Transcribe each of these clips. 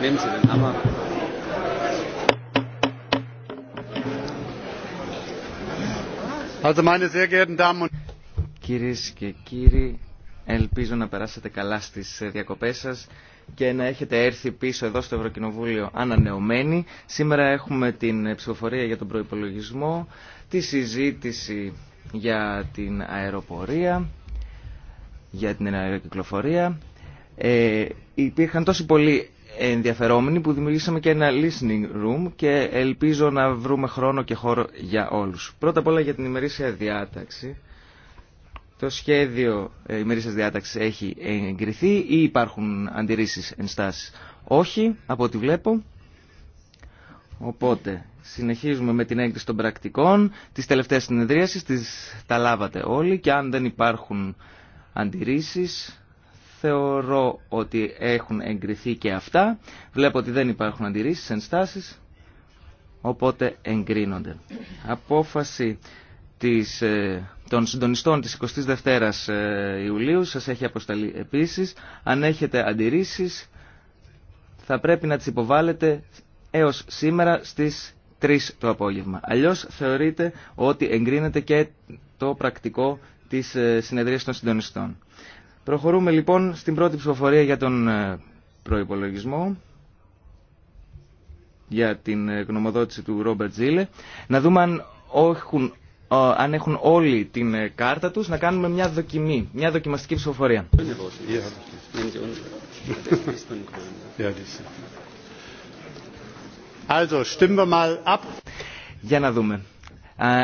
Nehmen Κυρίες και κύριοι, ελπίζω να περάσετε καλά στις ε, διακοπές σας και να έχετε έρθει πίσω εδώ στο Ευρωκοινοβούλιο ανανεωμένοι. Σήμερα έχουμε την ε, ψηφοφορία για τον προϋπολογισμό, τη συζήτηση για την αεροπορία, για την αεροκυκλοφορία. Ε, υπήρχαν τόσοι πολλοί ενδιαφερόμενοι που δημιουργήσαμε και ένα listening room και ελπίζω να βρούμε χρόνο και χώρο για όλους. Πρώτα απ' όλα για την ημερήσια διάταξη. Το σχέδιο ε, ημερήσιας διάταξης έχει εγκριθεί ή υπάρχουν αντιρρήσεις ενστάσεις. Όχι, από ό,τι βλέπω. Οπότε, συνεχίζουμε με την έγκριση των πρακτικών. Τις τελευταίες συνεδρίασεις τις τα λάβατε όλοι και αν δεν υπάρχουν αντιρρήσεις θεωρώ ότι έχουν εγκριθεί και αυτά. Βλέπω ότι δεν υπάρχουν αντιρρήσεις, ενστάσεις, οπότε εγκρίνονται. Απόφαση της, ε, των συντονιστών της 22ης ε, Ιουλίου σας έχει αποσταλεί επίσης. Αν έχετε αντιρρήσεις θα πρέπει να τις υποβάλλετε έως σήμερα στις 3 το απόγευμα. Αλλιώς θεωρείτε ότι εγκρίνεται και το πρακτικό της ε, συνεδρίας των συντονιστών. Προχωρούμε λοιπόν στην πρώτη ψηφοφορία για τον ε, προϋπολογισμό για την ε, γνωμοδότηση του Ρόμπερτ Ζήλε. Να δούμε αν έχουν, αν όλοι την ε, κάρτα τους, να κάνουμε μια δοκιμή, μια δοκιμαστική ψηφοφορία. Για να δούμε.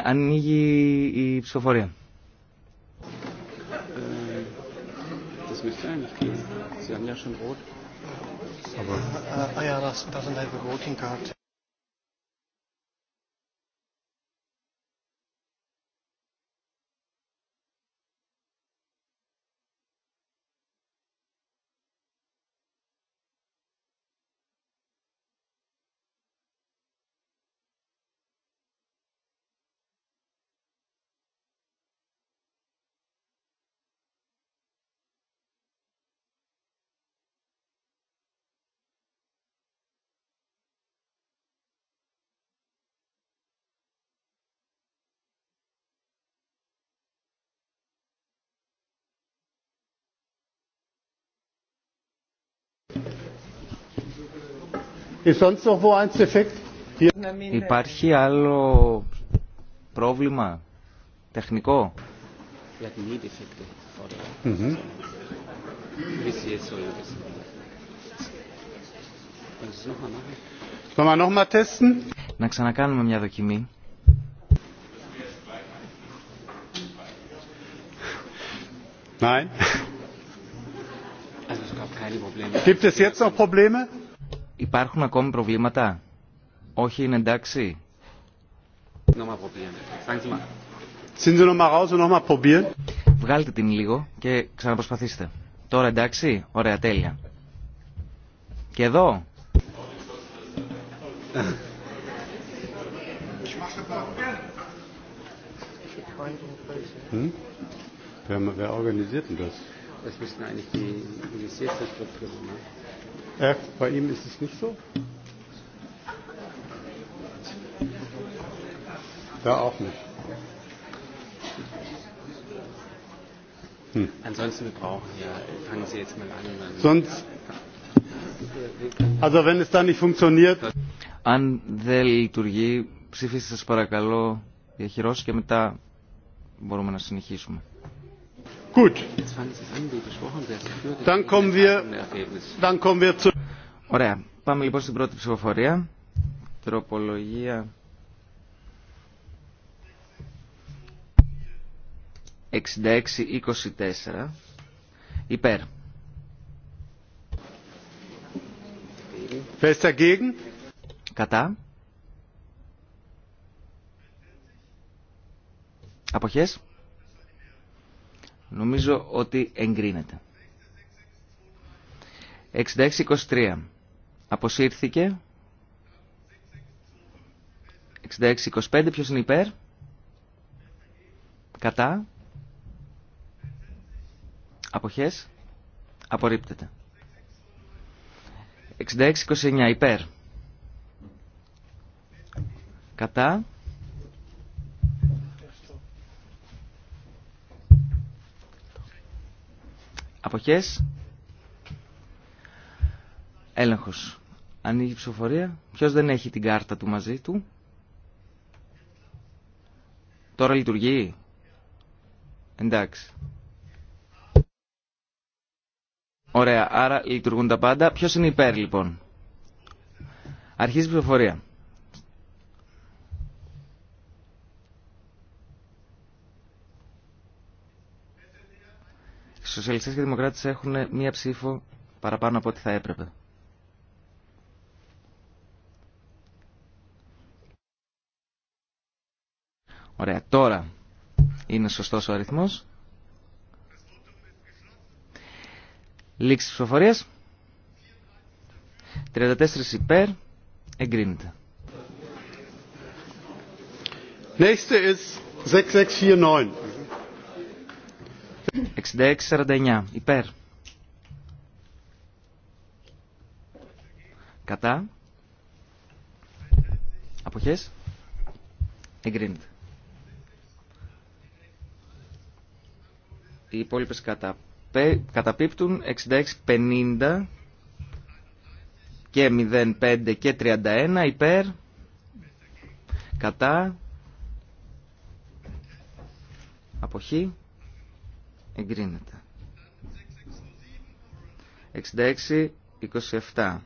Ανοίγει η ψηφοφορία es nicht eigentlich gehen. Sie haben ja schon rot. Aber, uh, I das, doesn't have a voting card. Ε, Υπάρχει άλλο πρόβλημα τεχνικό. Να ξανακάνουμε μια δοκιμή. Nein. Gibt es jetzt noch Probleme? Υπάρχουν ακόμη προβλήματα. Όχι, είναι εντάξει. Βγάλτε την λίγο και ξαναπροσπαθήστε. Τώρα εντάξει, ωραία, τέλεια. Και εδώ. Hm? Wer, wer organisiert denn das? Das müssten eigentlich die Universitätsvertreter machen. Bei ihm ist es nicht so? Da auch nicht. Ansonsten, wir brauchen ja, fangen Sie jetzt mal an. Sonst, also wenn es dann nicht funktioniert. Αν δεν λειτουργεί, ψηφίστε σας παρακαλώ διαχειρός και μετά μπορούμε να συνεχίσουμε. Ωραία. Πάμε λοιπόν στην πρώτη ψηφοφορία. Τροπολογία 66-24. Υπέρ. Κατά. Αποχές. Νομίζω ότι εγκρίνεται. 66-23. Αποσύρθηκε. 66-25. Ποιος είναι υπέρ. Κατά. Αποχές. Απορρίπτεται. 66-29. Υπέρ. Κατά. Αποχές. Έλεγχος. Ανοίγει η ψηφοφορία. Ποιος δεν έχει την κάρτα του μαζί του. Τώρα λειτουργεί. Εντάξει. Ωραία, άρα λειτουργούν τα πάντα. Ποιος είναι υπέρ λοιπόν. Αρχίζει η ψηφοφορία. σοσιαλιστές και δημοκράτες έχουν μία ψήφο παραπάνω από ό,τι θα έπρεπε. Ωραία, τώρα είναι σωστός ο αριθμός. Λήξη ψηφοφορίας. 34 υπέρ, εγκρίνεται. Nächste ist 6649. 66-49. Υπέρ. Κατά. Αποχές. Εγκρίνεται. Οι υπόλοιπε κατα... καταπίπτουν 66-50 και 05 και 31 υπέρ. Κατά. Αποχή εγκρίνεται. 66-27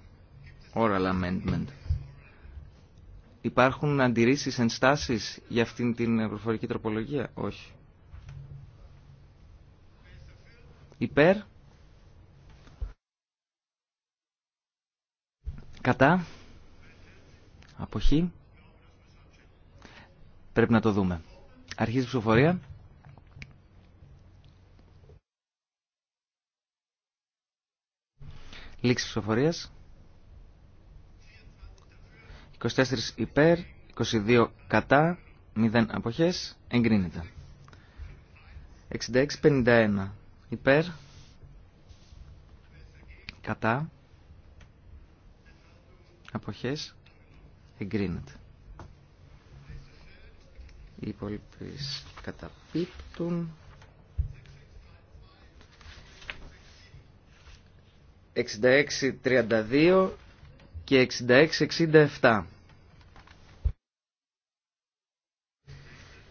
Oral Amendment Υπάρχουν αντιρρήσεις, ενστάσεις για αυτήν την προφορική τροπολογία. Όχι. Υπέρ. Κατά. Αποχή. Πρέπει να το δούμε. Αρχίζει η ψηφοφορία. Λήξη ψηφοφορίας. 24 υπέρ, 22 κατά, 0 αποχές, εγκρίνεται. 66-51 υπέρ, κατά, αποχές, εγκρίνεται. Οι υπόλοιποι καταπίπτουν. 66-32 και 66-67.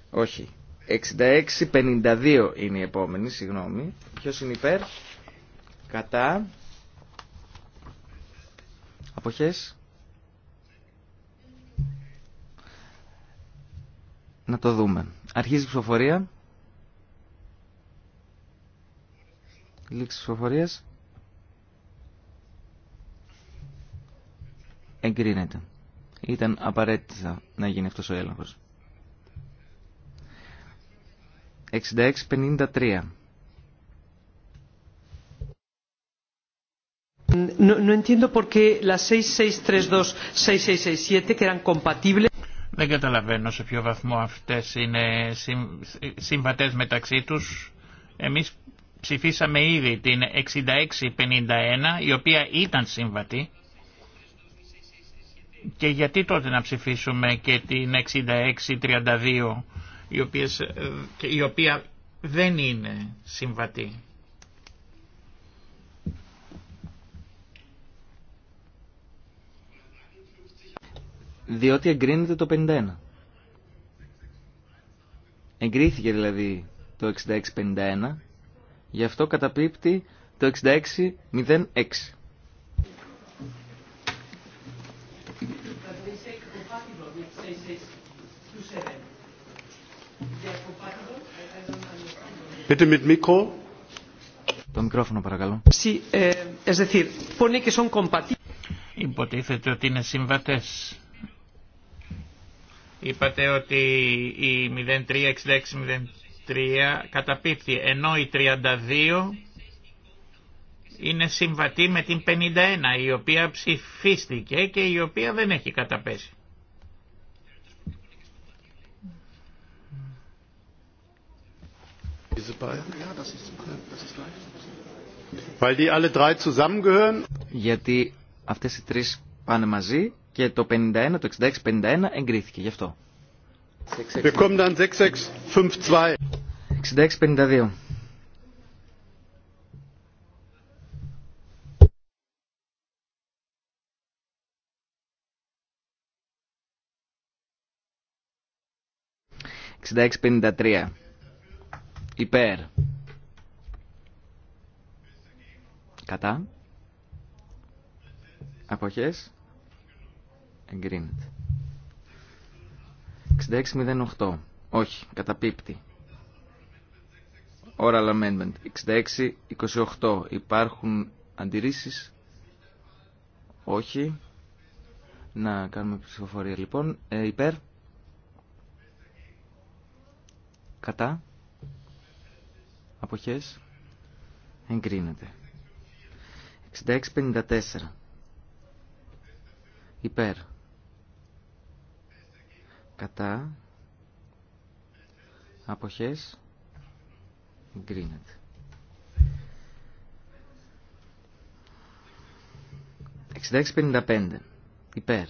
Όχι. 66-52 είναι η επόμενη, συγγνώμη. Ποιος είναι υπέρ. Κατά. Αποχές. Να το δούμε. Αρχίζει η ψηφοφορία. Λήξη ψηφοφορίας. εγκρίνεται. Ήταν απαραίτητα να γίνει αυτός ο έλεγχος. 66-53. No, no entiendo por qué que eran compatibles. Δεν καταλαβαίνω σε ποιο βαθμό αυτές είναι συμβατές μεταξύ τους. Εμείς ψηφίσαμε ήδη την 6651 η οποία ήταν συμβατή και γιατί τότε να ψηφίσουμε και την 6632 η, ε, η οποία δεν είναι συμβατή. Διότι εγκρίνεται το 51. Εγκρίθηκε δηλαδή το 6651, γι' αυτό καταπίπτει το 66-06. Bitte mit Mikro. Το μικρόφωνο παρακαλώ. Eh, Υποτίθεται ότι είναι συμβατές. Είπατε ότι η 036603 καταπίπτει, ενώ η 32 είναι συμβατή με την 51, η οποία ψηφίστηκε και η οποία δεν έχει καταπέσει. diese beiden? Ja, das ist, das ist gleich. Weil die alle drei zusammengehören? Γιατί αυτές οι τρεις πάνε μαζί και το 51, το 66-51 εγκρίθηκε γι' αυτό. 66-52. 66-52. Υπέρ. Κατά. Αποχές. Εγκρίνεται. 6608. Όχι, καταπίπτει. Oral Amendment 6628. Υπάρχουν αντιρρήσεις. Όχι. Να κάνουμε ψηφοφορία λοιπόν. Ε, υπέρ. Κατά αποχές εγκρίνεται. 6654 υπέρ κατά αποχές εγκρίνεται. 55, υπέρ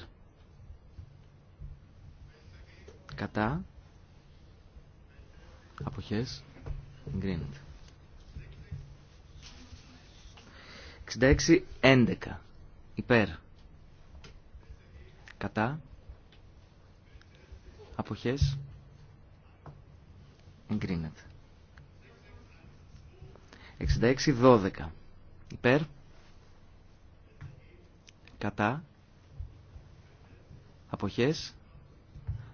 κατά αποχές Εγκρίνεται. 66-11. Υπέρ. Κατά. Αποχές. Εγκρίνεται. 66-12. Υπέρ. Κατά. Αποχές.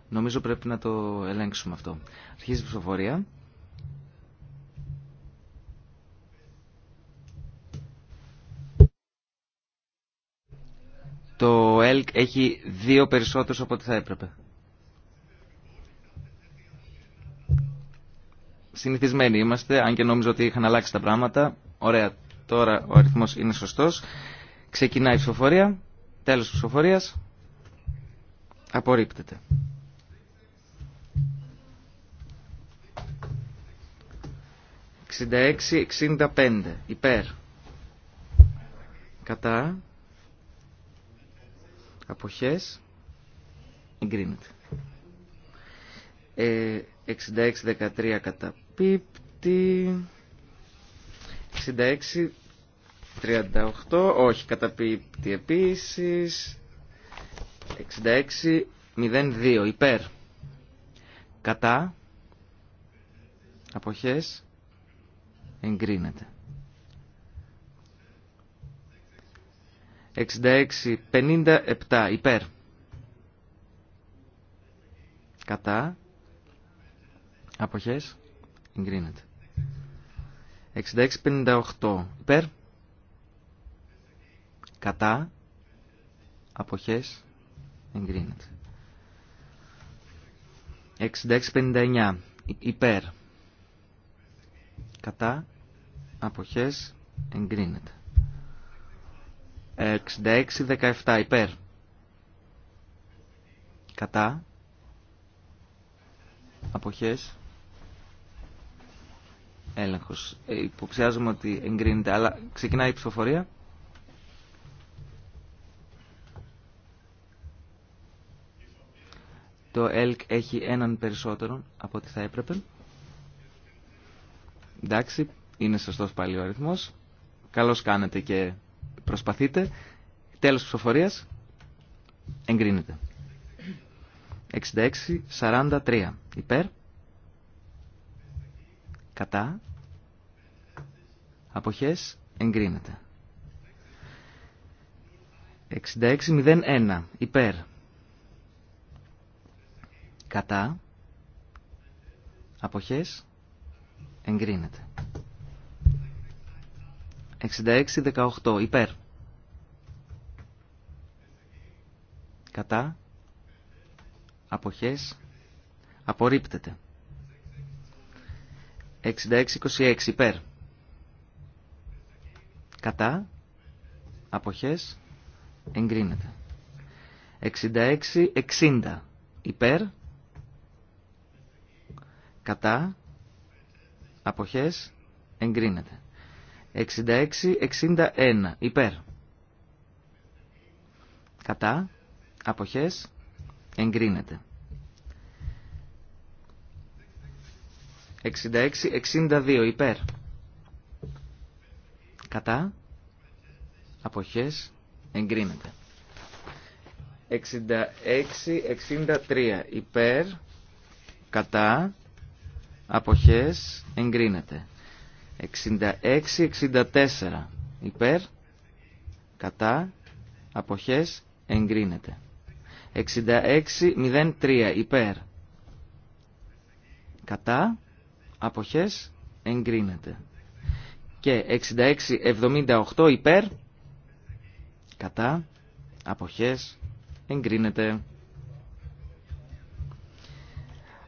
Νομίζω πρέπει να το ελέγξουμε αυτό. Αρχίζει η ψηφοφορία. το ΕΛΚ έχει δύο περισσότερους από ό,τι θα έπρεπε. Συνηθισμένοι είμαστε, αν και νόμιζα ότι είχαν αλλάξει τα πράγματα. Ωραία, τώρα ο αριθμός είναι σωστός. Ξεκινάει η ψηφοφορία. Τέλος της ψηφοφορίας. Απορρίπτεται. 66-65 υπέρ. Κατά αποχές εγκρίνεται. Ε, 66-13 καταπίπτει. 66-38, όχι καταπίπτει επίσης. 66-02 υπέρ. Κατά. Αποχές εγκρίνεται. 66-57 υπέρ. Κατά. Αποχές. Εγκρίνεται. 66-58 υπέρ. Κατά. Αποχές. Εγκρίνεται. 66-59 υπέρ. Κατά. Αποχές. Εγκρίνεται. 66-17 υπέρ. Κατά. Αποχές. Έλεγχος. Ε, υποψιάζομαι ότι εγκρίνεται, αλλά ξεκινάει η ψηφοφορία. Το ΕΛΚ έχει έναν περισσότερο από ό,τι θα έπρεπε. Εντάξει, είναι σωστός πάλι ο αριθμός. Καλώς κάνετε και Προσπαθείτε. Τέλος της ψηφοφορίας. Εγκρίνεται. 66-43. Υπέρ. Κατά. Αποχές. Εγκρίνεται. 66-01. Υπέρ. Κατά. Αποχές. Εγκρίνεται. 66-18 υπέρ. Κατά. Αποχές. Απορρίπτεται. 66-26 υπέρ. Κατά. Αποχές. Εγκρίνεται. 66-60 υπέρ. Κατά. Αποχές. Εγκρίνεται. 66-61 υπέρ. Κατά. Αποχές. Εγκρίνεται. 66-62 υπέρ. Κατά. Αποχές. Εγκρίνεται. 66-63 υπέρ. Κατά. Αποχές. Εγκρίνεται. 66-64 υπέρ, κατά, αποχές, εγκρίνεται. 66-03 υπέρ, κατά, αποχές, εγκρίνεται. Και 66-78 υπέρ, κατά, αποχές, εγκρίνεται.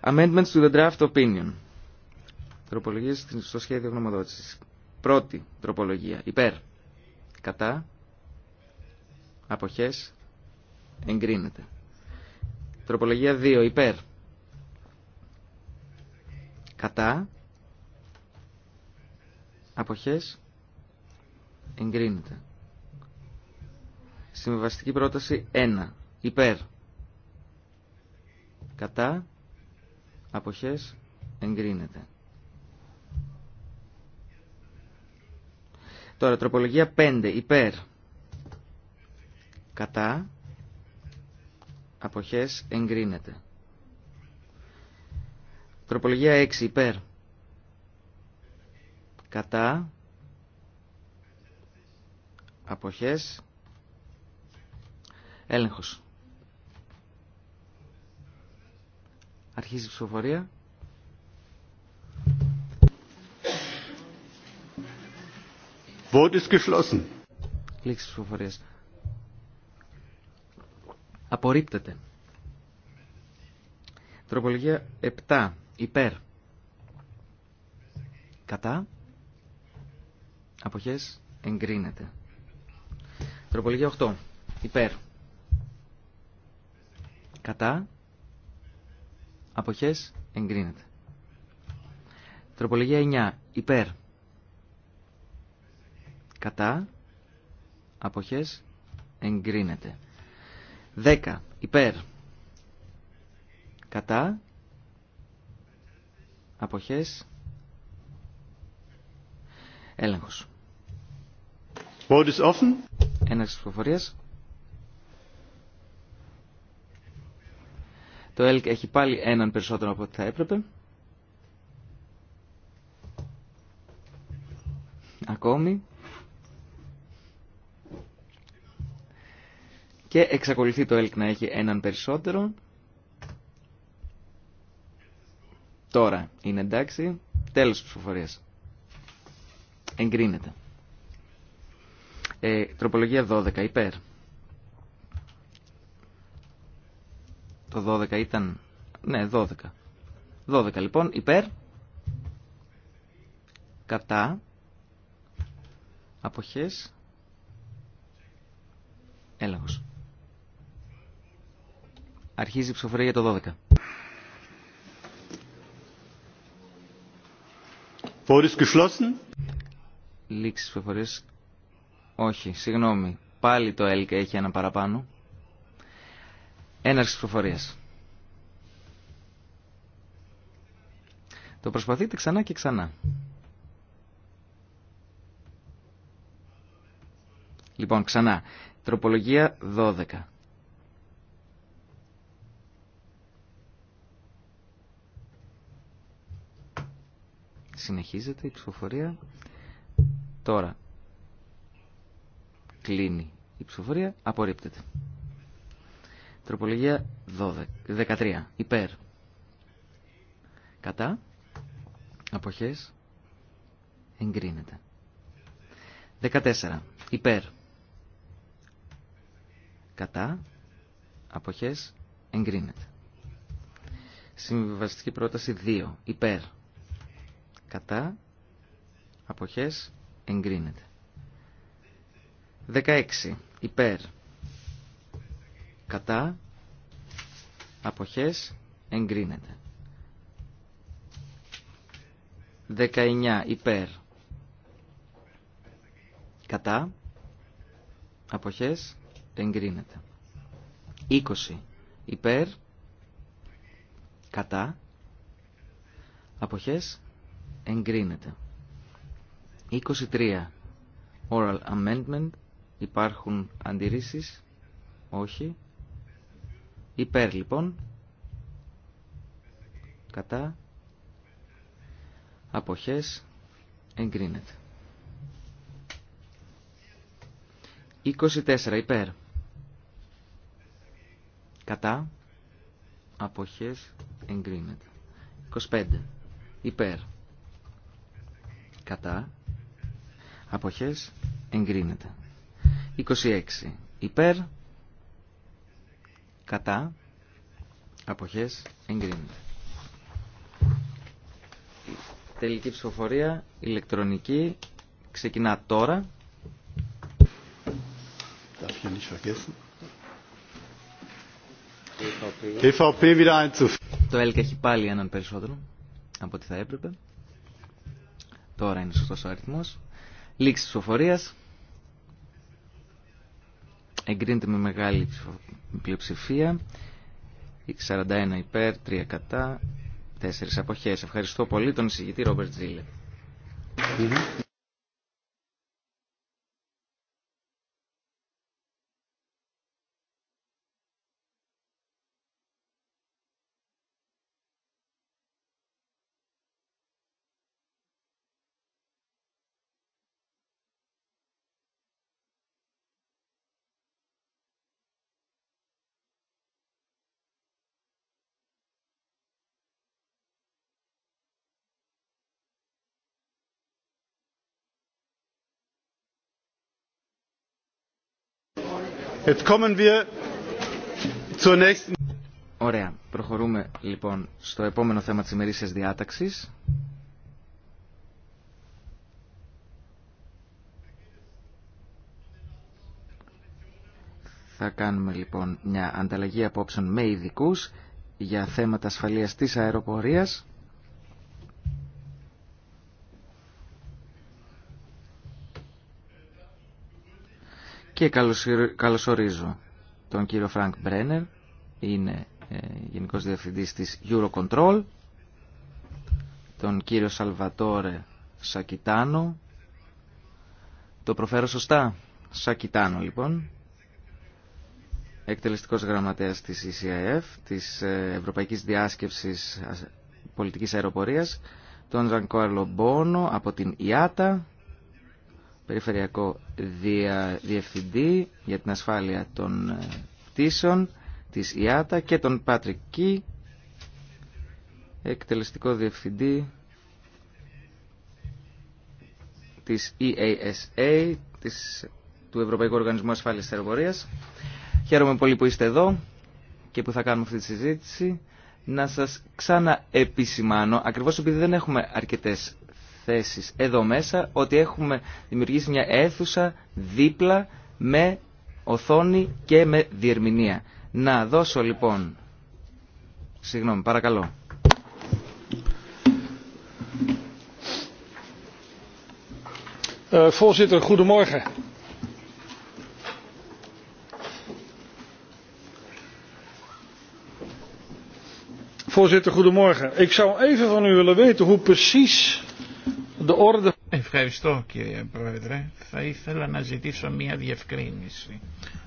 Amendments to the draft opinion τροπολογίες στο σχέδιο γνωμοδότησης. Πρώτη τροπολογία. Υπέρ. Κατά. Αποχές. Εγκρίνεται. Τροπολογία 2. Υπέρ. Κατά. Αποχές. Εγκρίνεται. Συμβαστική πρόταση 1. Υπέρ. Κατά. Αποχές. Εγκρίνεται. Τώρα, τροπολογία 5, υπέρ. Κατά. Αποχές εγκρίνεται. Τροπολογία 6, υπέρ. Κατά. Αποχές. Έλεγχος. Αρχίζει η ψηφοφορία. Vote ist geschlossen. Απορρίπτεται. Τροπολογία 7. Υπέρ. Κατά. Αποχές. Εγκρίνεται. Τροπολογία 8. Υπέρ. Κατά. Αποχές. Εγκρίνεται. Τροπολογία 9. Υπέρ. Κατά. Αποχές. Εγκρίνεται. 10. Υπέρ. Κατά. Αποχές. Έλεγχος. Ένα is offen. Το ΕΛΚ έχει πάλι έναν περισσότερο από ό,τι θα έπρεπε. Ακόμη. και εξακολουθεί το ΕΛΚ να έχει έναν περισσότερο. Τώρα είναι εντάξει. Τέλος της ψηφοφορίας. Εγκρίνεται. Ε, τροπολογία 12 υπέρ. Το 12 ήταν... Ναι, 12. 12 λοιπόν υπέρ. Κατά. Αποχές. Έλαγος. Αρχίζει η ψηφοφορία για το 12. Λήξη geschlossen. Λήξη ψηφοφορίας. Όχι, συγγνώμη. Πάλι το έλκα έχει ένα παραπάνω. Έναρξη ψηφοφορίας. Το προσπαθείτε ξανά και ξανά. Λοιπόν, ξανά. Τροπολογία 12. Συνεχίζεται η ψηφοφορία. Τώρα κλείνει η ψηφοφορία. Απορρίπτεται. Τροπολογία 12, 13. Υπέρ. Κατά. Αποχές. Εγκρίνεται. 14. Υπέρ. Κατά. Αποχές. Εγκρίνεται. Συμβιβαστική πρόταση 2. Υπέρ κατά αποχές εγκρίνεται 16 υπέρ κατά αποχές εγκρίνεται 19 υπέρ κατά αποχές εγκρίνεται 20 υπέρ κατά αποχές εγκρίνεται. 23. Oral amendment. Υπάρχουν αντιρρήσεις. Όχι. Υπέρ λοιπόν. Κατά. Αποχές. Εγκρίνεται. 24. Υπέρ. Κατά. Αποχές. Εγκρίνεται. 25. Υπέρ κατά αποχές εγκρίνεται 26 υπέρ κατά αποχές εγκρίνεται τελική ψηφοφορία ηλεκτρονική ξεκινά τώρα Το ΕΛΚ έχει πάλι έναν περισσότερο από ό,τι θα έπρεπε. Τώρα είναι σωστός ο αριθμός. Λήξη ψηφοφορίας. Εγκρίνεται με μεγάλη πλειοψηφία. 41 υπέρ, 3 κατά, 4 αποχές. Ευχαριστώ πολύ τον εισηγητή Ρόμπερτ Τζίλε. Ωραία. Προχωρούμε λοιπόν στο επόμενο θέμα της ημερήσιας διάταξης. Θα κάνουμε λοιπόν μια ανταλλαγή απόψεων με ειδικού για θέματα ασφαλείας της αεροπορίας. και καλωσορίζω τον κύριο Φρανκ Μπρένερ, είναι ε, Γενικός Διευθυντής της Eurocontrol, τον κύριο Σαλβατόρε Σακιτάνο, το προφέρω σωστά, Σακιτάνο λοιπόν, εκτελεστικός γραμματέας της ECIF, της ε, Ευρωπαϊκής Διάσκεψης Πολιτικής Αεροπορίας, τον Ζανκόαρλο Μπόνο από την ΙΑΤΑ, περιφερειακό διευθυντή για την ασφάλεια των ε, πτήσεων της ΙΑΤΑ και τον Πάτρικ Κι, εκτελεστικό διευθυντή της EASA, της, του Ευρωπαϊκού Οργανισμού Ασφάλειας της Αεροπορίας. Χαίρομαι πολύ που είστε εδώ και που θα κάνουμε αυτή τη συζήτηση. Να σας ξαναεπισημάνω, ακριβώς επειδή δεν έχουμε αρκετές θέσεις εδώ μέσα ότι έχουμε δημιουργήσει μια αίθουσα δίπλα με οθόνη και με διερμηνία. Να δώσω λοιπόν... Συγγνώμη, παρακαλώ. Ε, voorzitter, goedemorgen. Voorzitter, goedemorgen. Ik zou even van u willen weten hoe precies Ευχαριστώ κύριε Πρόεδρε. Θα ήθελα να ζητήσω μία διευκρίνηση.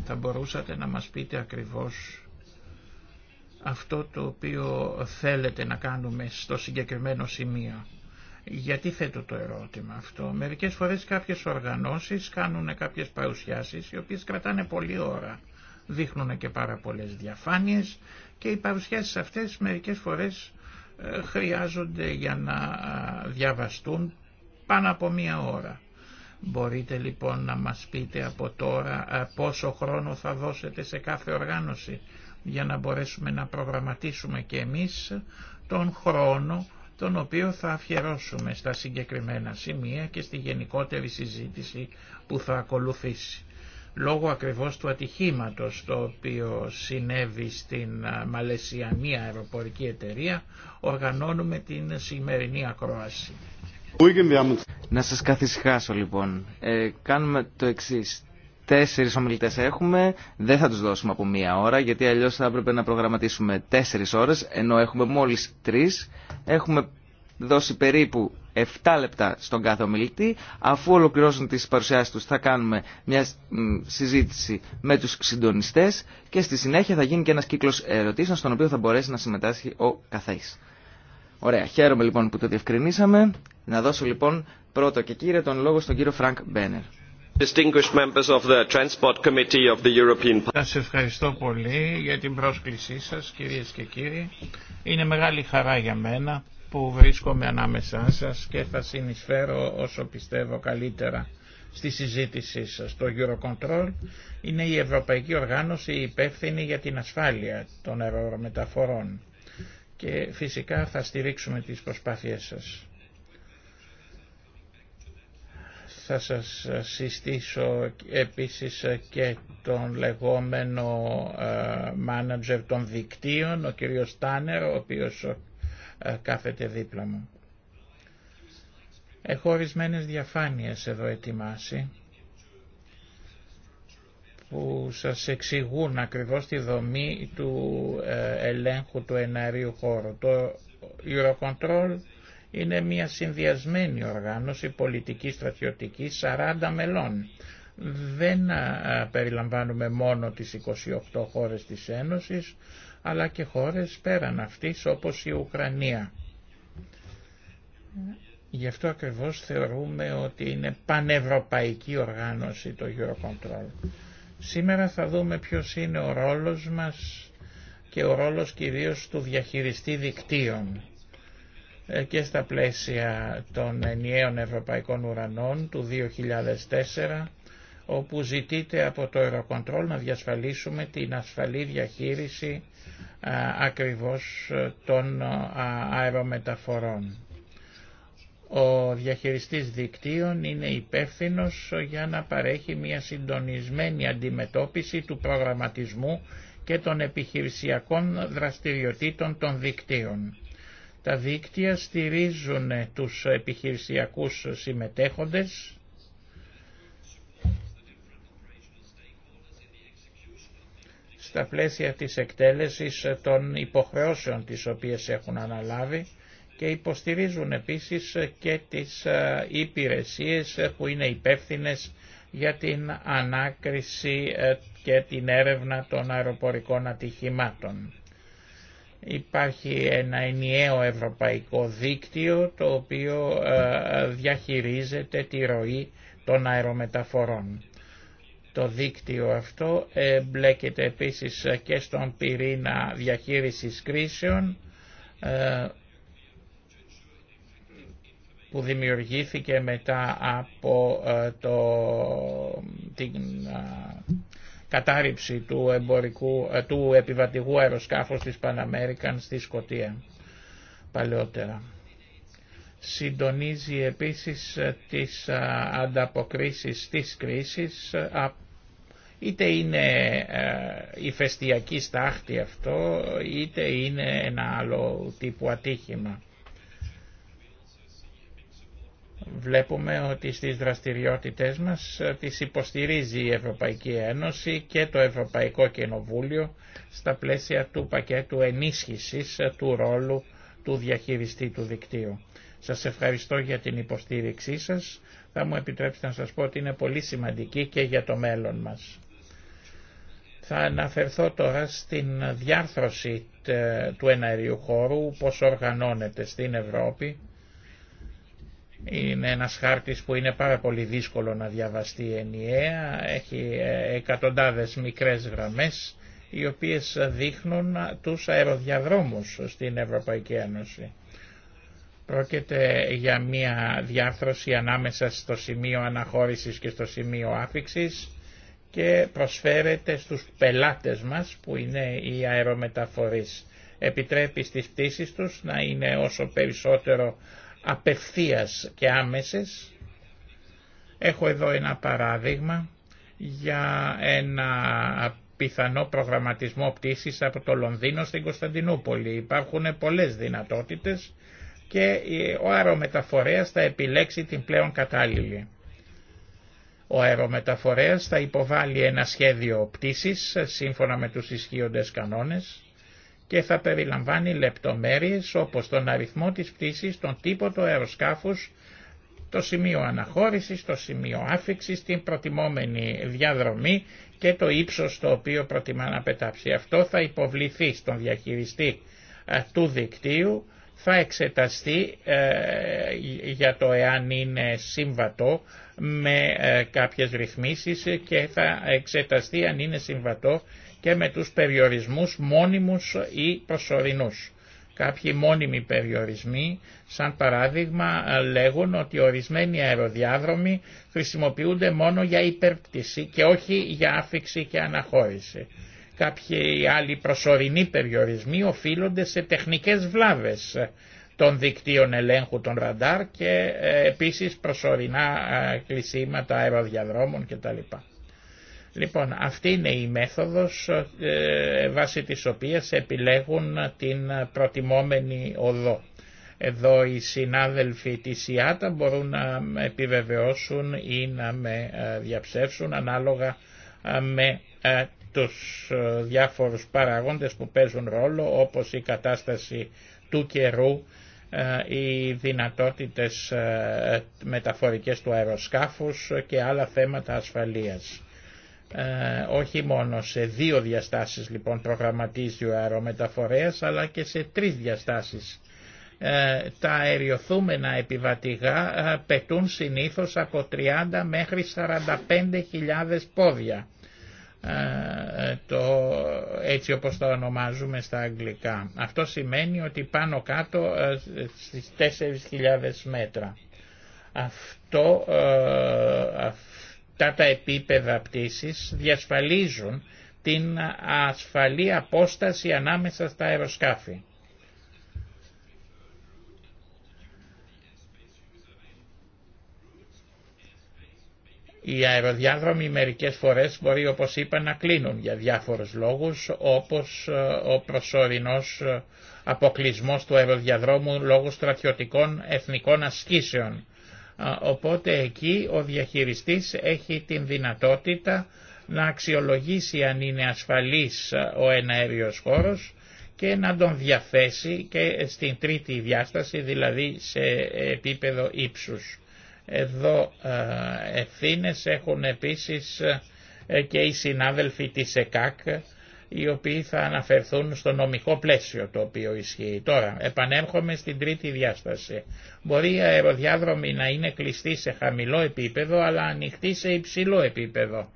Θα μπορούσατε να μας πείτε ακριβώς αυτό το οποίο θέλετε να κάνουμε στο συγκεκριμένο σημείο. Γιατί θέτω το ερώτημα αυτό. Μερικές φορές κάποιες οργανώσεις κάνουν κάποιες παρουσιάσεις οι οποίες κρατάνε πολλή ώρα. Δείχνουν και πάρα πολλές διαφάνειες και οι παρουσιάσεις αυτές μερικές φορές ε, χρειάζονται για να διαβαστούν πάνω από μία ώρα. Μπορείτε λοιπόν να μας πείτε από τώρα ε, πόσο χρόνο θα δώσετε σε κάθε οργάνωση για να μπορέσουμε να προγραμματίσουμε και εμείς τον χρόνο τον οποίο θα αφιερώσουμε στα συγκεκριμένα σημεία και στη γενικότερη συζήτηση που θα ακολουθήσει. Λόγω ακριβώς του ατυχήματος το οποίο συνέβη στην ε, Μαλαισιανή Αεροπορική Εταιρεία οργανώνουμε την σημερινή ακρόαση. Να σας καθησυχάσω λοιπόν. Ε, κάνουμε το εξής. Τέσσερις ομιλητές έχουμε, δεν θα τους δώσουμε από μία ώρα, γιατί αλλιώς θα έπρεπε να προγραμματίσουμε τέσσερις ώρες, ενώ έχουμε μόλις τρεις. Έχουμε δώσει περίπου 7 λεπτά στον κάθε ομιλητή. Αφού ολοκληρώσουν τις παρουσιάσεις τους θα κάνουμε μια συζήτηση με τους συντονιστές και στη συνέχεια θα γίνει και ένας κύκλος ερωτήσεων στον οποίο θα μπορέσει να συμμετάσχει ο καθένα. Ωραία, χαίρομαι λοιπόν που το διευκρινίσαμε. Να δώσω λοιπόν πρώτο και κύριε τον λόγο στον κύριο Φρανκ Μπένερ. Σας ευχαριστώ πολύ για την πρόσκλησή σας κύριε και κύριοι. Είναι μεγάλη χαρά για μένα που βρίσκομαι ανάμεσά σας και θα συνεισφέρω όσο πιστεύω καλύτερα στη συζήτησή σας. Το Eurocontrol είναι η ευρωπαϊκή οργάνωση υπεύθυνη για την ασφάλεια των αερομεταφορών και φυσικά θα στηρίξουμε τις προσπάθειές σας. θα σας συστήσω επίσης και τον λεγόμενο μάνατζερ των δικτύων, ο κύριος Τάνερ, ο οποίος ε, κάθεται δίπλα μου. Έχω ορισμένε διαφάνειες εδώ ετοιμάσει που σας εξηγούν ακριβώς τη δομή του ε, ελέγχου του εναρίου χώρου. Το Eurocontrol είναι μια συνδυασμένη οργάνωση πολιτικής στρατιωτικής 40 μελών. Δεν περιλαμβάνουμε μόνο τις 28 χώρες της Ένωσης, αλλά και χώρες πέραν αυτής όπως η Ουκρανία. Γι' αυτό ακριβώς θεωρούμε ότι είναι πανευρωπαϊκή οργάνωση το Eurocontrol. Σήμερα θα δούμε ποιος είναι ο ρόλος μας και ο ρόλος κυρίως του διαχειριστή δικτύων. Ε, και στα πλαίσια των ενιαίων ευρωπαϊκών ουρανών του 2004 όπου ζητείται από το Eurocontrol να διασφαλίσουμε την ασφαλή διαχείριση α, ακριβώς ε, των ε, αερομεταφορών. Ο διαχειριστής δικτύων είναι υπεύθυνος για να παρέχει μια συντονισμένη αντιμετώπιση του προγραμματισμού και των επιχειρησιακών δραστηριοτήτων των δικτύων. Τα δίκτυα στηρίζουν τους επιχειρησιακούς συμμετέχοντες στα πλαίσια της εκτέλεσης των υποχρεώσεων τις οποίες έχουν αναλάβει και υποστηρίζουν επίσης και τις ε, υπηρεσίες που είναι υπεύθυνες για την ανάκριση ε, και την έρευνα των αεροπορικών ατυχημάτων. Υπάρχει ένα ενιαίο ευρωπαϊκό δίκτυο το οποίο ε, διαχειρίζεται τη ροή των αερομεταφορών. Το δίκτυο αυτό ε, μπλέκεται επίσης και στον πυρήνα διαχείρισης κρίσεων ε, που δημιουργήθηκε μετά από το, την κατάρριψη του, εμπορικού, ε, του επιβατηγού αεροσκάφους της Παναμέρικαν στη Σκωτία παλαιότερα. Συντονίζει επίσης ε, τις ε, ανταποκρίσεις της κρίσης, είτε είναι η φεστιακή στάχτη αυτό, είτε είναι ένα άλλο τύπου ατύχημα. Βλέπουμε ότι στις δραστηριότητές μας ε, τις υποστηρίζει η Ευρωπαϊκή Ένωση και το Ευρωπαϊκό Κοινοβούλιο στα πλαίσια του πακέτου ενίσχυσης ε, του ρόλου του διαχειριστή του δικτύου. Σας ευχαριστώ για την υποστήριξή σας. Θα μου επιτρέψετε να σας πω ότι είναι πολύ σημαντική και για το μέλλον μας. Θα αναφερθώ τώρα στην διάρθρωση ε, του εναερίου χώρου, πώς οργανώνεται στην Ευρώπη είναι ένας χάρτης που είναι πάρα πολύ δύσκολο να διαβαστεί ενιαία, έχει ε, εκατοντάδες μικρές γραμμές οι οποίες δείχνουν τους αεροδιαδρόμους στην Ευρωπαϊκή Ένωση. Πρόκειται για μια διάρθρωση ανάμεσα στο σημείο αναχώρησης και στο σημείο άφηξης και προσφέρεται στους πελάτες μας που είναι οι αερομεταφορείς. Επιτρέπει στις πτήσεις τους να είναι όσο περισσότερο απευθείας και άμεσες. Έχω εδώ ένα παράδειγμα για ένα πιθανό προγραμματισμό πτήσης από το Λονδίνο στην Κωνσταντινούπολη. Υπάρχουν πολλές δυνατότητες και ο αερομεταφορέας θα επιλέξει την πλέον κατάλληλη. Ο αερομεταφορέας θα υποβάλει ένα σχέδιο πτήσης σύμφωνα με τους ισχύοντες κανόνες και θα περιλαμβάνει λεπτομέρειες όπως τον αριθμό της πτήσης, τον τύπο του αεροσκάφους, το σημείο αναχώρησης, το σημείο άφηξης, την προτιμόμενη διαδρομή και το ύψος το οποίο προτιμά να πετάψει. Αυτό θα υποβληθεί στον διαχειριστή ε, του δικτύου, θα εξεταστεί ε, για το εάν είναι σύμβατο με ε, κάποιες ρυθμίσεις και θα εξεταστεί αν είναι συμβατό και με τους περιορισμούς μόνιμους ή προσωρινούς. Κάποιοι μόνιμοι περιορισμοί, σαν παράδειγμα, λέγουν ότι ορισμένοι αεροδιάδρομοι χρησιμοποιούνται μόνο για υπερπτήση και όχι για άφηξη και αναχώρηση. Κάποιοι άλλοι προσωρινοί περιορισμοί οφείλονται σε τεχνικές βλάβες των δικτύων ελέγχου των ραντάρ και ε, επίσης προσωρινά ε, κλεισίματα αεροδιαδρόμων κτλ. Λοιπόν, αυτή είναι η μέθοδος ε, βάσει της οποίας επιλέγουν την προτιμόμενη οδό. Εδώ οι συνάδελφοι της ΙΑΤΑ μπορούν να επιβεβαιώσουν ή να με ε, διαψεύσουν ανάλογα ε, με τους διάφορους παραγόντες που παίζουν ρόλο όπως η κατάσταση του καιρού, οι δυνατότητες μεταφορικές του αεροσκάφους και άλλα θέματα ασφαλείας. Ε, όχι μόνο σε δύο διαστάσεις λοιπόν προγραμματίζει ο αερομεταφορέας αλλά και σε τρεις διαστάσεις. Ε, τα αεριοθούμενα επιβατηγά ε, πετούν συνήθως από 30 μέχρι 45.000 πόδια το, έτσι όπως το ονομάζουμε στα αγγλικά. Αυτό σημαίνει ότι πάνω κάτω στις 4.000 μέτρα. Αυτό, τα τα επίπεδα πτήσης διασφαλίζουν την ασφαλή απόσταση ανάμεσα στα αεροσκάφη. Οι αεροδιάδρομοι μερικές φορές μπορεί όπως είπα να κλείνουν για διάφορους λόγους όπως ε, ο προσωρινός ε, αποκλεισμός του αεροδιαδρόμου λόγω στρατιωτικών εθνικών ασκήσεων Οπότε εκεί ο διαχειριστής έχει την δυνατότητα να αξιολογήσει αν είναι ασφαλής ο εναέριος χώρος και να τον διαθέσει και στην τρίτη διάσταση, δηλαδή σε επίπεδο ύψους. Εδώ ευθύνε έχουν επίσης ε, και οι συνάδελφοι της ΕΚΑΚ οι οποίοι θα αναφερθούν στο νομικό πλαίσιο το οποίο ισχύει. Τώρα, επανέρχομαι στην τρίτη διάσταση. Μπορεί η αεροδιάδρομη να είναι κλειστή σε χαμηλό επίπεδο, αλλά ανοιχτή σε υψηλό επίπεδο.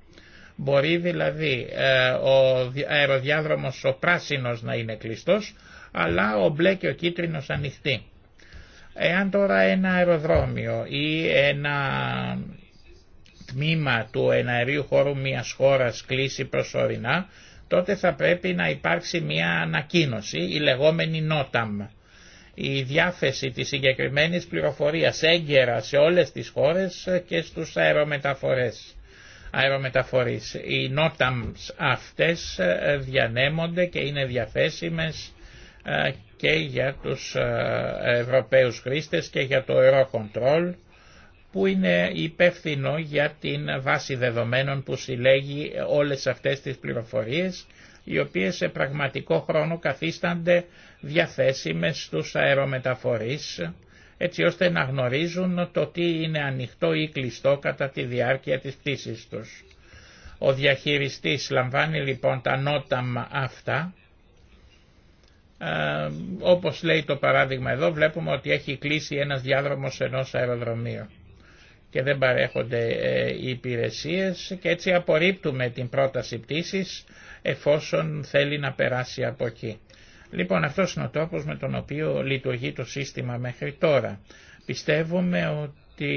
Μπορεί δηλαδή ε, ο αεροδιάδρομος ο πράσινος να είναι κλειστός, αλλά ο μπλε και ο κίτρινος ανοιχτή. Εάν τώρα ένα αεροδρόμιο ή ένα τμήμα του εναερίου χώρου μιας χώρας κλείσει προσωρινά, τότε θα πρέπει να υπάρξει μια ανακοίνωση, η λεγόμενη νόταμ. Η διάθεση της συγκεκριμένης πληροφορίας έγκαιρα σε όλες τις χώρες και στους αερομεταφορές. αερομεταφορείς. Οι νόταμ αυτές διανέμονται και είναι διαθέσιμες ε, και για τους ε, Ευρωπαίους χρήστες και για το Eurocontrol που είναι υπεύθυνο για την βάση δεδομένων που συλλέγει όλες αυτές τις πληροφορίες οι οποίες σε πραγματικό χρόνο καθίστανται διαθέσιμες στους αερομεταφορείς έτσι ώστε να γνωρίζουν το τι είναι ανοιχτό ή κλειστό κατά τη διάρκεια της πτήσης τους. Ο διαχειριστής λαμβάνει λοιπόν τα νότα αυτά ε, όπως λέει το παράδειγμα εδώ βλέπουμε ότι έχει κλείσει ένας διάδρομος ενός αεροδρομίου και δεν παρέχονται ε, οι υπηρεσίες και έτσι απορρίπτουμε την πρόταση πτήσης εφόσον θέλει να περάσει από εκεί. Λοιπόν αυτός είναι ο τρόπος με τον οποίο λειτουργεί το σύστημα μέχρι τώρα. Πιστεύουμε ότι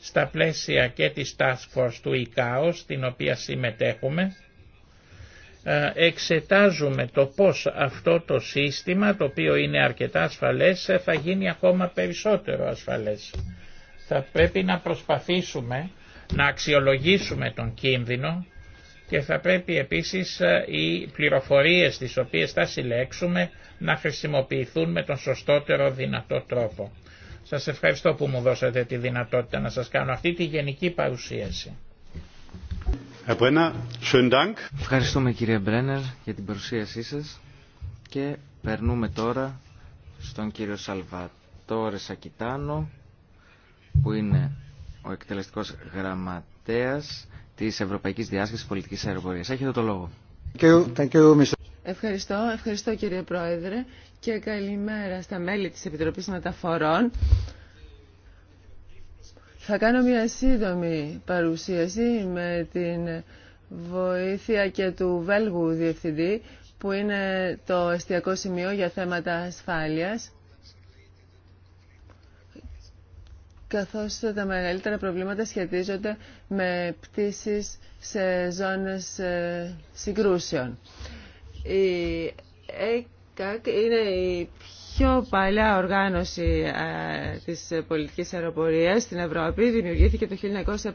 στα πλαίσια και της Task Force του ICAO στην οποία συμμετέχουμε, ε, εξετάζουμε το πώς αυτό το σύστημα, το οποίο είναι αρκετά ασφαλές, θα γίνει ακόμα περισσότερο ασφαλές. Θα πρέπει να προσπαθήσουμε να αξιολογήσουμε τον κίνδυνο και θα πρέπει επίσης ε, οι πληροφορίες τις οποίες θα συλλέξουμε να χρησιμοποιηθούν με τον σωστότερο δυνατό τρόπο. Σας ευχαριστώ που μου δώσατε τη δυνατότητα να σας κάνω αυτή τη γενική παρουσίαση. Ευχαριστούμε κύριε Μπρένερ για την παρουσίασή σας και περνούμε τώρα στον κύριο Σαλβατόρε Σακιτάνο που είναι ο εκτελεστικός γραμματέας της Ευρωπαϊκής Διάσκεψης Πολιτικής Αεροπορίας. Έχετε το λόγο. Ευχαριστώ, ευχαριστώ κύριε Πρόεδρε και καλημέρα στα μέλη της Επιτροπής Μεταφορών. Θα κάνω μια σύντομη παρουσίαση με την βοήθεια και του Βέλγου Διευθυντή που είναι το εστιακό σημείο για θέματα ασφάλειας. καθώς τα μεγαλύτερα προβλήματα σχετίζονται με πτήσεις σε ζώνες ε, συγκρούσεων. Η ΕΚΑΚ είναι η πιο παλιά οργάνωση ε, της πολιτικής αεροπορίας στην Ευρώπη. Δημιουργήθηκε το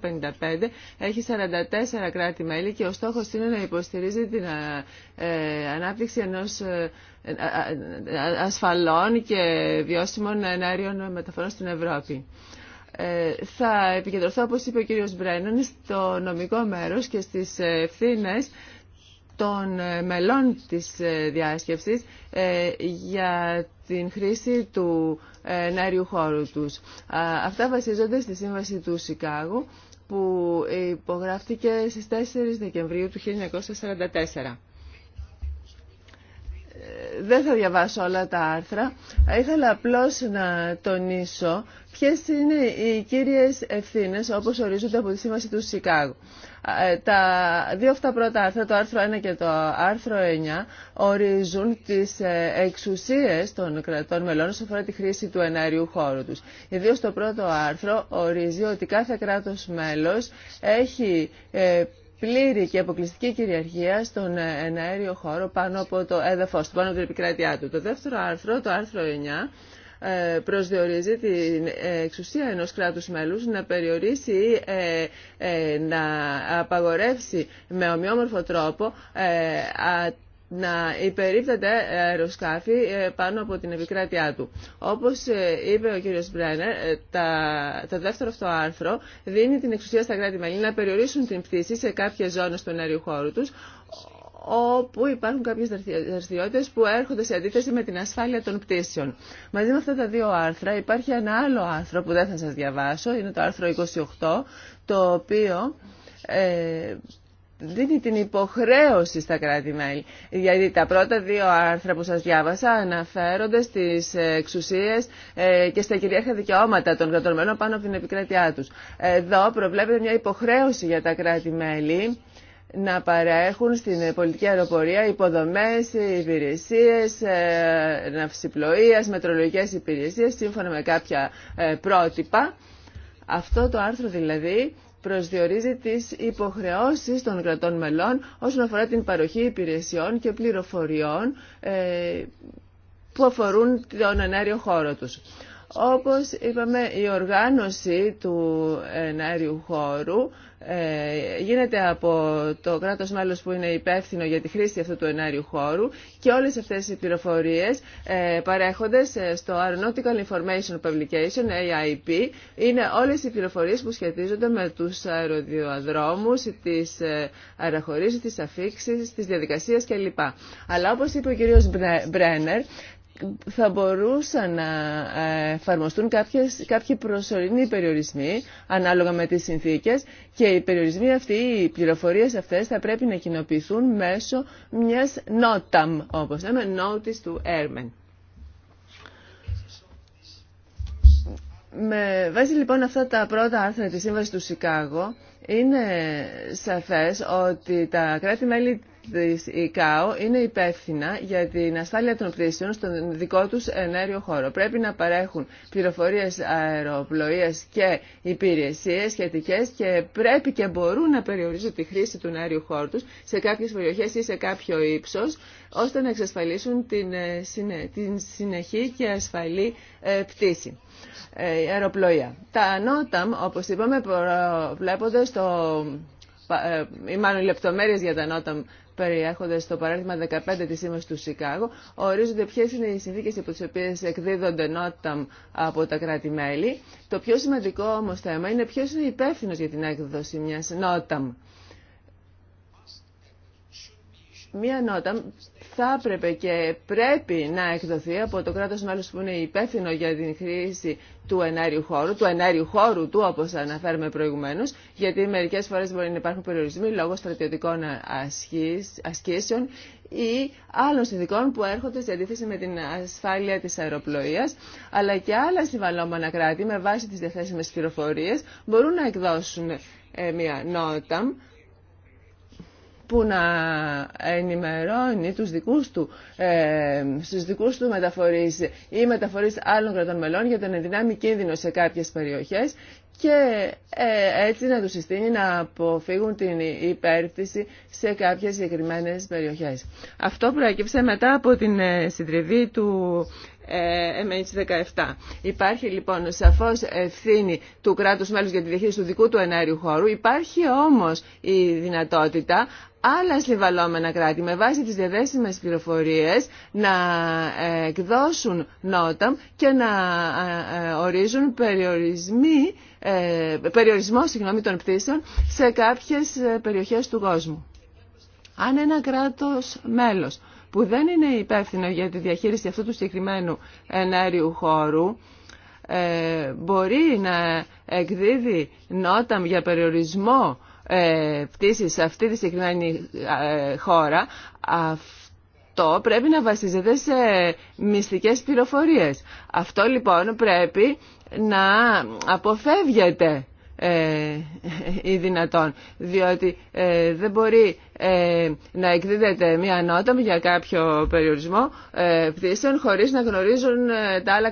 1955. Έχει 44 κράτη-μέλη και ο στόχος είναι να υποστηρίζει την ε, ανάπτυξη ενός ασφαλών και βιώσιμων ενέργειων μεταφορών στην Ευρώπη. Ε, θα επικεντρωθώ, όπως είπε ο κύριος Μπρένον, στο νομικό μέρος και στις ευθύνε των ε, μελών της ε, διάσκεψης για την χρήση του ενέργειου χώρου τους. Αυτά βασίζονται στη Σύμβαση του Σικάγου που υπογράφτηκε στις 4 Δεκεμβρίου του 1944. Δεν θα διαβάσω όλα τα άρθρα. Ήθελα απλώς να τονίσω Ποιε είναι οι κύριε ευθύνε όπως ορίζονται από τη Σύμβαση του Σικάγου. Ε, τα δύο αυτά πρώτα άρθρα, το άρθρο 1 και το άρθρο 9, ορίζουν τις ε, εξουσίες των κρατών μελών όσον αφορά τη χρήση του εναέριου χώρου τους. Ιδίω το πρώτο άρθρο ορίζει ότι κάθε κράτος μέλος έχει ε, πλήρη και αποκλειστική κυριαρχία στον εναέριο χώρο πάνω από το εδάφο, του, πάνω από την επικράτειά του. Το δεύτερο άρθρο, το άρθρο 9, ε, προσδιορίζει την εξουσία ενός κράτους μέλους να περιορίσει ή ε, ε, να απαγορεύσει με ομοιόμορφο τρόπο να υπερίπτεται αεροσκάφη πάνω από την επικράτειά του. Όπως είπε ο κύριος Μπρένερ, τα, το δεύτερο αυτό άρθρο δίνει την εξουσία στα κράτη-μέλη να περιορίσουν την πτήση σε κάποιες ζώνες του ενέργειου τους, όπου υπάρχουν κάποιες δραστηριότητες που έρχονται σε αντίθεση με την ασφάλεια των πτήσεων. Μαζί με αυτά τα δύο άρθρα υπάρχει ένα άλλο άρθρο που δεν θα σας διαβάσω, είναι το άρθρο 28, το οποίο ε, δίνει την υποχρέωση στα κράτη-μέλη. Γιατί τα πρώτα δύο άρθρα που σας διάβασα αναφέρονται στις εξουσίες ε, και στα κυρίαρχα δικαιώματα των κρατών πάνω από την επικράτειά τους. Εδώ προβλέπεται μια υποχρέωση για τα κράτη-μέλη να παρέχουν στην πολιτική αεροπορία υποδομές, υπηρεσίες, ε, ναυσιπλοείας, μετρολογικές υπηρεσίες σύμφωνα με κάποια ε, πρότυπα. Αυτό το άρθρο δηλαδή προσδιορίζει τις υποχρεώσεις των κρατών μελών όσον αφορά την παροχή υπηρεσιών και πληροφοριών ε, που αφορούν τον ενέριο χώρο τους. Όπως είπαμε, η οργάνωση του ενέργειου χώρου ε, γίνεται από το κράτος μέλος που είναι υπεύθυνο για τη χρήση αυτού του ενάριου χώρου και όλες αυτές οι πληροφορίες ε, παρέχονται ε, στο Aeronautical Information Publication, AIP. Είναι όλες οι πληροφορίες που σχετίζονται με τους αεροδιοδρόμους, τις αεραχωρήσεις, τις αφήξεις, τις διαδικασίες κλπ. Αλλά όπως είπε ο κύριος Μπρένερ, θα μπορούσαν να ε, εφαρμοστούν κάποιες, κάποιοι προσωρινοί περιορισμοί ανάλογα με τις συνθήκες και οι περιορισμοί αυτοί, οι πληροφορίες αυτές θα πρέπει να κοινοποιηθούν μέσω μιας νόταμ, όπως λέμε, notice του airmen. Με βάση λοιπόν αυτά τα πρώτα άρθρα της Σύμβασης του Σικάγο, είναι σαφές ότι τα κράτη-μέλη της ΙΚΑΟ είναι υπεύθυνα για την ασφάλεια των πτήσεων στον δικό τους ενέργειο χώρο. Πρέπει να παρέχουν πληροφορίες αεροπλοείας και υπηρεσίες σχετικές και πρέπει και μπορούν να περιορίζουν τη χρήση του ενέργειου χώρου τους σε κάποιες περιοχές ή σε κάποιο ύψος ώστε να εξασφαλίσουν την ε, συνεχή και ασφαλή ε, πτήση. Ε, η αεροπλοεία. Τα ανώταμ, όπως είπαμε, προβλέπονται στο, ε, ή μάλλον οι λεπτομέρειε για τα νότα περιέχονται στο παράδειγμα 15 τη Σύμβασης του Σικάγο, ορίζονται ποιε είναι οι συνθήκε υπό τι οποίε εκδίδονται νόταμ από τα κράτη-μέλη. Το πιο σημαντικό όμω θέμα είναι ποιο είναι υπεύθυνο για την έκδοση μια νόταμ. Μία νότα θα έπρεπε και πρέπει να εκδοθεί από το κράτος μέλος που είναι υπεύθυνο για την χρήση του ενέργειου χώρου, του ενέργειου χώρου του όπως αναφέρουμε προηγουμένως, γιατί μερικές φορές μπορεί να υπάρχουν περιορισμοί λόγω στρατιωτικών ασκήσεων ή άλλων συνδικών που έρχονται σε αντίθεση με την ασφάλεια της αεροπλοείας, αλλά και άλλα συμβαλόμενα κράτη με βάση τις διαθέσιμες πληροφορίες μπορούν να εκδώσουν ε, μια νόταμ που να ενημερώνει τους δικούς του, ε, στους δικούς του μεταφορείς ή μεταφορείς άλλων κρατών μελών για τον ενδυνάμει κίνδυνο σε κάποιες περιοχές και ε, έτσι να τους συστήνει να αποφύγουν την υπέρπτυση σε κάποιες συγκεκριμένε περιοχές. Αυτό προέκυψε μετά από την ε, συντριβή του ε, MH17. Υπάρχει λοιπόν σαφώς ευθύνη του κράτους μέλους για τη διαχείριση του δικού του ενέργειου χώρου. Υπάρχει όμως η δυνατότητα άλλα συμβαλόμενα κράτη με βάση τις διαδέσιμες πληροφορίες να εκδώσουν νόταμ και να ε, ε, ορίζουν ε, περιορισμό συγγνώμη, των πτήσεων σε κάποιες περιοχές του κόσμου. Αν ένα κράτος μέλος που δεν είναι υπεύθυνο για τη διαχείριση αυτού του συγκεκριμένου ενέργειου χώρου μπορεί να εκδίδει νόταμ για περιορισμό ε, πτήσεις σε αυτή τη συγκεκριμένη ε, χώρα, αυτό πρέπει να βασίζεται σε μυστικές πληροφορίες. Αυτό λοιπόν πρέπει να αποφεύγεται. Ε, ε, ή δυνατόν. Διότι ε, δεν μπορεί να εκδίδεται μια νότα για κάποιο περιορισμό πτήσεων χωρίς να γνωρίζουν τα άλλα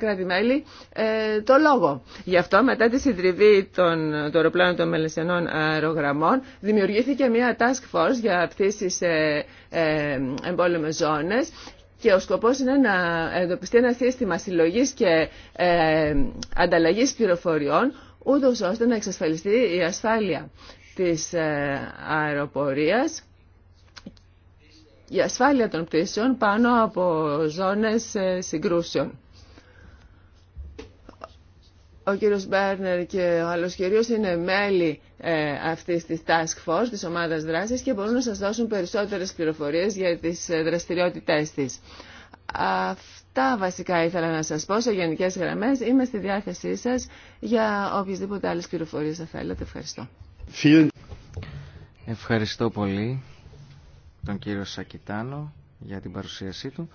το λόγο. Γι' αυτό μετά τη συντριβή των, το των μελισσιανών αερογραμμών δημιουργήθηκε μια task force για πτήσεις σε εμπόλεμες ζώνες και ο σκοπός είναι να εντοπιστεί ένα σύστημα συλλογής και ανταλλαγής πληροφοριών ούτως ώστε να εξασφαλιστεί η ασφάλεια της ε, αεροπορίας η ασφάλεια των πτήσεων πάνω από ζώνες ε, συγκρούσεων. Ο κύριος Μπέρνερ και ο άλλος κύριος είναι μέλη ε, αυτής της Task Force, της ομάδας δράσης και μπορούν να σας δώσουν περισσότερες πληροφορίες για τις δραστηριότητές της. Αυτά βασικά ήθελα να σας πω σε γενικές γραμμές. Είμαι στη διάθεσή σας για οποιασδήποτε άλλες πληροφορίες θα θέλετε. Ευχαριστώ. Ευχαριστώ πολύ τον κύριο Σακητάνο για την παρουσίασή του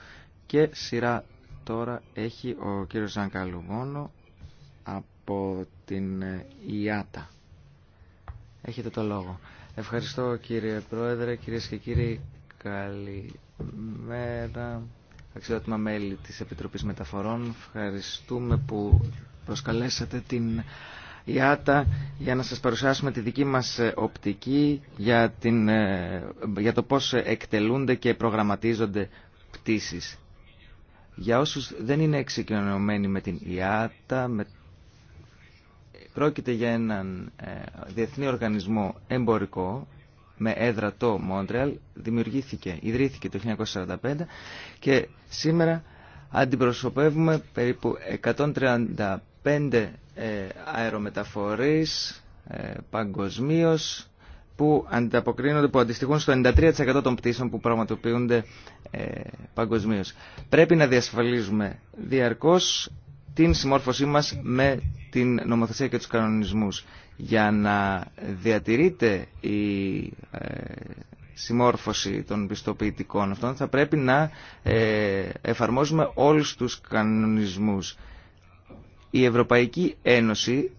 και σειρά τώρα έχει ο κύριος Ζανκαλουμόνο από την ε, ΙΑΤΑ. Έχετε το λόγο. Ευχαριστώ κύριε Πρόεδρε, κυρίες και κύριοι. Καλημέρα αξιότιμα μέλη της Επιτροπής Μεταφορών. Ευχαριστούμε που προσκαλέσατε την ΙΑΤΑ για να σας παρουσιάσουμε τη δική μας ε, οπτική για, την, ε, για το πώς εκτελούνται και προγραμματίζονται πτήσεις. Για όσους δεν είναι εξοικειωμένοι με την ΙΑΤΑ, με Πρόκειται για έναν ε, διεθνή οργανισμό εμπορικό με έδρα το Μόντρεαλ δημιουργήθηκε, ιδρύθηκε το 1945 και σήμερα αντιπροσωπεύουμε περίπου 135 ε, αερομεταφορείς ε, παγκοσμίω που ανταποκρίνονται, που αντιστοιχούν στο 93% των πτήσεων που πραγματοποιούνται ε, παγκοσμίω. Πρέπει να διασφαλίζουμε διαρκώς την συμμόρφωσή μας με την νομοθεσία και τους κανονισμούς για να διατηρείται η ε, συμμόρφωση των πιστοποιητικών αυτών θα πρέπει να ε, εφαρμόζουμε όλους τους κανονισμούς. Η Ευρωπαϊκή Ένωση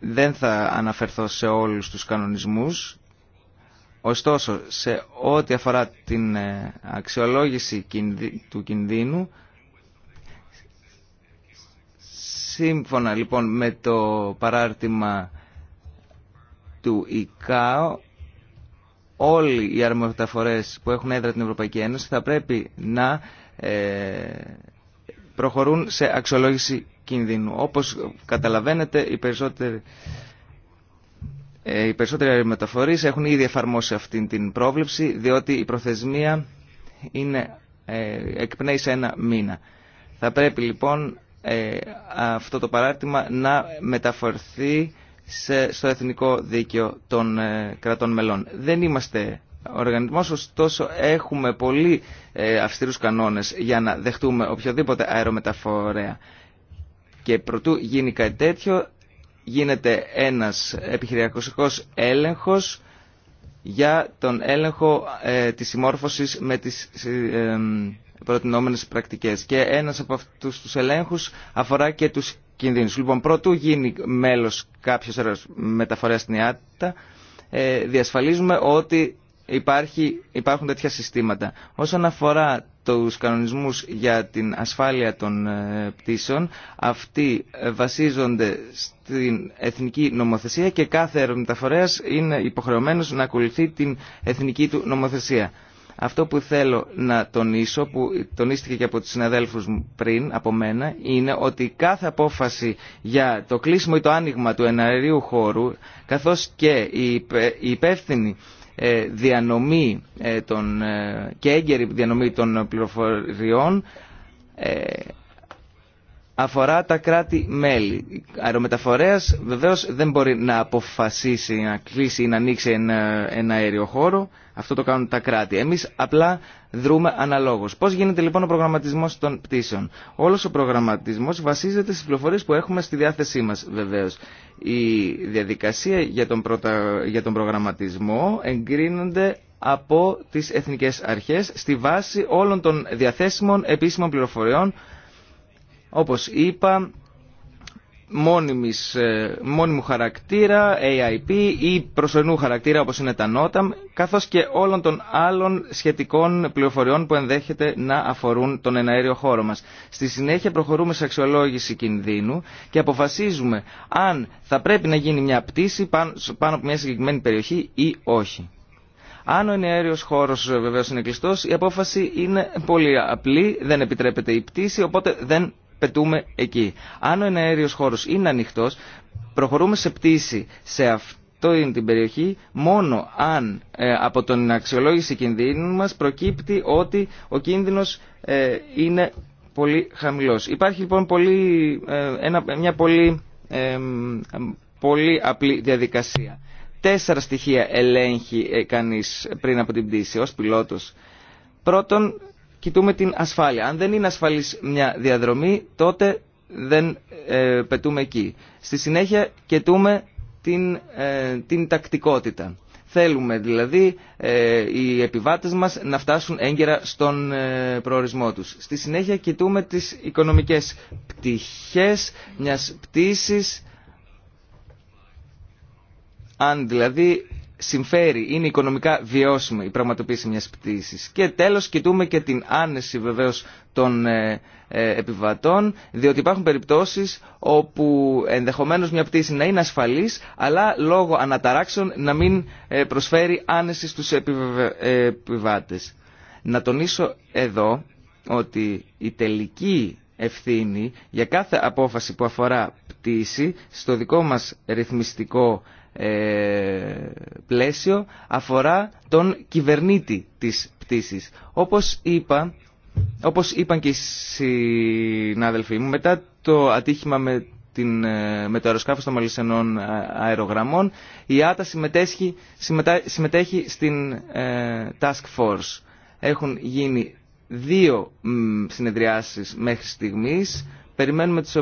δεν θα αναφερθώ σε όλους τους κανονισμούς, ωστόσο σε ό,τι αφορά την ε, αξιολόγηση του κινδύνου Σύμφωνα λοιπόν με το παράρτημα του ΙΚΑΟ όλοι οι αρμοδιαφορές που έχουν έδρα την Ευρωπαϊκή Ένωση θα πρέπει να ε, προχωρούν σε αξιολόγηση κινδύνου. Όπως καταλαβαίνετε οι περισσότεροι ε, οι περισσότεροι έχουν ήδη εφαρμόσει αυτή την πρόβλεψη διότι η προθεσμία είναι, ε, εκπνέει σε ένα μήνα. Θα πρέπει λοιπόν αυτό το παράρτημα να μεταφορθεί σε, στο εθνικό δίκαιο των ε, κρατών μελών. Δεν είμαστε οργανισμός, ωστόσο έχουμε πολύ ε, αυστηρούς κανόνες για να δεχτούμε οποιοδήποτε αερομεταφορέα. Και προτού γίνει κάτι τέτοιο, γίνεται ένας επιχειρηματικός έλεγχος για τον έλεγχο ε, της συμμόρφωσης με τις ε, προτινόμενες πρακτικές. Και ένας από αυτούς τους ελέγχους αφορά και τους κινδύνους. Λοιπόν, πρώτου γίνει μέλος κάποιος αερομεταφορέας στην ΙΑΤΑ, ε, διασφαλίζουμε ότι υπάρχει, υπάρχουν τέτοια συστήματα. Όσον αφορά τους κανονισμούς για την ασφάλεια των ε, πτήσεων, αυτοί ε, βασίζονται στην εθνική νομοθεσία και κάθε αερομεταφορέας είναι υποχρεωμένος να ακολουθεί την εθνική του νομοθεσία. Αυτό που θέλω να τονίσω, που τονίστηκε και από τους συναδέλφους μου πριν, από μένα, είναι ότι κάθε απόφαση για το κλείσιμο ή το άνοιγμα του εναερίου χώρου, καθώς και η υπεύθυνη ε, διανομή ε, των, ε, και έγκαιρη διανομή των πληροφοριών, αφορά τα κράτη-μέλη. Αερομεταφορέας βεβαίως δεν μπορεί να αποφασίσει να κλείσει ή να ανοίξει ένα, ένα αέριο χώρο. Αυτό το κάνουν τα κράτη. Εμείς απλά δρούμε αναλόγως. Πώς γίνεται λοιπόν ο προγραμματισμός των πτήσεων. Όλος ο προγραμματισμός βασίζεται στις πληροφορίες που έχουμε στη διάθεσή μας βεβαίως. Η διαδικασία για τον, για τον προγραμματισμό εγκρίνονται από τις εθνικές αρχές στη βάση όλων των διαθέσιμων επίσημων πληροφοριών όπως είπα μόνιμης, ε, μόνιμου χαρακτήρα, AIP ή προσωρινού χαρακτήρα όπως είναι τα NOTAM, καθώς και όλων των άλλων σχετικών πληροφοριών που ενδέχεται να αφορούν τον εναέριο χώρο μας. Στη συνέχεια προχωρούμε σε αξιολόγηση κινδύνου και αποφασίζουμε αν θα πρέπει να γίνει μια πτήση πάνω, από μια συγκεκριμένη περιοχή ή όχι. Αν ο εναέριος χώρος ε, βεβαίω είναι κλειστός, η απόφαση είναι πολύ απλή, δεν επιτρέπεται η πτήση, οπότε δεν πετούμε εκεί. Αν ο εναέριος χώρος είναι ανοιχτός, προχωρούμε σε πτήση σε αυτό την περιοχή μόνο αν ε, από τον αξιολόγηση κινδύνου μας προκύπτει ότι ο κίνδυνος ε, είναι πολύ χαμηλός. Υπάρχει λοιπόν πολύ, ε, μια πολύ, πολύ απλή διαδικασία. Τέσσερα στοιχεία ελέγχει κανείς πριν από την πτήση ως πιλότος. Πρώτον, κοιτούμε την ασφάλεια. Αν δεν είναι ασφαλής μια διαδρομή, τότε δεν ε, πετούμε εκεί. Στη συνέχεια κοιτούμε την, ε, την τακτικότητα. Θέλουμε δηλαδή ε, οι επιβάτες μας να φτάσουν έγκαιρα στον προορισμό τους. Στη συνέχεια κοιτούμε τις οικονομικές πτυχές μιας πτήσης, αν δηλαδή συμφέρει, είναι οικονομικά βιώσιμη η πραγματοποίηση μιας πτήσης. Και τέλος κοιτούμε και την άνεση βεβαίως των ε, ε, επιβατών, διότι υπάρχουν περιπτώσεις όπου ενδεχομένως μια πτήση να είναι ασφαλής, αλλά λόγω αναταράξεων να μην ε, προσφέρει άνεση στους επιβάτες. Να τονίσω εδώ ότι η τελική ευθύνη για κάθε απόφαση που αφορά πτήση στο δικό μας ρυθμιστικό ε, πλαίσιο αφορά τον κυβερνήτη της πτήσης. Όπως είπα, όπως είπαν και οι συνάδελφοί μου, μετά το ατύχημα με, την, ε, με το αεροσκάφος των μαλλισενών ε, αερογραμμών, η ΆΤΑ συμμετέχει, συμμετέχει στην Task Force. Έχουν γίνει δύο συνεδριάσεις μέχρι στιγμής. Περιμένουμε τις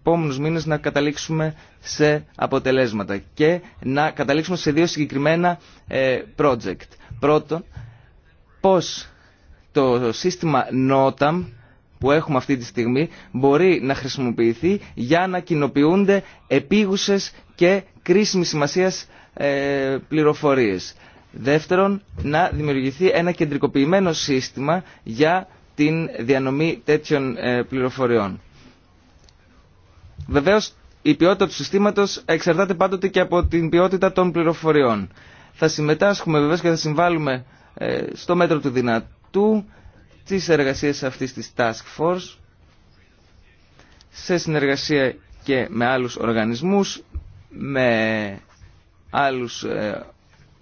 επόμενου μήνες να καταλήξουμε σε αποτελέσματα και να καταλήξουμε σε δύο συγκεκριμένα ε, project. Πρώτον, πώς το σύστημα NOTAM που έχουμε αυτή τη στιγμή μπορεί να χρησιμοποιηθεί για να κοινοποιούνται επίγουσες και κρίσιμη σημασίας ε, πληροφορίες. Δεύτερον, να δημιουργηθεί ένα κεντρικοποιημένο σύστημα για την διανομή τέτοιων ε, πληροφοριών. Βεβαίως, η ποιότητα του συστήματος εξαρτάται πάντοτε και από την ποιότητα των πληροφοριών. Θα συμμετάσχουμε βεβαίως και θα συμβάλλουμε ε, στο μέτρο του δυνατού τις εργασίες αυτής της Task Force σε συνεργασία και με άλλους οργανισμούς, με άλλους ε,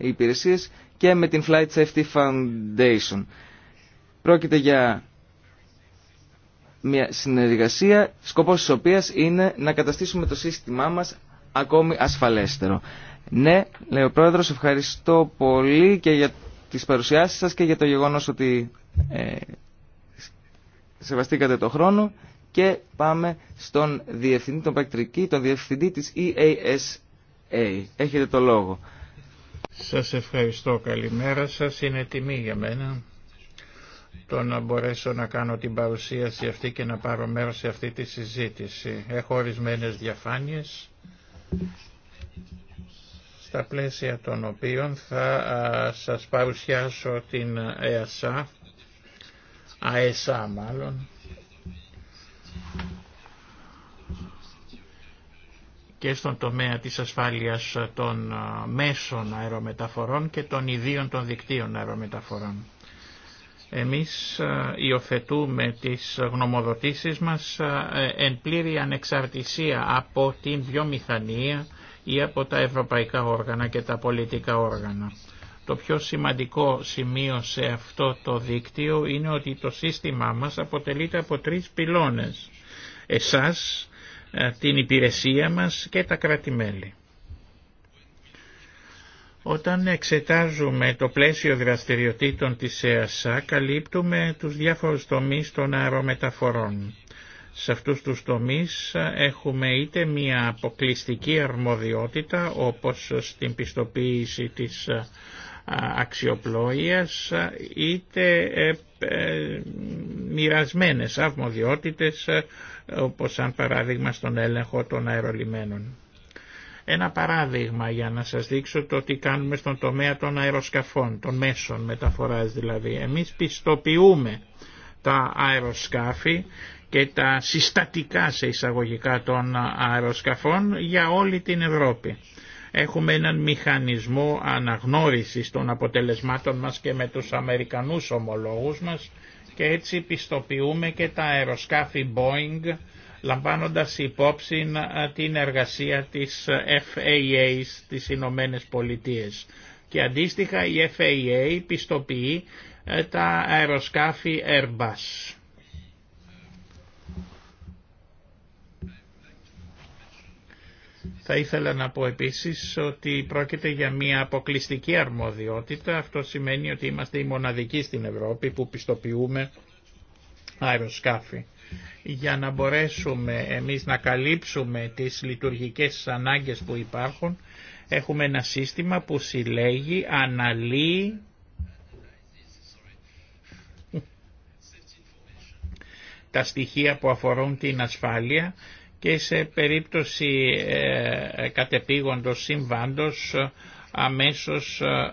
υπηρεσίες και με την Flight Safety Foundation. Πρόκειται για μια συνεργασία, σκοπός της οποίας είναι να καταστήσουμε το σύστημά μας ακόμη ασφαλέστερο. Ναι, λέει ο Πρόεδρος, ευχαριστώ πολύ και για τις παρουσιάσεις σας και για το γεγονός ότι ε, σεβαστήκατε το χρόνο και πάμε στον Διευθυντή, τον Πακτρική, τον Διευθυντή της EASA. Έχετε το λόγο. Σας ευχαριστώ. Καλημέρα σας. Είναι τιμή για μένα το να μπορέσω να κάνω την παρουσίαση αυτή και να πάρω μέρος σε αυτή τη συζήτηση. Έχω ορισμένες διαφάνειες στα πλαίσια των οποίων θα σας παρουσιάσω την ΕΑΣΑ, ΑΕΣΑ μάλλον, και στον τομέα της ασφάλειας των ε, μέσων αερομεταφορών και των ιδίων των δικτύων αερομεταφορών. Εμείς ε, υιοθετούμε τις γνωμοδοτήσεις μας ε, εν πλήρη ανεξαρτησία από την βιομηχανία ή από τα ευρωπαϊκά όργανα και τα πολιτικά όργανα. Το πιο σημαντικό σημείο σε αυτό το δίκτυο είναι ότι το σύστημά μας αποτελείται από τρεις πυλώνες. Εσάς, ε, την υπηρεσία μας και τα κρατη Όταν εξετάζουμε το πλαίσιο δραστηριοτήτων της ΕΑΣΑ, καλύπτουμε τους διάφορους τομείς των αερομεταφορών. Σε αυτούς τους τομείς ε, έχουμε είτε μια αποκλειστική αρμοδιότητα, όπως στην πιστοποίηση της ε, αξιοπλόίας είτε μοιρασμένες αρμοδιότητες όπως σαν παράδειγμα στον έλεγχο των αερολιμένων. Ένα παράδειγμα για να σας δείξω το τι κάνουμε στον τομέα των αεροσκαφών, των μέσων μεταφοράς δηλαδή. Εμείς πιστοποιούμε τα αεροσκάφη και τα συστατικά σε εισαγωγικά των αεροσκαφών για όλη την Ευρώπη. Έχουμε έναν μηχανισμό αναγνώρισης των αποτελεσμάτων μας και με τους Αμερικανούς ομολόγους μας και έτσι πιστοποιούμε και τα αεροσκάφη Boeing λαμβάνοντας υπόψη ε, την εργασία της FAA στις Ηνωμένε Πολιτείες. Και αντίστοιχα η FAA πιστοποιεί ε, τα αεροσκάφη Airbus. Θα ήθελα να πω επίσης ότι πρόκειται για μια αποκλειστική αρμοδιότητα. Αυτό σημαίνει ότι είμαστε οι μοναδικοί στην Ευρώπη που πιστοποιούμε αεροσκάφη. Για να μπορέσουμε εμείς να καλύψουμε τις λειτουργικές ανάγκες που υπάρχουν, έχουμε ένα σύστημα που συλλέγει, αναλύει τα στοιχεία που αφορούν την ασφάλεια και σε περίπτωση ε, κατεπήγοντος συμβάντος ε, αμέσως ε,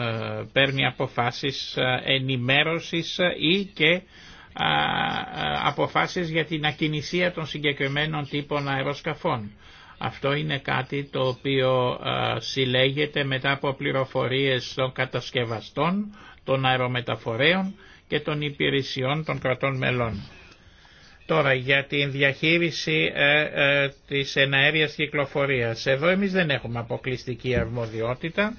ε, παίρνει αποφάσεις ενημέρωσης ή και αποφάσεις για την ακινησία των συγκεκριμένων τύπων αεροσκαφών. Αυτό είναι κάτι το οποίο συλλέγεται μετά από πληροφορίες των κατασκευαστών, των αερομεταφορέων και των υπηρεσιών των κρατών μελών. Τώρα για την διαχείριση ε, ε, της εναέριας κυκλοφορίας. Εδώ εμείς δεν έχουμε αποκλειστική αρμοδιότητα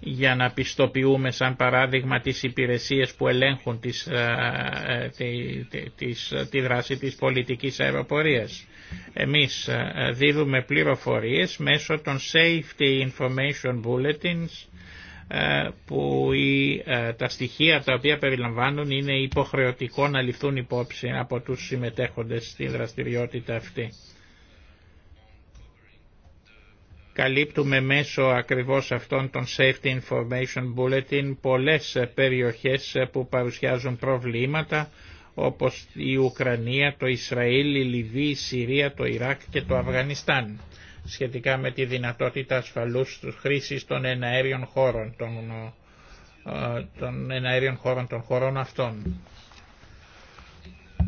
για να πιστοποιούμε σαν παράδειγμα τις υπηρεσίες που ελέγχουν τις, ε, ε, τη, τη, της, τη δράση της πολιτικής αεροπορίας. Εμείς ε, δίδουμε πληροφορίες μέσω των Safety Information Bulletins ε, που ε, τα στοιχεία τα οποία περιλαμβάνουν είναι υποχρεωτικό να ληφθούν υπόψη από τους συμμετέχοντες στην δραστηριότητα αυτή. Καλύπτουμε μέσω ακριβώς αυτών των Safety Information Bulletin πολλές περιοχές που παρουσιάζουν προβλήματα όπως η Ουκρανία, το Ισραήλ, η Λιβύη, η Συρία, το Ιράκ και το Αφγανιστάν σχετικά με τη δυνατότητα ασφαλούς χρήσης των εναέριων χώρων των, ε, των εναέριων χώρων των χωρών αυτών.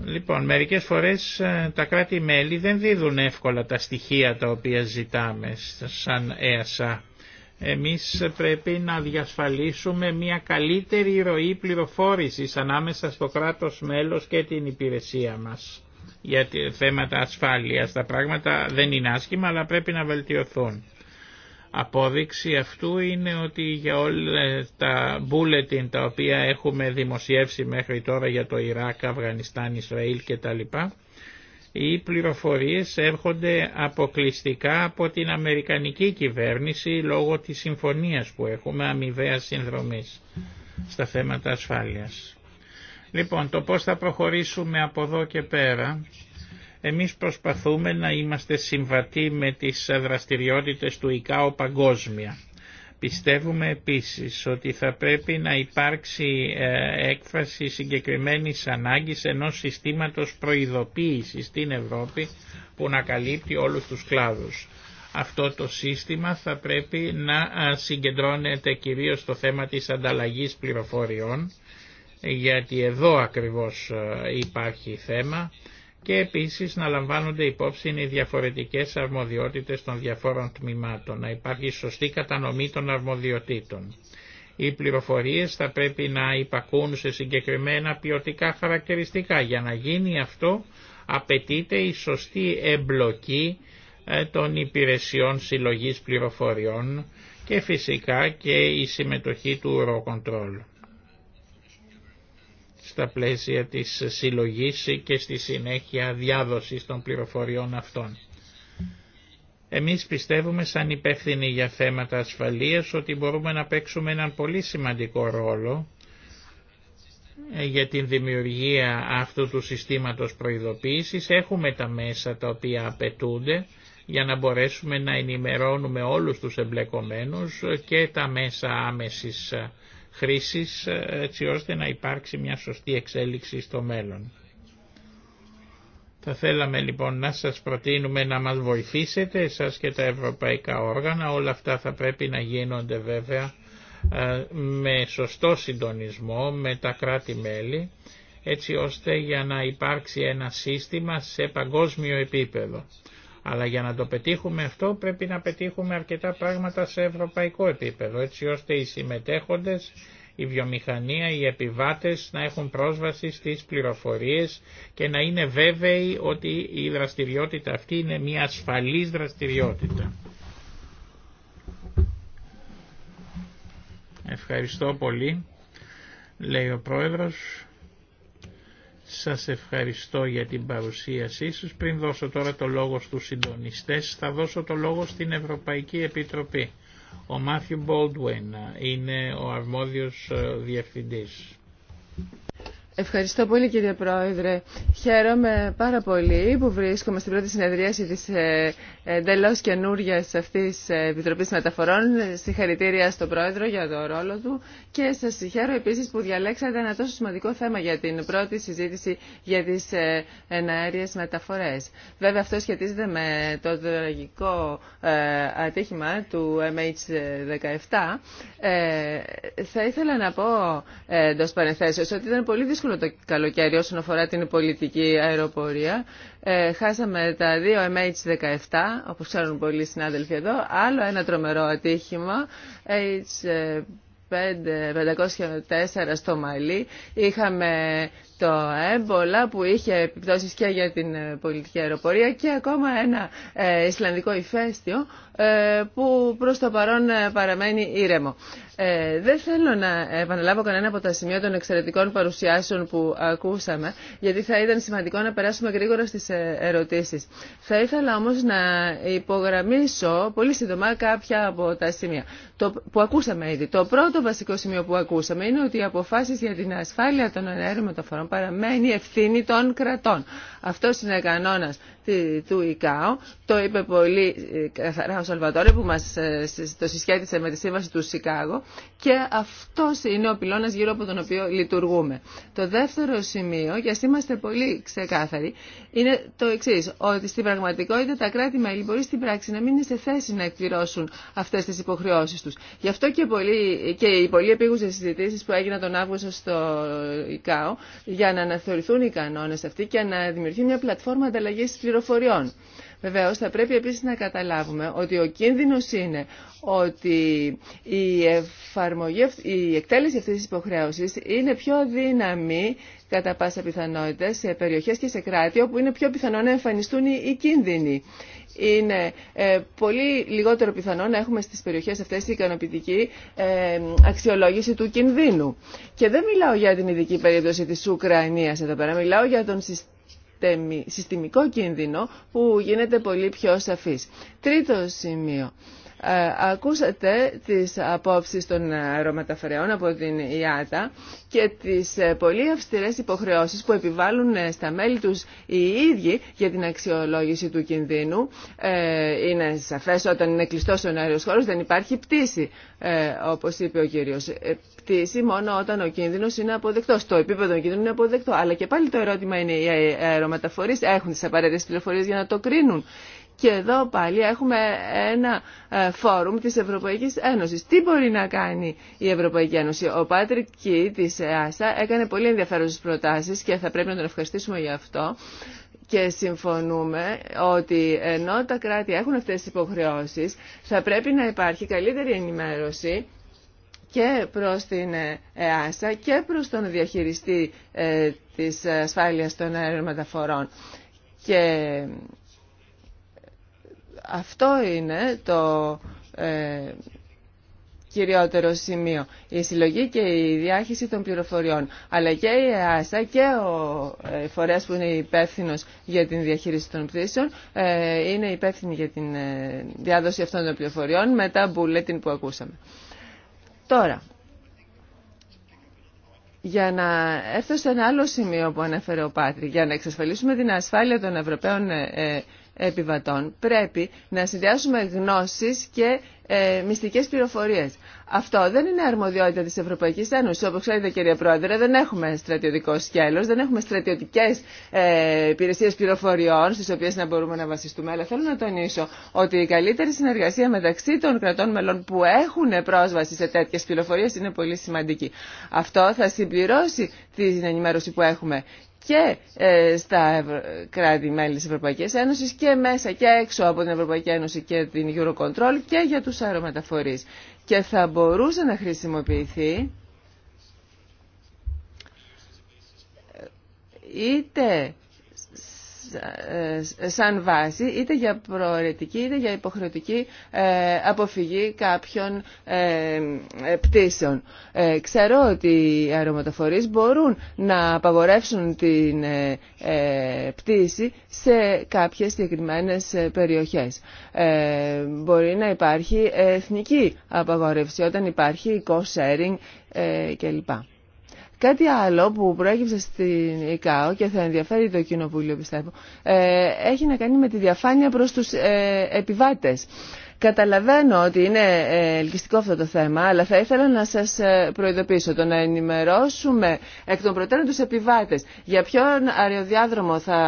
Λοιπόν, μερικές φορές ε, τα κράτη-μέλη δεν δίδουν εύκολα τα στοιχεία τα οποία ζητάμε σαν ΕΑΣΑ. Εμείς πρέπει να διασφαλίσουμε μια καλύτερη ροή πληροφόρησης ανάμεσα στο κράτος μέλος και την υπηρεσία μας για θέματα ασφάλειας. Τα πράγματα δεν είναι άσχημα αλλά πρέπει να βελτιωθούν. Απόδειξη αυτού είναι ότι για όλα τα bulletin τα οποία έχουμε δημοσιεύσει μέχρι τώρα για το Ιράκ, Αφγανιστάν, Ισραήλ κτλ. Οι πληροφορίες έρχονται αποκλειστικά από την Αμερικανική κυβέρνηση λόγω της συμφωνίας που έχουμε αμοιβαία συνδρομής στα θέματα ασφάλειας. Λοιπόν, το πώς θα προχωρήσουμε από εδώ και πέρα. Εμείς προσπαθούμε να είμαστε συμβατοί με τις δραστηριότητες του ΙΚΑΟ παγκόσμια. Πιστεύουμε επίσης ότι θα πρέπει να υπάρξει ε, έκφραση συγκεκριμένης ανάγκης ενός συστήματος προειδοποίησης στην Ευρώπη που να καλύπτει όλους τους κλάδους. Αυτό το σύστημα θα πρέπει να ε, συγκεντρώνεται κυρίως στο θέμα της ανταλλαγής πληροφοριών γιατί εδώ ακριβώς ε, υπάρχει θέμα και επίσης να λαμβάνονται υπόψη οι διαφορετικές αρμοδιότητες των διαφόρων τμήματων, να υπάρχει σωστή κατανομή των αρμοδιοτήτων. Οι πληροφορίες θα πρέπει να υπακούν σε συγκεκριμένα ποιοτικά χαρακτηριστικά. Για να γίνει αυτό απαιτείται η σωστή εμπλοκή ε, των υπηρεσιών συλλογής πληροφοριών και φυσικά και η συμμετοχή του Eurocontrol στα πλαίσια της συλλογής και στη συνέχεια διάδοσης των πληροφοριών αυτών. Εμείς πιστεύουμε σαν υπεύθυνοι για θέματα ασφαλείας ότι μπορούμε να παίξουμε έναν πολύ σημαντικό ρόλο ε, για την δημιουργία αυτού του συστήματος προειδοποίησης. Έχουμε τα μέσα τα οποία απαιτούνται για να μπορέσουμε να ενημερώνουμε όλους τους εμπλεκομένους και τα μέσα άμεσης ε, χρήσης ε, έτσι ώστε να υπάρξει μια σωστή εξέλιξη στο μέλλον. Θα θέλαμε λοιπόν να σας προτείνουμε να μας βοηθήσετε εσάς και τα ευρωπαϊκά όργανα. Όλα αυτά θα πρέπει να γίνονται βέβαια ε, με σωστό συντονισμό με τα κράτη-μέλη έτσι ώστε για να υπάρξει ένα σύστημα σε παγκόσμιο επίπεδο. Αλλά για να το πετύχουμε αυτό πρέπει να πετύχουμε αρκετά πράγματα σε ευρωπαϊκό επίπεδο, έτσι ώστε οι συμμετέχοντες, η βιομηχανία, οι επιβάτες να έχουν πρόσβαση στις πληροφορίες και να είναι βέβαιοι ότι η δραστηριότητα αυτή είναι μια ασφαλής δραστηριότητα. Ευχαριστώ πολύ, λέει ο Πρόεδρος. Σας ευχαριστώ για την παρουσίασή σας. Πριν δώσω τώρα το λόγο στους συντονιστές, θα δώσω το λόγο στην Ευρωπαϊκή Επιτροπή. Ο Μάθιου Μπόλτουεν είναι ο αρμόδιος ε, διευθυντής. Ευχαριστώ πολύ κύριε Πρόεδρε. Χαίρομαι πάρα πολύ που βρίσκομαι στην πρώτη συνεδρίαση της ε, εντελώ καινούργια αυτής ε, Επιτροπής Μεταφορών. Συγχαρητήρια στον Πρόεδρο για τον ρόλο του και σας συγχαίρω επίσης που διαλέξατε ένα τόσο σημαντικό θέμα για την πρώτη συζήτηση για τις ε, εναέριες μεταφορές. Βέβαια αυτό σχετίζεται με το τραγικό ατύχημα του MH17. Θα ήθελα να πω εντό παρενθέσεως ότι ήταν πολύ δύσκολο το καλοκαίρι όσον αφορά την πολιτική αεροπορία. Ε, χάσαμε τα δύο MH17, όπως ξέρουν πολλοί συνάδελφοι εδώ. Άλλο ένα τρομερό ατύχημα, H504 ε, στο Μαλί. Είχαμε το έμπολα που είχε επιπτώσεις και για την ε, πολιτική αεροπορία και ακόμα ένα ε, Ισλανδικό ηφαίστειο ε, που προς το παρόν παραμένει ήρεμο. Δεν θέλω να επαναλάβω κανένα από τα σημεία των εξαιρετικών παρουσιάσεων που ακούσαμε γιατί θα ήταν σημαντικό να περάσουμε γρήγορα στις ερωτήσεις. Θα ήθελα όμως να υπογραμμίσω πολύ σύντομα κάποια από τα σημεία που ακούσαμε ήδη. Το πρώτο βασικό σημείο που ακούσαμε είναι ότι οι αποφάσεις για την ασφάλεια των αέριων παραμένει ευθύνη των κρατών. Αυτό είναι κανόνας του ΙΚΑΟ. Το είπε πολύ ε, καθαρά ο Σαλβατόρε που μας ε, το συσχέτισε με τη σύμβαση του Σικάγο και αυτός είναι ο πυλώνας γύρω από τον οποίο λειτουργούμε. Το δεύτερο σημείο, για είμαστε πολύ ξεκάθαροι, είναι το εξή ότι στην πραγματικότητα τα κράτη-μέλη μπορεί στην πράξη να μην είναι σε θέση να εκπληρώσουν αυτές τις υποχρεώσεις τους. Γι' αυτό και, πολύ, και οι πολύ επίγουσες συζητήσεις που έγιναν τον Αύγουστο στο ΙΚΑΟ για να αναθεωρηθούν οι κανόνες αυτοί και να δημιουργηθεί μια πλατφόρμα ανταλλαγής πληροφοριών. Βεβαίω, θα πρέπει επίση να καταλάβουμε ότι ο κίνδυνο είναι ότι η, η εκτέλεση αυτή τη υποχρέωση είναι πιο δύναμη κατά πάσα πιθανότητα σε περιοχέ και σε κράτη όπου είναι πιο πιθανό να εμφανιστούν οι, κίνδυνοι. Είναι ε, πολύ λιγότερο πιθανό να έχουμε στις περιοχές αυτές η ικανοποιητική ε, αξιολόγηση του κινδύνου. Και δεν μιλάω για την ειδική περίπτωση της Ουκρανίας εδώ πέρα, μιλάω για τον συστήμα συστημικό κίνδυνο που γίνεται πολύ πιο σαφής. Τρίτο σημείο. Ε, ακούσατε τις απόψεις των αερομεταφορεών από την ΙΑΤΑ και τις ε, πολύ αυστηρές υποχρεώσεις που επιβάλλουν ε, στα μέλη τους οι ίδιοι για την αξιολόγηση του κινδύνου. Είναι σαφές όταν είναι κλειστός ο αέριος χώρος δεν υπάρχει πτήση, όπως είπε ο κύριος. Πτήση μόνο όταν ο κίνδυνος είναι αποδεκτός, το επίπεδο του κίνδυνου είναι αποδεκτό. Αλλά και πάλι το ερώτημα είναι οι αερομεταφορείς έχουν τις απαραίτητες πληροφορίες για να το κρίνουν. Και εδώ πάλι έχουμε ένα ε, φόρουμ της Ευρωπαϊκής Ένωσης. Τι μπορεί να κάνει η Ευρωπαϊκή Ένωση. Ο Πάτρικ Κι της ΕΑΣΑ έκανε πολύ ενδιαφέρουσες προτάσεις και θα πρέπει να τον ευχαριστήσουμε γι' αυτό. Και συμφωνούμε ότι ενώ τα κράτη έχουν αυτές τις υποχρεώσεις, θα πρέπει να υπάρχει καλύτερη ενημέρωση και προς την ε, ΕΑΣΑ και προς τον διαχειριστή ε, της ασφάλειας των αερομεταφορών. Και αυτό είναι το ε, κυριότερο σημείο. Η συλλογή και η διάχυση των πληροφοριών. Αλλά και η ΕΑΣΑ και ο ε, φορέας που είναι υπεύθυνο για την διαχείριση των πτήσεων ε, είναι υπεύθυνοι για την ε, διάδοση αυτών των πληροφοριών με τα μπουλέτιν που ακούσαμε. Τώρα, για να έρθω σε ένα άλλο σημείο που ανέφερε ο Πάτρη, για να εξασφαλίσουμε την ασφάλεια των Ευρωπαίων ε, επιβατών. Πρέπει να συνδυάσουμε γνώσεις και ε, μυστικές πληροφορίες. Αυτό δεν είναι αρμοδιότητα της Ευρωπαϊκής Ένωσης. Όπως ξέρετε κυρία Πρόεδρε, δεν έχουμε στρατιωτικό σκέλος, δεν έχουμε στρατιωτικές ε, υπηρεσίες πληροφοριών στις οποίες να μπορούμε να βασιστούμε. Αλλά θέλω να τονίσω ότι η καλύτερη συνεργασία μεταξύ των κρατών μελών που έχουν πρόσβαση σε τέτοιες πληροφορίες είναι πολύ σημαντική. Αυτό θα συμπληρώσει την ενημέρωση που έχουμε και ε, στα κράτη-μέλη της Ευρωπαϊκής Ένωσης και μέσα και έξω από την Ευρωπαϊκή Ένωση και την Eurocontrol και για τους αερομεταφορείς. Και θα μπορούσε να χρησιμοποιηθεί ε, είτε ε, σαν βάση είτε για προαιρετική είτε για υποχρεωτική ε, αποφυγή κάποιων ε, πτήσεων. Ξέρω ότι οι αερομεταφορείς μπορούν να απαγορεύσουν την πτήση σε κάποιες συγκεκριμένες περιοχές. Μπορεί να υπάρχει εθνική απαγορεύση όταν υπάρχει co-sharing κλπ. Κάτι άλλο που προέκυψε στην ΕΚΑΟ και θα ενδιαφέρει το Κοινοβούλιο πιστεύω ε, έχει να κάνει με τη διαφάνεια προς τους ε, επιβάτες. Καταλαβαίνω ότι είναι ε, ελκυστικό αυτό το θέμα, αλλά θα ήθελα να σας προειδοποιήσω το να ενημερώσουμε εκ των προτέρων τους επιβάτες για ποιον αεροδιάδρομο θα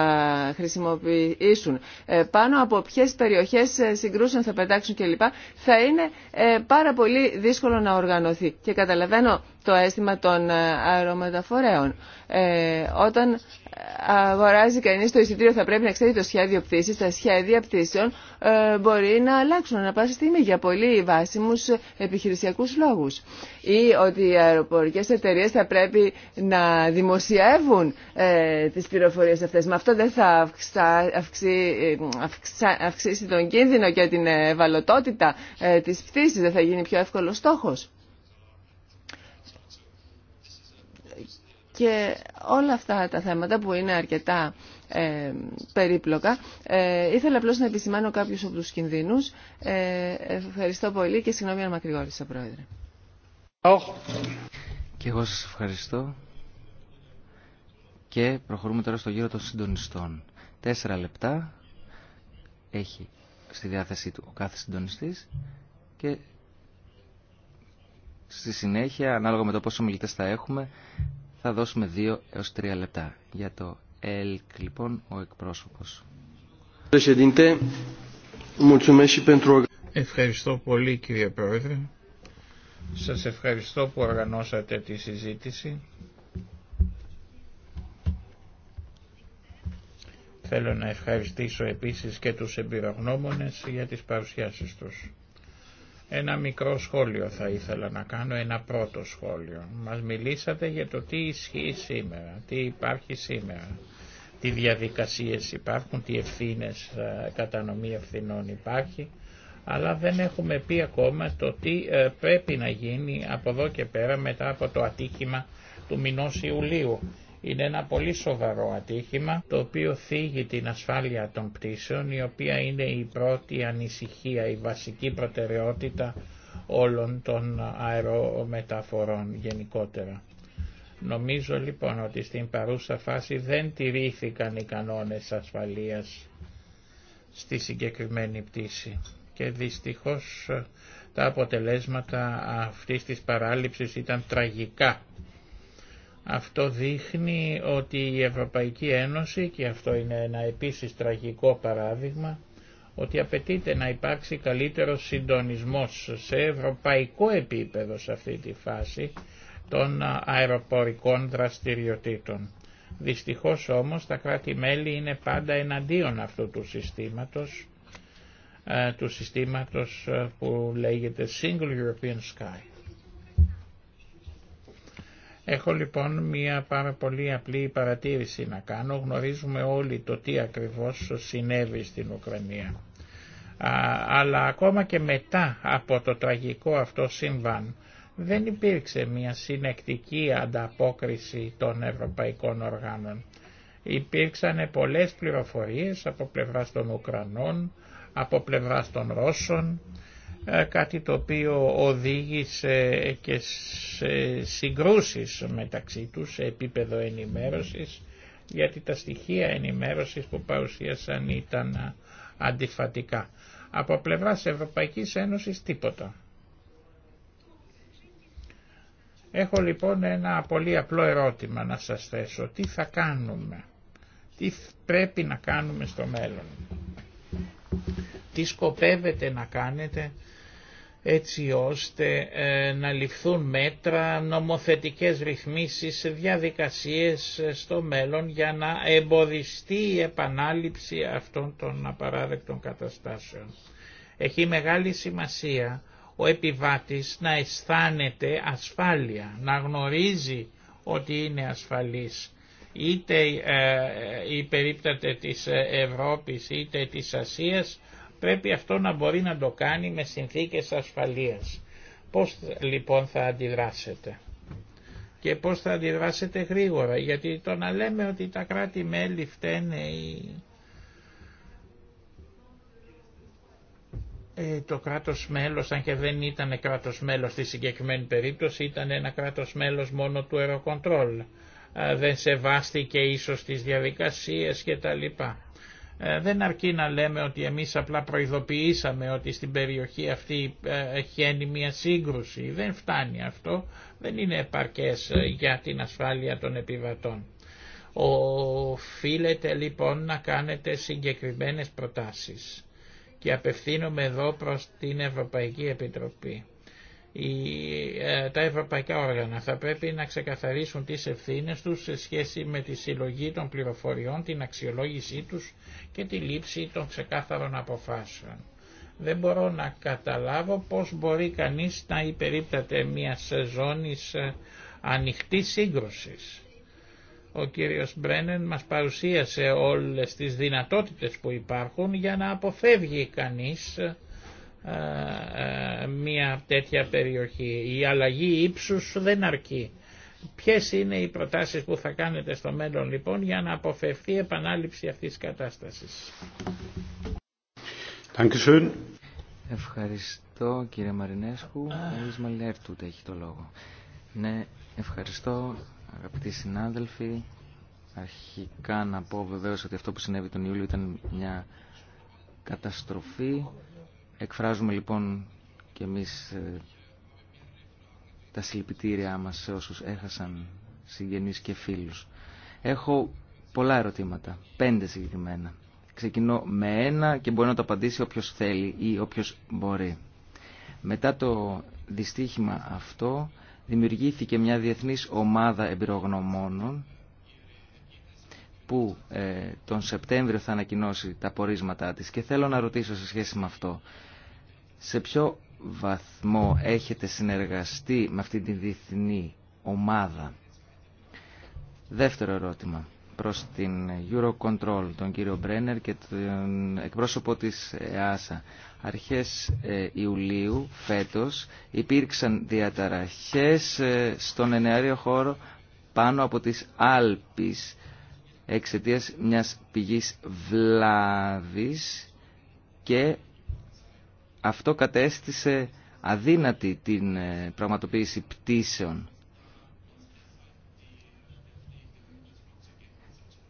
χρησιμοποιήσουν, πάνω από ποιες περιοχές συγκρούσεων θα πετάξουν κλπ. Θα είναι πάρα πολύ δύσκολο να οργανωθεί. Και καταλαβαίνω το αίσθημα των ε, αερομεταφορέων. Ε, όταν αγοράζει κανείς το εισιτήριο θα πρέπει να ξέρει το σχέδιο πτήσης. Τα σχέδια πτήσεων ε, μπορεί να αλλάξουν Να πάσα στιγμή για πολύ βάσιμους επιχειρησιακούς λόγους. Ή ότι οι αεροπορικές εταιρείες θα πρέπει να δημοσιεύουν ε, τι πληροφορίε αυτέ. Με αυτό δεν θα αυξήσει τον κίνδυνο και την ευαλωτότητα ε, τη πτήση. Δεν θα γίνει πιο εύκολο στόχος. Και όλα αυτά τα θέματα που είναι αρκετά ε, περίπλοκα, ε, ήθελα απλώ να επισημάνω κάποιους από τους κινδύνους. Ε, ευχαριστώ πολύ και συγγνώμη αν μακρηγόρησα, Πρόεδρε. Και εγώ σας ευχαριστώ. Και προχωρούμε τώρα στο γύρο των συντονιστών. Τέσσερα λεπτά έχει στη διάθεσή του ο κάθε συντονιστής και στη συνέχεια, ανάλογα με το πόσο μιλητές θα έχουμε, θα δώσουμε δύο έως τρία λεπτά. Για το ΕΛΚ λοιπόν ο εκπρόσωπος. Ευχαριστώ πολύ κύριε Πρόεδρε. Σας ευχαριστώ που οργανώσατε τη συζήτηση. Θέλω να ευχαριστήσω επίσης και τους εμπειρογνώμονες για τις παρουσιάσεις τους. Ένα μικρό σχόλιο θα ήθελα να κάνω, ένα πρώτο σχόλιο. Μας μιλήσατε για το τι ισχύει σήμερα, τι υπάρχει σήμερα, τι διαδικασίες υπάρχουν, τι ευθύνες, ε, κατανομή ευθυνών υπάρχει, αλλά δεν έχουμε πει ακόμα το τι ε, πρέπει να γίνει από εδώ και πέρα μετά από το ατύχημα του μηνός Ιουλίου είναι ένα πολύ σοβαρό ατύχημα το οποίο θίγει την ασφάλεια των πτήσεων η οποία είναι η πρώτη ανησυχία, η βασική προτεραιότητα όλων των αερομεταφορών γενικότερα. Νομίζω λοιπόν ότι στην παρούσα φάση δεν τηρήθηκαν οι κανόνες ασφαλείας στη συγκεκριμένη πτήση και δυστυχώς τα αποτελέσματα αυτής της παράληψης ήταν τραγικά αυτό δείχνει ότι η Ευρωπαϊκή Ένωση, και αυτό είναι ένα επίσης τραγικό παράδειγμα, ότι απαιτείται να υπάρξει καλύτερος συντονισμός σε ευρωπαϊκό επίπεδο σε αυτή τη φάση των αεροπορικών δραστηριοτήτων. Δυστυχώς όμως τα κράτη-μέλη είναι πάντα εναντίον αυτού του συστήματος, ε, του συστήματος ε, που λέγεται Single European Sky. Έχω λοιπόν μία πάρα πολύ απλή παρατήρηση να κάνω. Γνωρίζουμε όλοι το τι ακριβώς συνέβη στην Ουκρανία. αλλά ακόμα και μετά από το τραγικό αυτό συμβάν δεν υπήρξε μία συνεκτική ανταπόκριση των ευρωπαϊκών οργάνων. Υπήρξαν πολλές πληροφορίες από πλευράς των Ουκρανών, από πλευράς των Ρώσων, ε, κάτι το οποίο οδήγησε και σε συγκρούσεις μεταξύ τους σε επίπεδο ενημέρωσης γιατί τα στοιχεία ενημέρωσης που παρουσίασαν ήταν αντιφατικά. Από πλευράς Ευρωπαϊκής Ένωσης τίποτα. Έχω λοιπόν ένα πολύ απλό ερώτημα να σας θέσω. Τι θα κάνουμε, τι πρέπει να κάνουμε στο μέλλον. Τι σκοπεύετε να κάνετε έτσι ώστε ε, να ληφθούν μέτρα, νομοθετικές ρυθμίσεις, διαδικασίες ε, στο μέλλον για να εμποδιστεί η επανάληψη αυτών των απαράδεκτων καταστάσεων. Έχει μεγάλη σημασία ο επιβάτης να αισθάνεται ασφάλεια, να γνωρίζει ότι είναι ασφαλής. Είτε ε, η περίπτωση της Ευρώπης είτε της Ασίας πρέπει αυτό να μπορεί να το κάνει με συνθήκες ασφαλείας. Πώς λοιπόν θα αντιδράσετε και πώς θα αντιδράσετε γρήγορα γιατί το να λέμε ότι τα κράτη-μέλη φταίνε Ε, το κράτος μέλος, αν και δεν ήταν κράτος μέλος στη συγκεκριμένη περίπτωση, ήταν ένα κράτος μέλος μόνο του αεροκοντρόλ. δεν σεβάστηκε ίσως τις διαδικασίες και τα λοιπά. Ε, δεν αρκεί να λέμε ότι εμείς απλά προειδοποιήσαμε ότι στην περιοχή αυτή ε, έχει μια σύγκρουση. Δεν φτάνει αυτό, δεν είναι επαρκές ε, για την ασφάλεια των επιβατών. Οφείλετε λοιπόν να κάνετε συγκεκριμένες προτάσεις και απευθύνομαι εδώ προς την Ευρωπαϊκή Επιτροπή. Ε, τα ευρωπαϊκά όργανα θα πρέπει να ξεκαθαρίσουν τις ευθύνες τους σε σχέση με τη συλλογή των πληροφοριών, την αξιολόγησή τους και τη λήψη των ξεκάθαρων αποφάσεων. Δεν μπορώ να καταλάβω πώς μπορεί κανείς να υπερίπταται μια ζώνης ε, ανοιχτής σύγκρουσης. Ο κύριος Μπρένεν μας παρουσίασε όλες τις δυνατότητες που υπάρχουν για να αποφεύγει κανείς ε, ε, ε, μια τέτοια περιοχή. Η αλλαγή ύψους δεν αρκεί. Ποιες είναι οι προτάσεις που θα κάνετε στο μέλλον λοιπόν για να αποφευθεί επανάληψη αυτής της κατάστασης. Ευχαριστώ κύριε Μαρινέσκου. Ο έχει το λόγο. Ναι, ευχαριστώ αγαπητοί συνάδελφοι. Αρχικά να πω βεβαίως ότι αυτό που συνέβη τον Ιούλιο ήταν μια καταστροφή Εκφράζουμε λοιπόν και εμείς ε, τα συλληπιτήριά μας σε όσους έχασαν συγγενείς και φίλους. Έχω πολλά ερωτήματα, πέντε συγκεκριμένα. Ξεκινώ με ένα και μπορεί να το απαντήσει όποιος θέλει ή όποιος μπορεί. Μετά το δυστύχημα αυτό δημιουργήθηκε μια διεθνής ομάδα εμπειρογνωμόνων που ε, τον Σεπτέμβριο θα ανακοινώσει τα πορίσματά της και θέλω να ρωτήσω σε σχέση με αυτό σε ποιο βαθμό έχετε συνεργαστεί με αυτή τη διεθνή ομάδα. Δεύτερο ερώτημα προς την Eurocontrol, τον κύριο Μπρένερ και τον εκπρόσωπο της ΕΑΣΑ. Αρχές ε, Ιουλίου φέτος υπήρξαν διαταραχές ε, στον ενεάριο χώρο πάνω από τις Άλπεις εξαιτίας μιας πηγής βλάβης και αυτό κατέστησε αδύνατη την ε, πραγματοποίηση πτήσεων.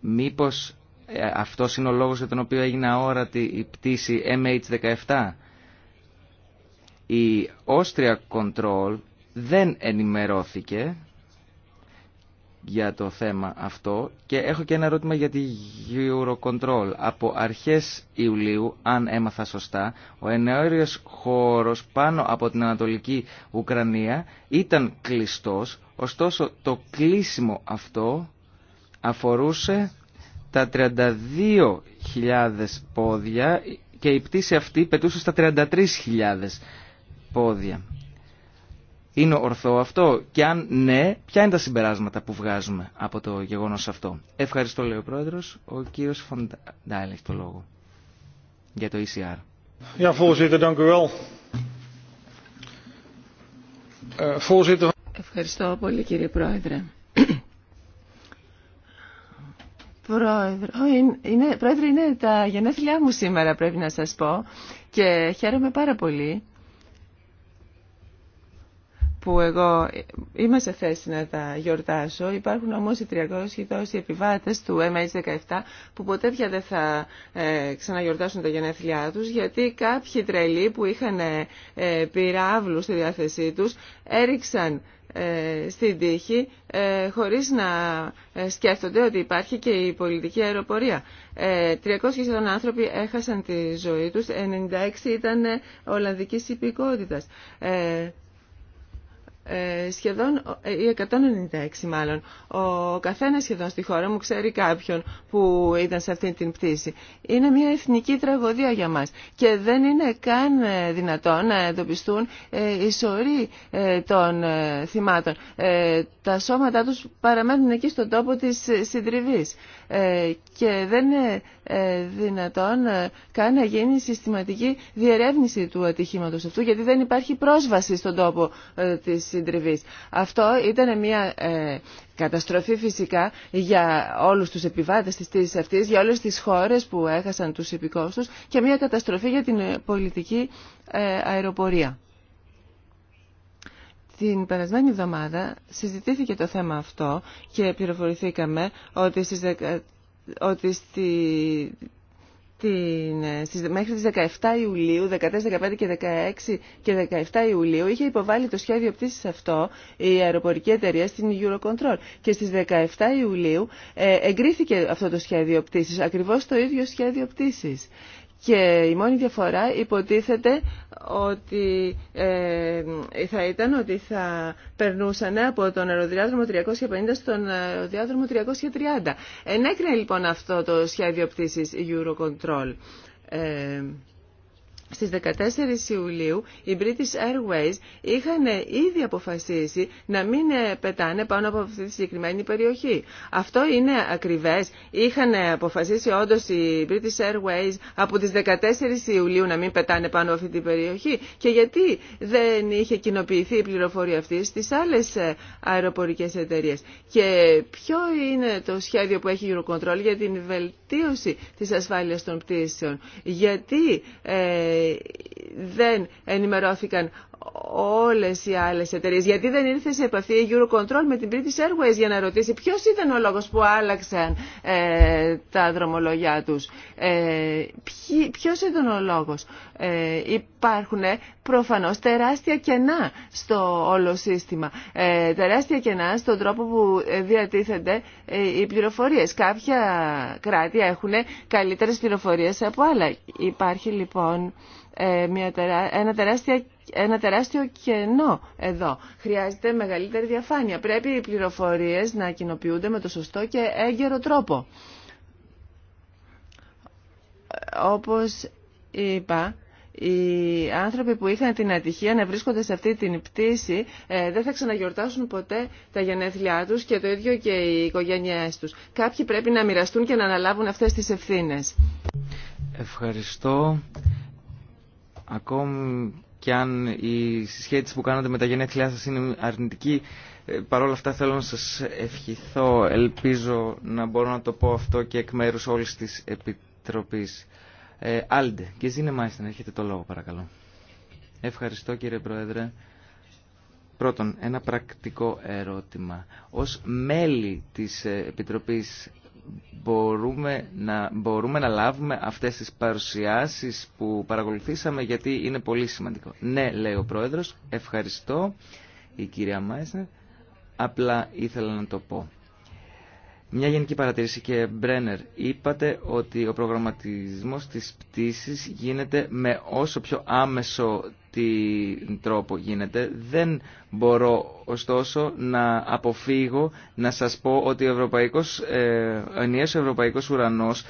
Μήπως ε, αυτό είναι ο λόγος για τον οποίο έγινε αόρατη η πτήση MH17. Η Austria Control δεν ενημερώθηκε για το θέμα αυτό και έχω και ένα ερώτημα για τη Eurocontrol. Από αρχές Ιουλίου, αν έμαθα σωστά, ο ενέωριος χώρος πάνω από την Ανατολική Ουκρανία ήταν κλειστός, ωστόσο το κλείσιμο αυτό αφορούσε τα 32.000 πόδια και η πτήση αυτή πετούσε στα 33.000 πόδια. Είναι ορθό αυτό και αν ναι, ποια είναι τα συμπεράσματα που βγάζουμε από το γεγονός αυτό. Ευχαριστώ λέει ο Πρόεδρος, ο κύριος Φοντάλ έχει το λόγο για το ECR. Eh, Ευχαριστώ πολύ κύριε Πρόεδρε. πρόεδρε, είναι τα γενέθλιά μου σήμερα πρέπει να σας πω και χαίρομαι πάρα πολύ που εγώ είμαι σε θέση να τα γιορτάσω. Υπάρχουν όμως οι 300 τόσοι επιβάτες του MH17 που ποτέ πια δεν θα ε, ξαναγιορτάσουν τα γενέθλιά του, γιατί κάποιοι τρελοί που είχαν ε, πυράβλους στη διάθεσή τους έριξαν ε, στην τύχη ε, χωρίς να ε, σκέφτονται ότι υπάρχει και η πολιτική αεροπορία. Ε, 300 άνθρωποι έχασαν τη ζωή τους, 96 ήταν ε, Ολλανδικής υπηκότητας. Ε, ε, σχεδόν, ε, ή 196 μάλλον. Ο καθένας σχεδόν στη χώρα μου ξέρει κάποιον που ήταν σε αυτή την πτήση. Είναι μια εθνική τραγωδία για μας και δεν είναι καν ε, δυνατόν να εντοπιστούν οι σωροί των θυμάτων. Τα σώματά τους παραμένουν εκεί στον τόπο της συντριβής. Ε, και δεν είναι ε, δυνατόν ε, καν να γίνει συστηματική διερεύνηση του ατυχήματος αυτού γιατί δεν υπάρχει πρόσβαση στον τόπο της συντριβή. Αυτό ήταν μια καταστροφή φυσικά για όλους τους επιβάτες της τήσης αυτής, για όλες τις χώρες που έχασαν τους υπηκόστους και μια καταστροφή για την πολιτική αεροπορία. Την περασμένη εβδομάδα συζητήθηκε το θέμα αυτό και πληροφορηθήκαμε ότι στις, ότι στη... την... Ε, μέχρι τις 17 Ιουλίου, 14, 15 και 16 και 17 Ιουλίου είχε υποβάλει το σχέδιο πτήσης αυτό η αεροπορική εταιρεία στην Eurocontrol και στις 17 Ιουλίου ε, εγκρίθηκε αυτό το σχέδιο πτήσης, ακριβώς το ίδιο σχέδιο πτήσης. Και η μόνη διαφορά υποτίθεται ότι ε, θα ήταν ότι θα περνούσαν από τον αεροδιάδρομο 350 στον αεροδιάδρομο 330. Ενέκρινε λοιπόν αυτό το σχέδιο πτήσης Eurocontrol. Ε, στις 14 Ιουλίου οι British Airways είχαν ήδη αποφασίσει να μην ε, πετάνε πάνω από αυτή τη συγκεκριμένη περιοχή. Αυτό είναι ακριβές. Είχαν ε, αποφασίσει όντως οι British Airways από τις 14 Ιουλίου να μην πετάνε πάνω από αυτή την περιοχή. Και γιατί δεν είχε κοινοποιηθεί η πληροφορία αυτή στις άλλες ε, αεροπορικές εταιρείες. Και ποιο είναι το σχέδιο που έχει Eurocontrol για την βελτίωση της ασφάλειας των πτήσεων. Γιατί... Ε, δεν ενημερώθηκαν όλες οι άλλες εταιρείες. Γιατί δεν ήρθε σε επαφή η Eurocontrol με την British Airways για να ρωτήσει ποιος ήταν ο λόγος που άλλαξαν ε, τα δρομολογιά τους. Ε, ποιος ήταν ο λόγος. Ε, υπάρχουν ε, προφανώς τεράστια κενά στο όλο σύστημα. Ε, τεράστια κενά στον τρόπο που ε, διατίθενται ε, οι πληροφορίες. Κάποια κράτη έχουν καλύτερες πληροφορίες από άλλα. Υπάρχει λοιπόν ε, μια ένα, τεράστια, ένα τεράστιο κενό εδώ. Χρειάζεται μεγαλύτερη διαφάνεια. Πρέπει οι πληροφορίες να κοινοποιούνται με το σωστό και έγκαιρο τρόπο. Όπως είπα, οι άνθρωποι που είχαν την ατυχία να βρίσκονται σε αυτή την πτήση ε, δεν θα ξαναγιορτάσουν ποτέ τα γενέθλιά τους και το ίδιο και οι οικογένειές τους. Κάποιοι πρέπει να μοιραστούν και να αναλάβουν αυτές τις ευθύνες. Ευχαριστώ ακόμη και αν η συσχέτιση που κάνατε με τα γενέθλιά σας είναι αρνητική, ε, παρόλα αυτά θέλω να σας ευχηθώ. Ελπίζω να μπορώ να το πω αυτό και εκ μέρους όλης της Επιτροπής. Ε, Άλντε, και Ζήνε να έχετε το λόγο παρακαλώ. Ευχαριστώ κύριε Πρόεδρε. Πρώτον, ένα πρακτικό ερώτημα. Ως μέλη της ε, Επιτροπής μπορούμε να, μπορούμε να λάβουμε αυτές τις παρουσιάσεις που παρακολουθήσαμε γιατί είναι πολύ σημαντικό. Ναι, λέει ο Πρόεδρος, ευχαριστώ η κυρία Μάισνερ, απλά ήθελα να το πω. Μια γενική παρατήρηση και Μπρένερ, είπατε ότι ο προγραμματισμός της πτήσης γίνεται με όσο πιο άμεσο τρόπο γίνεται. Δεν μπορώ ωστόσο να αποφύγω να σας πω ότι ο ευρωπαϊκός, ε, ευρωπαϊκός ουρανός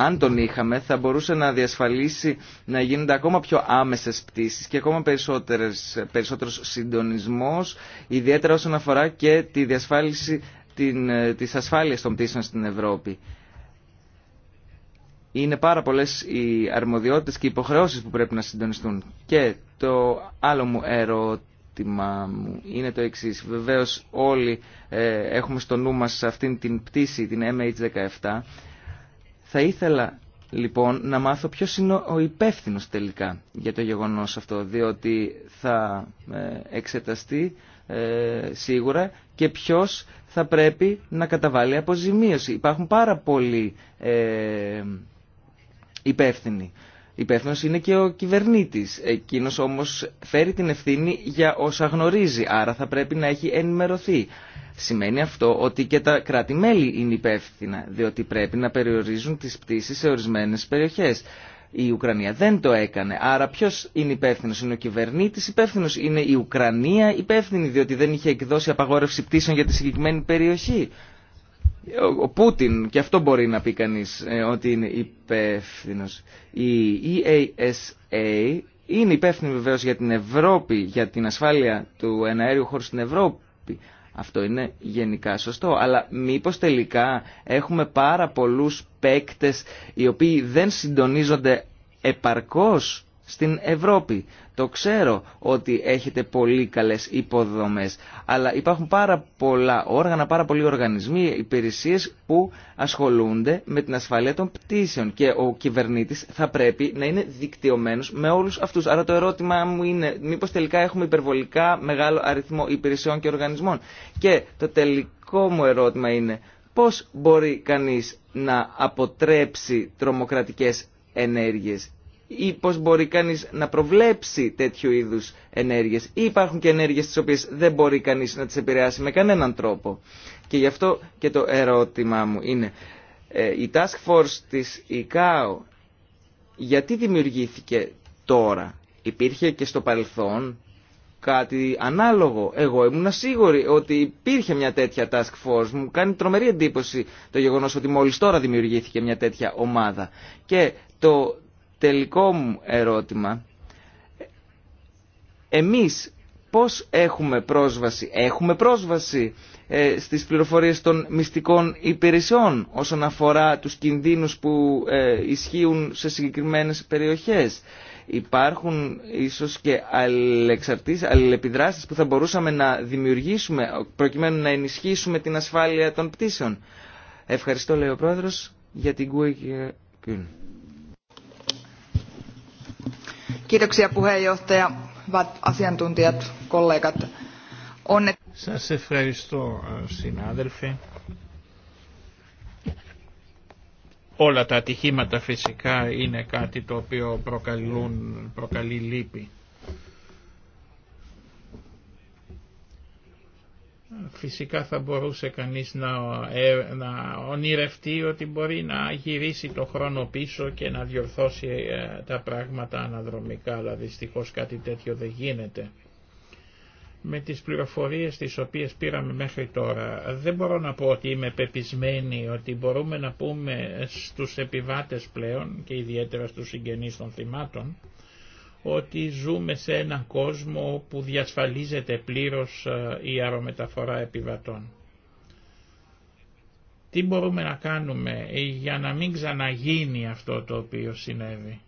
αν τον είχαμε, θα μπορούσε να διασφαλίσει να γίνονται ακόμα πιο άμεσες πτήσεις και ακόμα περισσότερος συντονισμός, ιδιαίτερα όσον αφορά και τη διασφάλιση την, ε, της ασφάλειας των πτήσεων στην Ευρώπη. Είναι πάρα πολλές οι αρμοδιότητες και οι υποχρεώσεις που πρέπει να συντονιστούν. Και το άλλο μου ερώτημα μου είναι το εξής. Βεβαίως όλοι ε, έχουμε στο νου μας αυτήν την πτήση, την MH17. Θα ήθελα λοιπόν να μάθω ποιος είναι ο υπεύθυνος τελικά για το γεγονός αυτό, διότι θα ε, εξεταστεί σίγουρα και ποιος θα πρέπει να καταβάλει αποζημίωση. Υπάρχουν πάρα πολλοί ε, υπεύθυνοι. Υπεύθυνο είναι και ο κυβερνήτη. Εκείνο όμω φέρει την ευθύνη για όσα γνωρίζει, άρα θα πρέπει να έχει ενημερωθεί. Σημαίνει αυτό ότι και τα κράτη-μέλη είναι υπεύθυνα, διότι πρέπει να περιορίζουν τι πτήσει σε ορισμένε περιοχέ η Ουκρανία. Δεν το έκανε. Άρα ποιο είναι υπεύθυνο, είναι ο κυβερνήτη υπεύθυνο, είναι η Ουκρανία υπεύθυνη, διότι δεν είχε εκδώσει απαγόρευση πτήσεων για τη συγκεκριμένη περιοχή. Ο Πούτιν, και αυτό μπορεί να πει κανεί ε, ότι είναι υπεύθυνο. Η EASA είναι υπεύθυνη βεβαίω για την Ευρώπη, για την ασφάλεια του εναέριου χώρου στην Ευρώπη. Αυτό είναι γενικά σωστό. Αλλά μήπως τελικά έχουμε πάρα πολλούς παίκτες οι οποίοι δεν συντονίζονται επαρκώς στην Ευρώπη. Το ξέρω ότι έχετε πολύ καλές υποδομές, αλλά υπάρχουν πάρα πολλά όργανα, πάρα πολλοί οργανισμοί, υπηρεσίες που ασχολούνται με την ασφαλεία των πτήσεων και ο κυβερνήτης θα πρέπει να είναι δικτυωμένος με όλους αυτούς. Άρα το ερώτημα μου είναι μήπως τελικά έχουμε υπερβολικά μεγάλο αριθμό υπηρεσιών και οργανισμών. Και το τελικό μου ερώτημα είναι πώς μπορεί κανείς να αποτρέψει τρομοκρατικές ενέργειες ή πώς μπορεί κανείς να προβλέψει τέτοιου είδους ενέργειες ή υπάρχουν και ενέργειες τις οποίες δεν μπορεί κανείς να τις επηρεάσει με κανέναν τρόπο. Και γι' αυτό και το ερώτημά μου είναι ε, η Task Force της ICAO γιατί δημιουργήθηκε τώρα. Υπήρχε και στο παρελθόν κάτι ανάλογο. Εγώ ήμουν σίγουρη ότι υπήρχε μια τέτοια task force. Μου κάνει τρομερή εντύπωση το γεγονός ότι μόλις τώρα δημιουργήθηκε μια τέτοια ομάδα. Και το τελικό μου ερώτημα. Εμείς πώς έχουμε πρόσβαση, έχουμε πρόσβαση ε, στις πληροφορίες των μυστικών υπηρεσιών όσον αφορά τους κινδύνους που ε, ισχύουν σε συγκεκριμένες περιοχές. Υπάρχουν ίσως και αλληλεπιδράσεις που θα μπορούσαμε να δημιουργήσουμε προκειμένου να ενισχύσουμε την ασφάλεια των πτήσεων. Ευχαριστώ λέει ο Πρόεδρος για την Kiitoksia puheenjohtaja, ευχαριστώ συνάδελφε. Όλα τα ατυχήματα φυσικά είναι κάτι το οποίο προκαλούν, προκαλεί λύπη. Φυσικά θα μπορούσε κανείς να, ε, να ονειρευτεί ότι μπορεί να γυρίσει το χρόνο πίσω και να διορθώσει ε, τα πράγματα αναδρομικά, αλλά δυστυχώς κάτι τέτοιο δεν γίνεται. Με τις πληροφορίες τις οποίες πήραμε μέχρι τώρα, δεν μπορώ να πω ότι είμαι πεπισμένη ότι μπορούμε να πούμε στους επιβάτες πλέον και ιδιαίτερα στους συγγενείς των θυμάτων, ότι ζούμε σε έναν κόσμο που διασφαλίζεται πλήρως ε, η αερομεταφορά επιβατών. Τι μπορούμε να κάνουμε για να μην ξαναγίνει αυτό το οποίο συνέβη.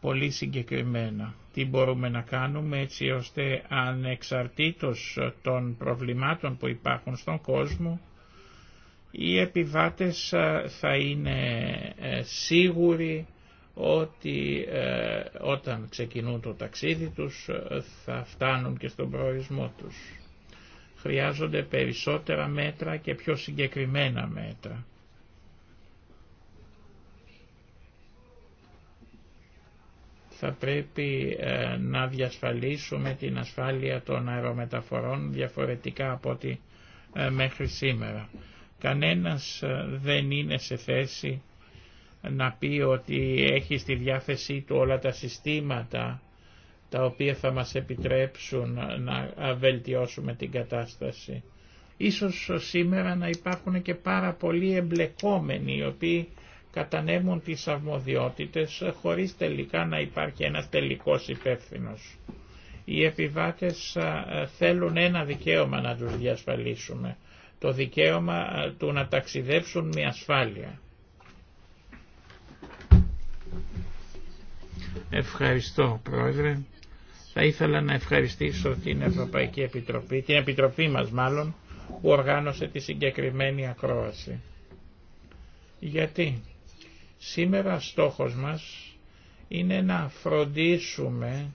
Πολύ συγκεκριμένα. Τι μπορούμε να κάνουμε έτσι ώστε ανεξαρτήτως των προβλημάτων που υπάρχουν στον κόσμο οι επιβάτες ε, θα είναι ε, σίγουροι ότι ε, όταν ξεκινούν το ταξίδι τους ε, θα φτάνουν και στον προορισμό τους. Χρειάζονται περισσότερα μέτρα και πιο συγκεκριμένα μέτρα. θα πρέπει ε, να διασφαλίσουμε την ασφάλεια των αερομεταφορών διαφορετικά από ό,τι μέχρι σήμερα. Κανένας δεν είναι σε θέση να πει ότι έχει στη διάθεσή του όλα τα συστήματα τα οποία θα μας επιτρέψουν να βελτιώσουμε την κατάσταση. Ίσως σήμερα να υπάρχουν και πάρα πολλοί εμπλεκόμενοι οι οποίοι κατανέμουν τις αρμοδιότητες χωρίς τελικά να υπάρχει ένας τελικός υπεύθυνο. Οι επιβάτες θέλουν ένα δικαίωμα να τους διασφαλίσουμε, το δικαίωμα του να ταξιδέψουν με ασφάλεια. Ευχαριστώ Πρόεδρε. Θα ήθελα να ευχαριστήσω την Ευρωπαϊκή Επιτροπή, την Επιτροπή μας μάλλον, που οργάνωσε τη συγκεκριμένη ακρόαση. Γιατί σήμερα στόχος μας είναι να φροντίσουμε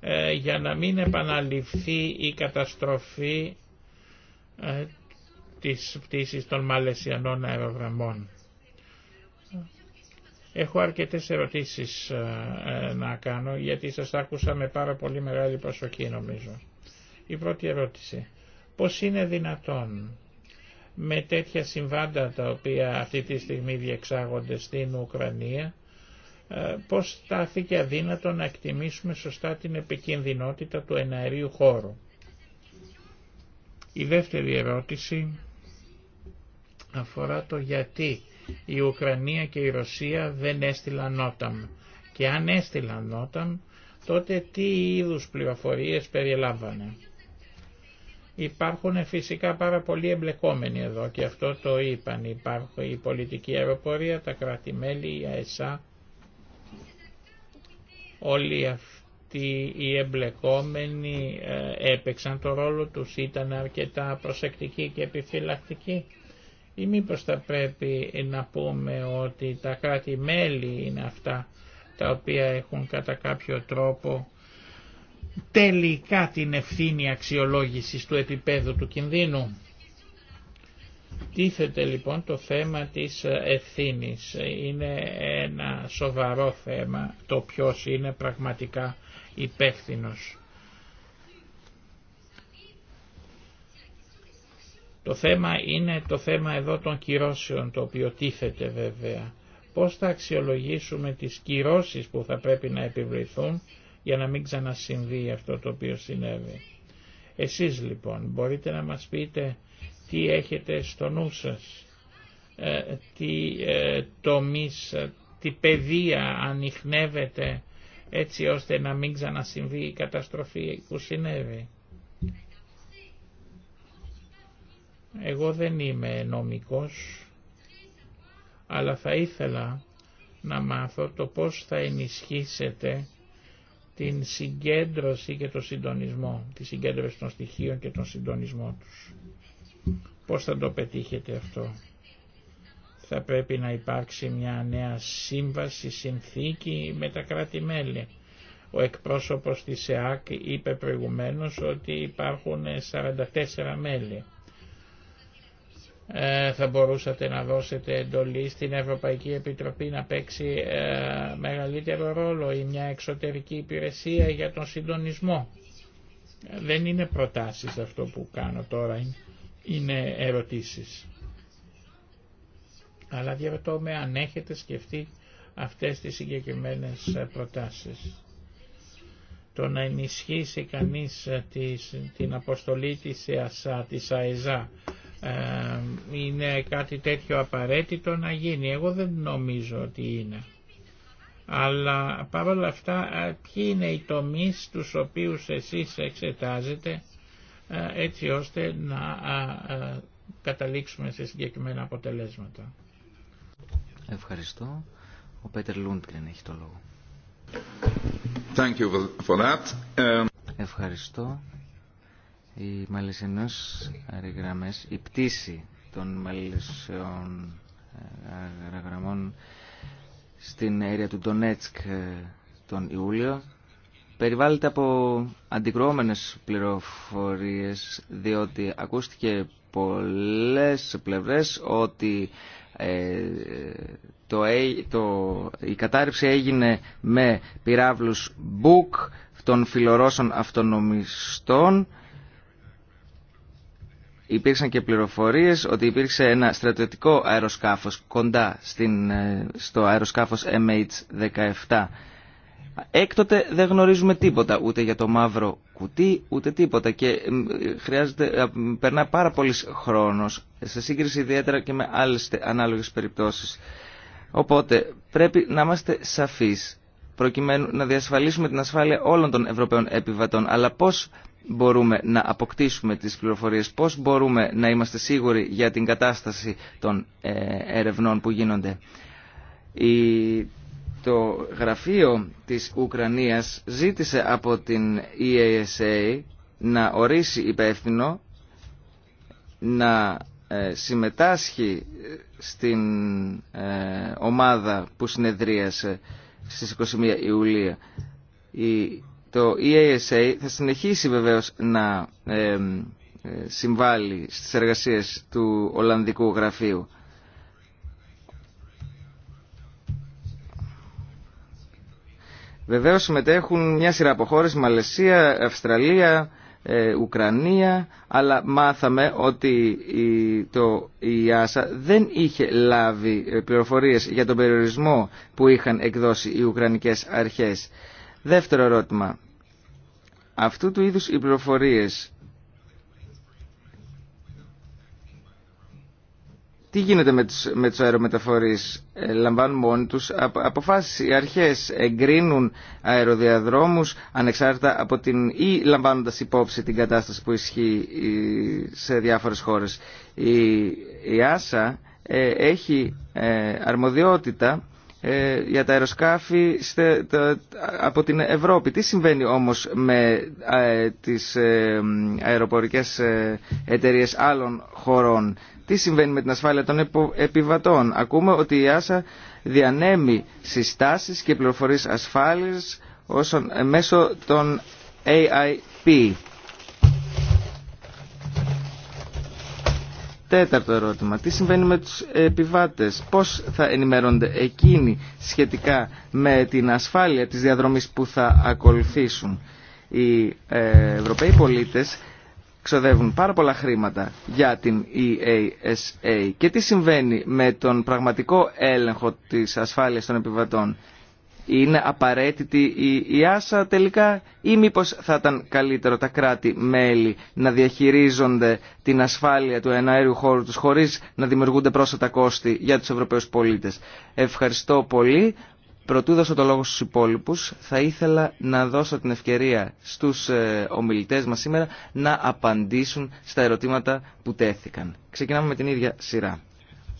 ε, για να μην επαναληφθεί η καταστροφή ε, της πτήσης των Μαλαισιανών αερογραμμών. Έχω αρκετές ερωτήσεις ε, ε, να κάνω γιατί σας άκουσα με πάρα πολύ μεγάλη προσοχή νομίζω. Η πρώτη ερώτηση. Πώς είναι δυνατόν με τέτοια συμβάντα τα οποία αυτή τη στιγμή διεξάγονται στην Ουκρανία ε, πώς στάθηκε αδύνατο να εκτιμήσουμε σωστά την επικίνδυνοτητα του εναερίου χώρου. Η δεύτερη ερώτηση αφορά το γιατί η Ουκρανία και η Ρωσία δεν έστειλαν όταν Και αν έστειλαν όταν τότε τι είδους πληροφορίες περιλάμβανε. Υπάρχουν φυσικά πάρα πολλοί εμπλεκόμενοι εδώ και αυτό το είπαν. Υπάρχουν η πολιτική αεροπορία, τα κράτη-μέλη, η ΑΕΣΑ. Όλοι αυτοί οι εμπλεκόμενοι ε, έπαιξαν το ρόλο τους, ήταν αρκετά προσεκτικοί και επιφυλακτικοί ή μήπως θα πρέπει να πούμε ότι τα κράτη-μέλη είναι αυτά τα οποία έχουν κατά κάποιο τρόπο τελικά την ευθύνη αξιολόγησης του επίπεδου του κινδύνου. Τίθεται λοιπόν το θέμα της ευθύνης. Είναι ένα σοβαρό θέμα το ποιος είναι πραγματικά υπεύθυνος. Το θέμα είναι το θέμα εδώ των κυρώσεων το οποίο τίθεται βέβαια. Πώς θα αξιολογήσουμε τις κυρώσεις που θα πρέπει να επιβληθούν για να μην ξανασυμβεί αυτό το οποίο συνέβη. Εσείς λοιπόν μπορείτε να μας πείτε τι έχετε στο νου σας, ε, τι ε, τομείς, τι παιδεία ανοιχνεύεται έτσι ώστε να μην ξανασυμβεί η καταστροφή που συνέβη. Εγώ δεν είμαι νομικός, αλλά θα ήθελα να μάθω το πώς θα ενισχύσετε την συγκέντρωση και το συντονισμό, τη συγκέντρωση των στοιχείων και τον συντονισμό τους. Πώς θα το πετύχετε αυτό. Θα πρέπει να υπάρξει μια νέα σύμβαση, συνθήκη με τα κράτη-μέλη. Ο εκπρόσωπος της ΕΑΚ είπε προηγουμένως ότι υπάρχουν 44 μέλη. Ε, θα μπορούσατε να δώσετε εντολή στην Ευρωπαϊκή Επιτροπή να παίξει ε, μεγαλύτερο ρόλο ή μια εξωτερική υπηρεσία για τον συντονισμό. Δεν είναι προτάσεις αυτό που κάνω τώρα, είναι ερωτήσεις. Αλλά διαρωτώ με αν έχετε σκεφτεί αυτές τις συγκεκριμένες προτάσεις. Το να ενισχύσει κανείς ε, την αποστολή της ΕΑΣΑ, της ΑΕΖΑ, ε, είναι κάτι τέτοιο απαραίτητο να γίνει. Εγώ δεν νομίζω ότι είναι. Αλλά παρόλα αυτά ε, ποιοι είναι οι τομείς τους οποίους εσείς εξετάζετε ε, έτσι ώστε να καταλήξουμε σε συγκεκριμένα αποτελέσματα. Ευχαριστώ. Ο Πέτερ Λούντγκρεν έχει το λόγο. Ευχαριστώ οι μαλλισσινές αερογραμμές, η πτήση των μαλλισσιών ε, αερογραμμών στην αίρια του Ντονέτσκ ε, τον Ιούλιο περιβάλλεται από αντικρώμενες πληροφορίες διότι ακούστηκε πολλές πλευρές ότι ε, το, το, η κατάρρευση έγινε με πυράβλους Μπουκ των φιλορώσων αυτονομιστών υπήρξαν και πληροφορίες ότι υπήρξε ένα στρατιωτικό αεροσκάφος κοντά στην, ε, στο αεροσκάφος MH17. Έκτοτε δεν γνωρίζουμε τίποτα ούτε για το μαύρο κουτί ούτε τίποτα και χρειάζεται, περνά πάρα πολύ χρόνος σε σύγκριση ιδιαίτερα και με άλλες ανάλογες περιπτώσεις. Οπότε πρέπει να είμαστε σαφείς προκειμένου να διασφαλίσουμε την ασφάλεια όλων των Ευρωπαίων επιβατών. Αλλά πώς μπορούμε να αποκτήσουμε τις πληροφορίες, πώς μπορούμε να είμαστε σίγουροι για την κατάσταση των ε, ερευνών που γίνονται. Το γραφείο της Ουκρανίας ζήτησε από την EASA να ορίσει υπεύθυνο να ε, συμμετάσχει στην ε, ομάδα που συνεδρίασε στις 21 Ιουλίου. Η το EASA θα συνεχίσει βεβαίως να ε, συμβάλλει στις εργασίες του Ολλανδικού Γραφείου. Βεβαίως συμμετέχουν μια σειρά από χώρες, Μαλαισία, Αυστραλία, ε, Ουκρανία, αλλά μάθαμε ότι το, η e δεν είχε λάβει πληροφορίες για τον περιορισμό που είχαν εκδώσει οι Ουκρανικές αρχές. Δεύτερο ερώτημα. Αυτού του είδους οι πληροφορίες Τι γίνεται με τους, με αερομεταφορείς, ε, λαμβάνουν μόνοι τους αποφάσεις, οι αρχές εγκρίνουν αεροδιαδρόμους ανεξάρτητα από την ή λαμβάνοντας υπόψη την κατάσταση που ισχύει ε, σε διάφορες χώρες. Η, η ΆΣΑ ε, έχει αρμοδιότητα ε, για τα αεροσκάφη από την Ευρώπη. Τι συμβαίνει όμως με ε, τις ε, αεροπορικές εταιρείες άλλων χωρών. Τι συμβαίνει με την ασφάλεια των επιβατών. Ακούμε ότι η Άσα διανέμει συστάσεις και πληροφορίες ασφάλειας μέσω των AIP. Τέταρτο ερώτημα. Τι συμβαίνει με τους επιβάτες. Πώς θα ενημερώνονται εκείνοι σχετικά με την ασφάλεια της διαδρομής που θα ακολουθήσουν. Οι ε, Ευρωπαίοι πολίτες ξοδεύουν πάρα πολλά χρήματα για την EASA. Και τι συμβαίνει με τον πραγματικό έλεγχο της ασφάλειας των επιβατών είναι απαραίτητη η Άσα τελικά ή μήπως θα ήταν καλύτερο τα κράτη-μέλη να διαχειρίζονται την ασφάλεια του εναέριου χώρου τους χωρίς να δημιουργούνται πρόσθετα κόστη για τους Ευρωπαίους πολίτες. Ευχαριστώ πολύ. Προτού δώσω το λόγο στους υπόλοιπους, θα ήθελα να δώσω την ευκαιρία στους ε, ομιλητές μας σήμερα να απαντήσουν στα ερωτήματα που τέθηκαν. Ξεκινάμε με την ίδια σειρά.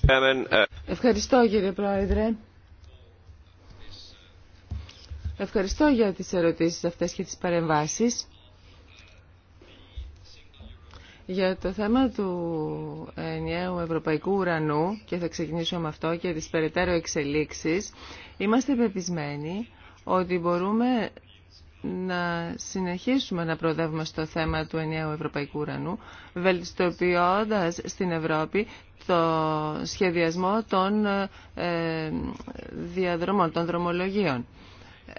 Ε, Ευχαριστώ κύριε Πρόεδρε. Ευχαριστώ για τις ερωτήσεις αυτές και τις παρεμβάσεις. Για το θέμα του ενιαίου ευρωπαϊκού ουρανού, και θα ξεκινήσω με αυτό, και τις περαιτέρω εξελίξεις, είμαστε πεπισμένοι ότι μπορούμε να συνεχίσουμε να προοδεύουμε στο θέμα του ενιαίου ευρωπαϊκού ουρανού, βελτιστοποιώντας στην Ευρώπη το σχεδιασμό των ε, διαδρομών, των δρομολογίων.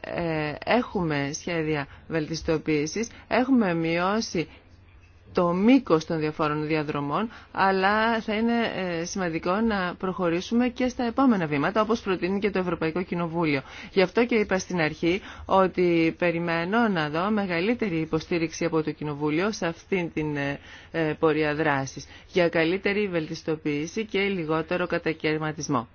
Ε, έχουμε σχέδια βελτιστοποίησης, έχουμε μειώσει το μήκος των διαφόρων διαδρομών, αλλά θα είναι ε, σημαντικό να προχωρήσουμε και στα επόμενα βήματα, όπως προτείνει και το Ευρωπαϊκό Κοινοβούλιο. Γι' αυτό και είπα στην αρχή ότι περιμένω να δω μεγαλύτερη υποστήριξη από το Κοινοβούλιο σε αυτήν την ε, πορεία δράσης, για καλύτερη βελτιστοποίηση και λιγότερο κατακαιρματισμό.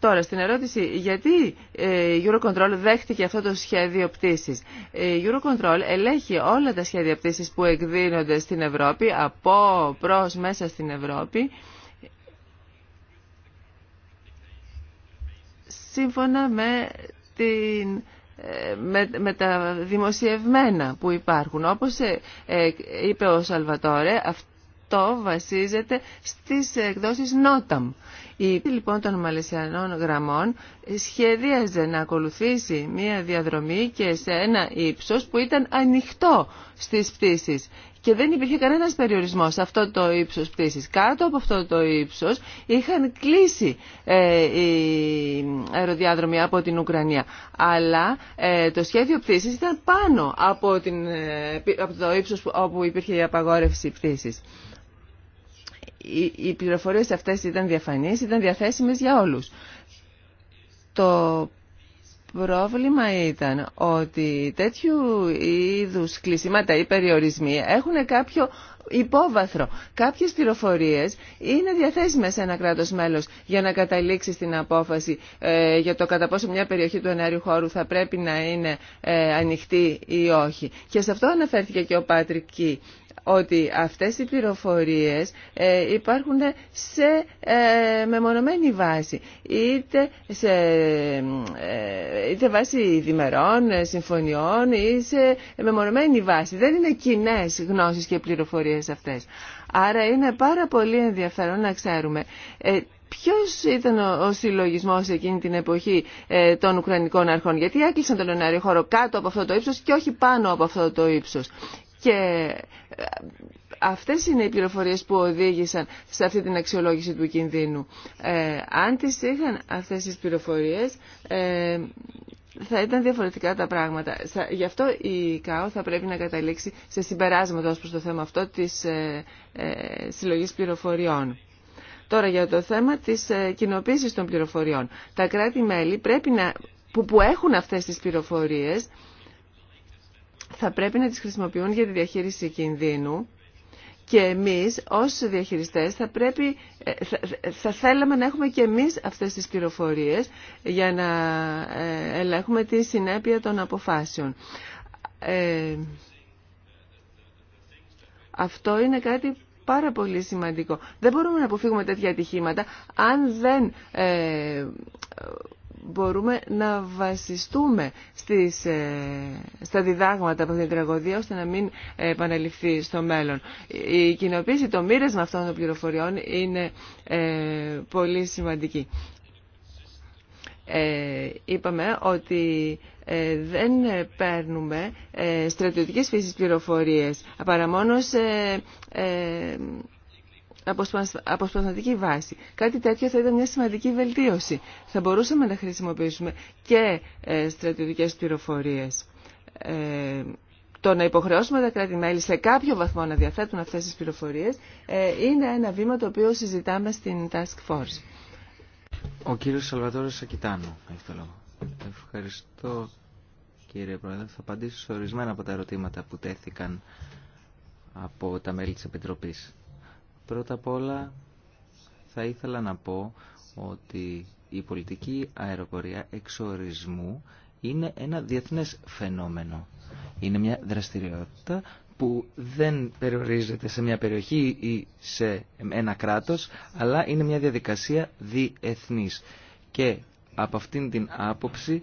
Τώρα, στην ερώτηση γιατί η ε, Eurocontrol δέχτηκε αυτό το σχέδιο πτήση. Η ε, Eurocontrol ελέγχει όλα τα σχέδια πτήση που εκδίνονται στην Ευρώπη, από προς μέσα στην Ευρώπη, σύμφωνα με, ε, τα δημοσιευμένα που υπάρχουν. Όπως είπε ο Σαλβατόρε, αυτό βασίζεται στις εκδόσεις Νόταμ. Η λοιπόν των μαλαισιανών γραμμών σχεδίαζε να ακολουθήσει μία διαδρομή και σε ένα ύψος που ήταν ανοιχτό στις πτήσεις. Και δεν υπήρχε κανένας περιορισμός σε αυτό το ύψος πτήσης. Κάτω από αυτό το ύψος είχαν κλείσει ε, οι αεροδιάδρομοι από την Ουκρανία. Αλλά ε, το σχέδιο πτήσης ήταν πάνω από, την, ε, από το ύψος όπου υπήρχε η απαγόρευση πτήσης οι πληροφορίες αυτές ήταν διαφανείς, ήταν διαθέσιμες για όλους. Το πρόβλημα ήταν ότι τέτοιου είδους κλεισίματα ή περιορισμοί έχουν κάποιο υπόβαθρο. Κάποιες πληροφορίες είναι διαθέσιμες σε ένα κράτος μέλος για να καταλήξει στην απόφαση ε, για το κατά πόσο μια περιοχή του ενέργειου χώρου θα πρέπει να είναι ε, ανοιχτή ή όχι. Και σε αυτό αναφέρθηκε και ο Πάτρικ Κι ότι αυτές οι πληροφορίες ε, υπάρχουν σε ε, μεμονωμένη βάση, είτε, σε, ε, είτε βάση διμερών, συμφωνιών ή σε μεμονωμένη βάση. Δεν είναι κοινέ γνώσεις και πληροφορίες αυτές. Άρα είναι πάρα πολύ ενδιαφέρον να ξέρουμε Ποιος ήταν ο συλλογισμός εκείνη την εποχή των Ουκρανικών αρχών, γιατί έκλεισαν τον ενάριο χώρο κάτω από αυτό το ύψος και όχι πάνω από αυτό το ύψος. Και ε, αυτές είναι οι πληροφορίες που οδήγησαν σε αυτή την αξιολόγηση του κινδύνου. Ε, αν τις είχαν αυτές τις πληροφορίες, ε, θα ήταν διαφορετικά τα πράγματα. Γι' αυτό η ΚΑΟ θα πρέπει να καταλήξει σε συμπεράσματα ως προς το θέμα αυτό της ε, ε συλλογής πληροφοριών. Τώρα για το θέμα της ε, των πληροφοριών. Τα κράτη-μέλη πρέπει να, που, που έχουν αυτές τις πληροφορίες θα πρέπει να τις χρησιμοποιούν για τη διαχείριση κινδύνου και εμείς ως διαχειριστές θα, πρέπει, ε, θα, θέλαμε να έχουμε και εμείς αυτές τις πληροφορίες για να ε, ελέγχουμε τη συνέπεια των αποφάσεων. Ε, αυτό είναι κάτι πάρα πολύ σημαντικό. Δεν μπορούμε να αποφύγουμε τέτοια ατυχήματα αν δεν μπορούμε να βασιστούμε στις, ε, στα διδάγματα από την τραγωδία ώστε να μην επαναληφθεί στο μέλλον. Η κοινοποίηση, το μοίρασμα αυτών των πληροφοριών είναι ε, πολύ σημαντική. Ε, είπαμε ότι δεν παίρνουμε στρατιωτικές φύσης πληροφορίες, παρά μόνο σε αποσπασματική βάση. Κάτι τέτοιο θα ήταν μια σημαντική βελτίωση. Θα μπορούσαμε να χρησιμοποιήσουμε και ε, στρατιωτικές πληροφορίες. Ε, το να υποχρεώσουμε τα κράτη-μέλη σε κάποιο βαθμό να διαθέτουν αυτές τις πληροφορίες ε, είναι ένα βήμα το οποίο συζητάμε στην Task Force. Ο κύριος Σαλβατόρος Σακητάνου έχει το λόγο. Ευχαριστώ κύριε Πρόεδρε. Θα απαντήσω σε ορισμένα από τα ερωτήματα που τέθηκαν από τα μέλη της Επιτροπής. Πρώτα απ' όλα θα ήθελα να πω ότι η πολιτική αεροπορία εξορισμού είναι ένα διεθνές φαινόμενο. Είναι μια δραστηριότητα που δεν περιορίζεται σε μια περιοχή ή σε ένα κράτος, αλλά είναι μια διαδικασία διεθνής. Και από αυτήν την άποψη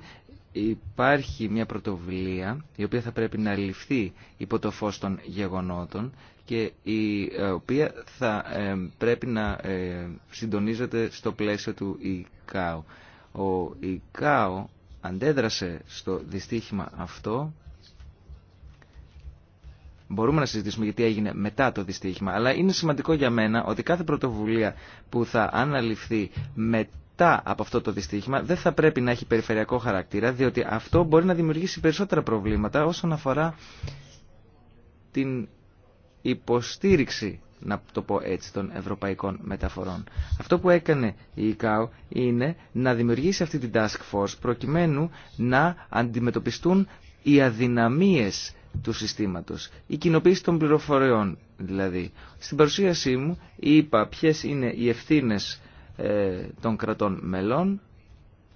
υπάρχει μια πρωτοβουλία η οποία θα πρέπει να ληφθεί υπό το φως των γεγονότων και η ε, οποία θα ε, πρέπει να ε, συντονίζεται στο πλαίσιο του ΙΚΑΟ. Ο ΙΚΑΟ αντέδρασε στο δυστύχημα αυτό Μπορούμε να συζητήσουμε γιατί έγινε μετά το δυστύχημα, αλλά είναι σημαντικό για μένα ότι κάθε πρωτοβουλία που θα αναλυφθεί μετά από αυτό το δυστύχημα δεν θα πρέπει να έχει περιφερειακό χαρακτήρα, διότι αυτό μπορεί να δημιουργήσει περισσότερα προβλήματα όσον αφορά την υποστήριξη να το πω έτσι, των ευρωπαϊκών μεταφορών. Αυτό που έκανε η ΙΚΑΟ είναι να δημιουργήσει αυτή την task force προκειμένου να αντιμετωπιστούν οι αδυναμίες του συστήματος, η κοινοποίηση των πληροφοριών δηλαδή. Στην παρουσίασή μου είπα ποιες είναι οι ευθύνες ε, των κρατών μελών,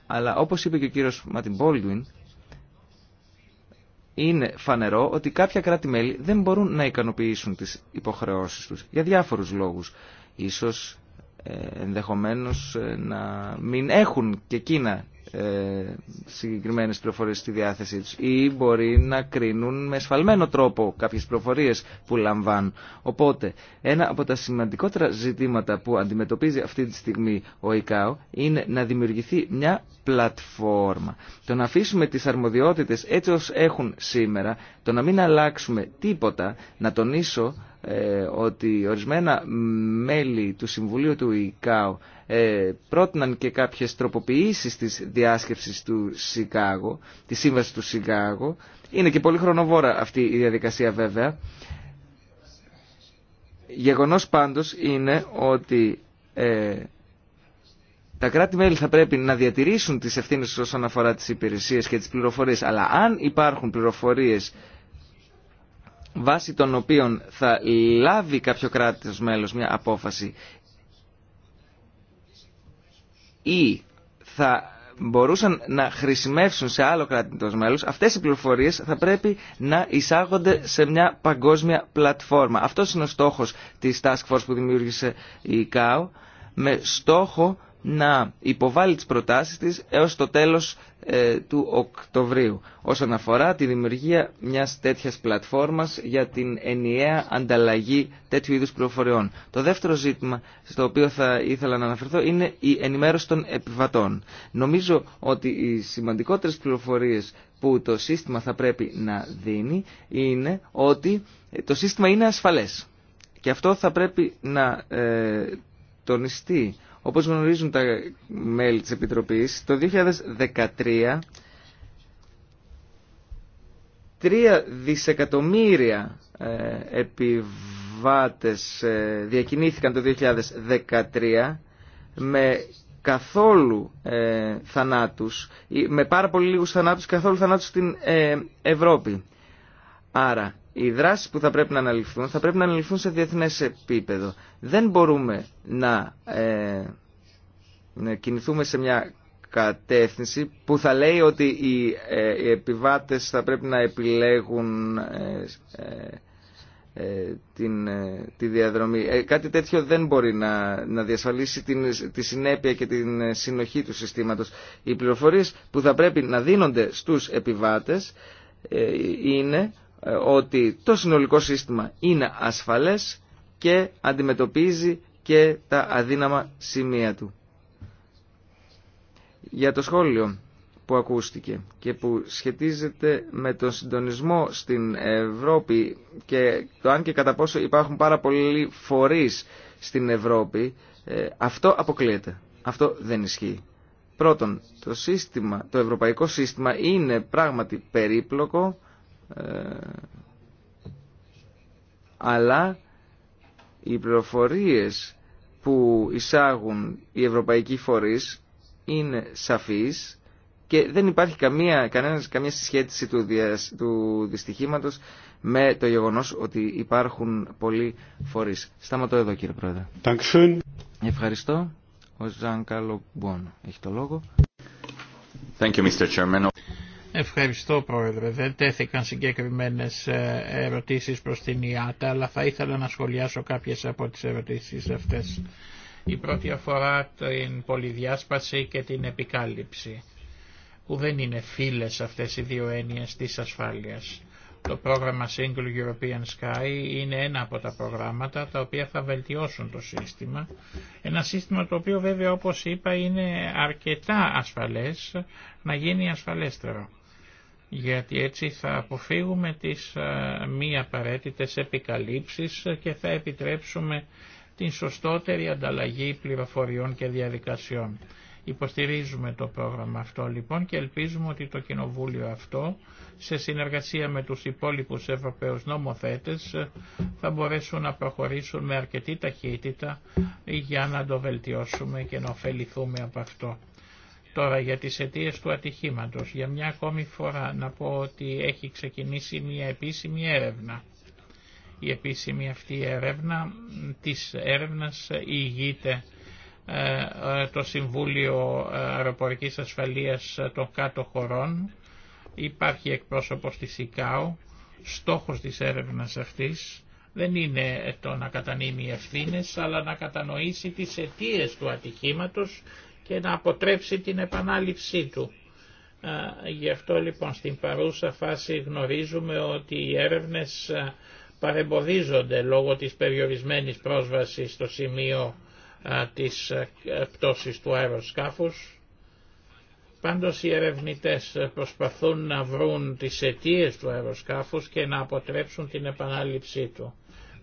αλλά όπως είπε και ο κύριος Μάτιν είναι φανερό ότι κάποια κράτη-μέλη δεν μπορούν να ικανοποιήσουν τις υποχρεώσεις τους για διάφορους λόγους. Ίσως ενδεχομένως ε, να μην έχουν και εκείνα ε, συγκεκριμένες πληροφορίες στη διάθεσή τους ή μπορεί να κρίνουν με σφαλμένο τρόπο κάποιες πληροφορίες που λαμβάνουν. Οπότε, ένα από τα σημαντικότερα ζητήματα που αντιμετωπίζει αυτή τη στιγμή ο ΙΚΑΟ είναι να δημιουργηθεί μια πλατφόρμα. Το να αφήσουμε τις αρμοδιότητες έτσι έχουν σήμερα, το να μην αλλάξουμε τίποτα, να τονίσω ε, ότι ορισμένα μέλη του Συμβουλίου του ΙΚΑΟ ε, πρότειναν και κάποιες τροποποιήσεις της διάσκεψης του Σικάγο, της σύμβασης του Σικάγο. Είναι και πολύ χρονοβόρα αυτή η διαδικασία βέβαια. Γεγονός πάντως είναι ότι ε, τα κράτη-μέλη θα πρέπει να διατηρήσουν τις ευθύνες όσον αφορά τις υπηρεσίες και τις πληροφορίες, αλλά αν υπάρχουν πληροφορίες βάσει των οποίων θα λάβει κάποιο κράτος μέλος μια απόφαση ή θα μπορούσαν να χρησιμεύσουν σε άλλο κράτος μέλος, αυτές οι πληροφορίες θα πρέπει να εισάγονται σε μια παγκόσμια πλατφόρμα. Αυτός είναι ο στόχος της Task Force που δημιούργησε η ΚΑΟ με στόχο να υποβάλει τις προτάσεις της έως το τέλος ε, του Οκτωβρίου όσον αφορά τη δημιουργία μιας τέτοιας πλατφόρμας για την ενιαία ανταλλαγή τέτοιου είδους πληροφοριών. Το δεύτερο ζήτημα στο οποίο θα ήθελα να αναφερθώ είναι η ενημέρωση των επιβατών. Νομίζω ότι οι σημαντικότερες πληροφορίες που το σύστημα θα πρέπει να δίνει είναι ότι το σύστημα είναι ασφαλές. Και αυτό θα πρέπει να ε, τονιστεί όπως γνωρίζουν τα μέλη της Επιτροπής, το 2013 3 δισεκατομμύρια ε, επιβάτες ε, διακινήθηκαν το 2013 με καθόλου ε, θανάτους, με πάρα πολύ λίγους θανάτους, καθόλου θανάτους στην ε, Ευρώπη. Άρα οι δράσεις που θα πρέπει να αναλυφθούν θα πρέπει να αναλυφθούν σε διεθνές επίπεδο. Δεν μπορούμε να, ε, κινηθούμε σε μια κατεύθυνση που θα λέει ότι οι, ε, επιβάτες θα πρέπει να επιλέγουν ε, την, τη διαδρομή. Κάτι τέτοιο δεν μπορεί να, να διασφαλίσει την, τη συνέπεια και την συνοχή του συστήματος. Οι πληροφορίες που θα πρέπει να δίνονται στους επιβάτες είναι ε, ότι το συνολικό σύστημα είναι ασφαλές και αντιμετωπίζει και τα αδύναμα σημεία του. Για το σχόλιο που ακούστηκε και που σχετίζεται με τον συντονισμό στην Ευρώπη και το αν και κατά πόσο υπάρχουν πάρα πολλοί φορείς στην Ευρώπη, ε, αυτό αποκλείεται. Αυτό δεν ισχύει. Πρώτον, το, σύστημα, το ευρωπαϊκό σύστημα είναι πράγματι περίπλοκο ε, αλλά οι πληροφορίες που εισάγουν οι ευρωπαϊκοί φορείς είναι σαφείς και δεν υπάρχει καμία, κανένας, καμία συσχέτιση του, του δυστυχήματος με το γεγονός ότι υπάρχουν πολλοί φορείς. Σταματώ εδώ κύριε Πρόεδρε. Ευχαριστώ. Ο Ζαν Καλό Μπον έχει το λόγο. Thank you, Mr. Ευχαριστώ Πρόεδρε. Δεν τέθηκαν συγκεκριμένες ε, ερωτήσεις προς την ΙΑΤΑ, αλλά θα ήθελα να σχολιάσω κάποιες από τις ερωτήσεις αυτές. Η πρώτη αφορά την πολυδιάσπαση και την επικάλυψη, που δεν είναι φίλες αυτές οι δύο έννοιες της ασφάλειας. Το πρόγραμμα Single European Sky είναι ένα από τα προγράμματα τα οποία θα βελτιώσουν το σύστημα. Ένα σύστημα το οποίο βέβαια όπως είπα είναι αρκετά ασφαλές να γίνει ασφαλέστερο γιατί έτσι θα αποφύγουμε τις ε, μη απαραίτητες επικαλύψεις και θα επιτρέψουμε την σωστότερη ανταλλαγή πληροφοριών και διαδικασιών. Υποστηρίζουμε το πρόγραμμα αυτό λοιπόν και ελπίζουμε ότι το Κοινοβούλιο αυτό σε συνεργασία με τους υπόλοιπους Ευρωπαίους νομοθέτες θα μπορέσουν να προχωρήσουν με αρκετή ταχύτητα για να το βελτιώσουμε και να ωφεληθούμε από αυτό. Τώρα για τις αιτίες του ατυχήματος. Για μια ακόμη φορά να πω ότι έχει ξεκινήσει μια επίσημη έρευνα. Η επίσημη αυτή έρευνα της έρευνας ηγείται ε, το Συμβούλιο Αεροπορικής Ασφαλείας των Κάτω Χωρών. Υπάρχει εκπρόσωπος της ΙΚΑΟ. Στόχος της έρευνας αυτής δεν είναι το να κατανείμει ευθύνε, αλλά να κατανοήσει τις αιτίες του ατυχήματος και να αποτρέψει την επανάληψή του. Γι' αυτό λοιπόν στην παρούσα φάση γνωρίζουμε ότι οι έρευνες παρεμποδίζονται λόγω της περιορισμένης πρόσβασης στο σημείο της πτώσης του αεροσκάφους. Πάντως οι ερευνητές προσπαθούν να βρουν τις αιτίες του αεροσκάφους και να αποτρέψουν την επανάληψή του.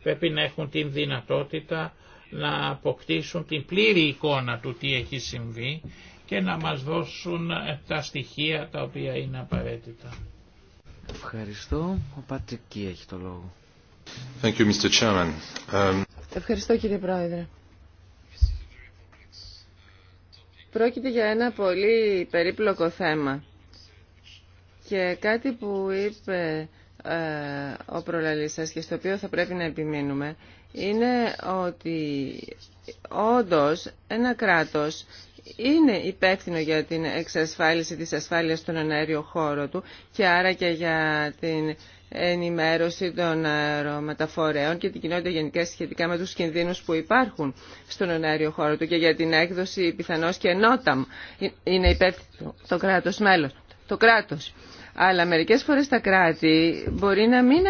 Πρέπει να έχουν την δυνατότητα να αποκτήσουν την πλήρη εικόνα του τι έχει συμβεί και να μας δώσουν ε, τα στοιχεία τα οποία είναι απαραίτητα. Ευχαριστώ. Ο Πατρική έχει το λόγο. Thank you, Mr. Um, Ευχαριστώ κύριε Πρόεδρε. Πρόκειται για ένα πολύ περίπλοκο θέμα και κάτι που είπε ε, ο προλαλής και στο οποίο θα πρέπει να επιμείνουμε είναι ότι όντως ένα κράτος είναι υπεύθυνο για την εξασφάλιση της ασφάλειας στον αέριο χώρο του και άρα και για την ενημέρωση των αερομεταφορέων και την κοινότητα γενικά σχετικά με τους κινδύνους που υπάρχουν στον αέριο χώρο του και για την έκδοση πιθανώς και νόταμ είναι υπεύθυνο το κράτος μέλος. Το κράτος. Αλλά μερικέ φορές τα κράτη μπορεί να μην,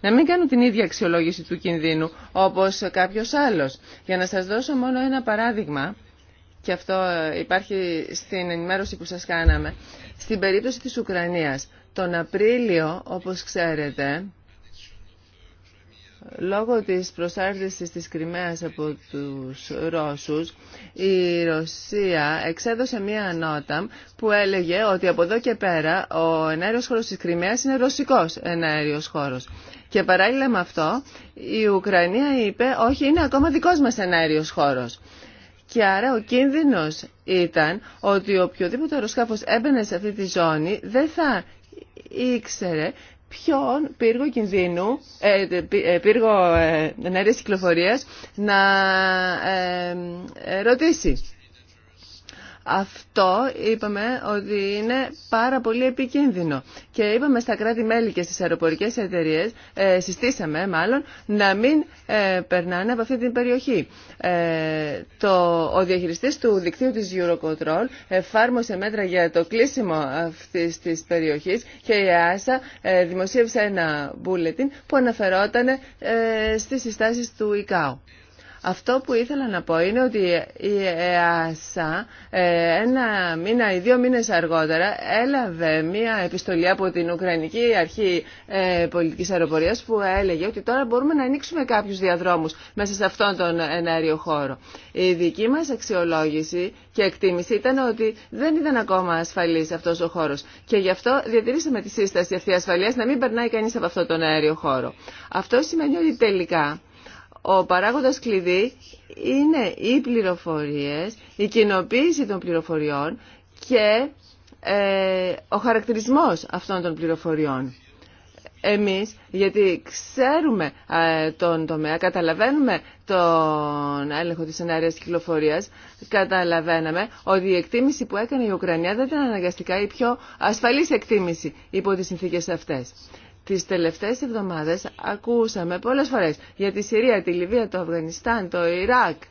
να μην κάνουν την ίδια αξιολόγηση του κινδύνου όπως κάποιο άλλος. Για να σα δώσω μόνο ένα παράδειγμα, και αυτό υπάρχει στην ενημέρωση που σα κάναμε, στην περίπτωση της Ουκρανίας. Τον Απρίλιο, όπως ξέρετε, Λόγω της προσάρτησης της Κρυμαίας από τους Ρώσους, η Ρωσία εξέδωσε μία νότα που έλεγε ότι από εδώ και πέρα ο εναέριος χώρος της Κρυμαίας είναι ρωσικός εναέριος χώρος. Και παράλληλα με αυτό, η Ουκρανία είπε «Όχι, είναι ακόμα δικός μας εναέριος χώρος». Και άρα ο κίνδυνος ήταν ότι οποιοδήποτε αεροσκάφος έμπαινε σε αυτή τη ζώνη δεν θα ήξερε ποιον πύργο κινδύνου, ε, ε, πύργο ε, ενέργεια κυκλοφορία να ρωτήσει. Αυτό είπαμε ότι είναι πάρα πολύ επικίνδυνο. Και είπαμε στα κράτη-μέλη και στις αεροπορικές εταιρείε, ε, συστήσαμε μάλλον, να μην ε, περνάνε από αυτή την περιοχή. Ε, το, ο διαχειριστής του δικτύου της Eurocontrol εφάρμοσε μέτρα για το κλείσιμο αυτής της περιοχής και η ΆΣΑ δημοσίευσε ένα bulletin που αναφερόταν στις συστάσεις του ΙΚΑΟ. Αυτό που ήθελα να πω είναι ότι η ΕΑΣΑ ε, ένα μήνα ή δύο μήνες αργότερα έλαβε μία επιστολή από την Ουκρανική Αρχή ε, Πολιτικής Αεροπορίας που έλεγε ότι τώρα μπορούμε να ανοίξουμε κάποιους διαδρόμους μέσα σε αυτόν τον εναέριο χώρο. Η δική μας αξιολόγηση και εκτίμηση ήταν ότι δεν ήταν ακόμα ασφαλής αυτός ο χώρος και γι' αυτό διατηρήσαμε τη σύσταση αυτή ασφαλείας να μην περνάει κανείς από αυτόν τον αέριο χώρο. Αυτό σημαίνει ότι τελικά ο παράγοντας κλειδί είναι οι πληροφορίες, η κοινοποίηση των πληροφοριών και ε, ο χαρακτηρισμός αυτών των πληροφοριών. Εμείς, γιατί ξέρουμε ε, τον τομέα, καταλαβαίνουμε τον έλεγχο της ενέργειας κυκλοφορίας, καταλαβαίναμε ότι η εκτίμηση που έκανε η Ουκρανία δεν ήταν αναγκαστικά η πιο ασφαλής εκτίμηση υπό τις συνθήκες αυτές. Τις τελευταίες εβδομάδες ακούσαμε πολλές φορές για τη Συρία, τη Λιβύα, το Αφγανιστάν, το Ιράκ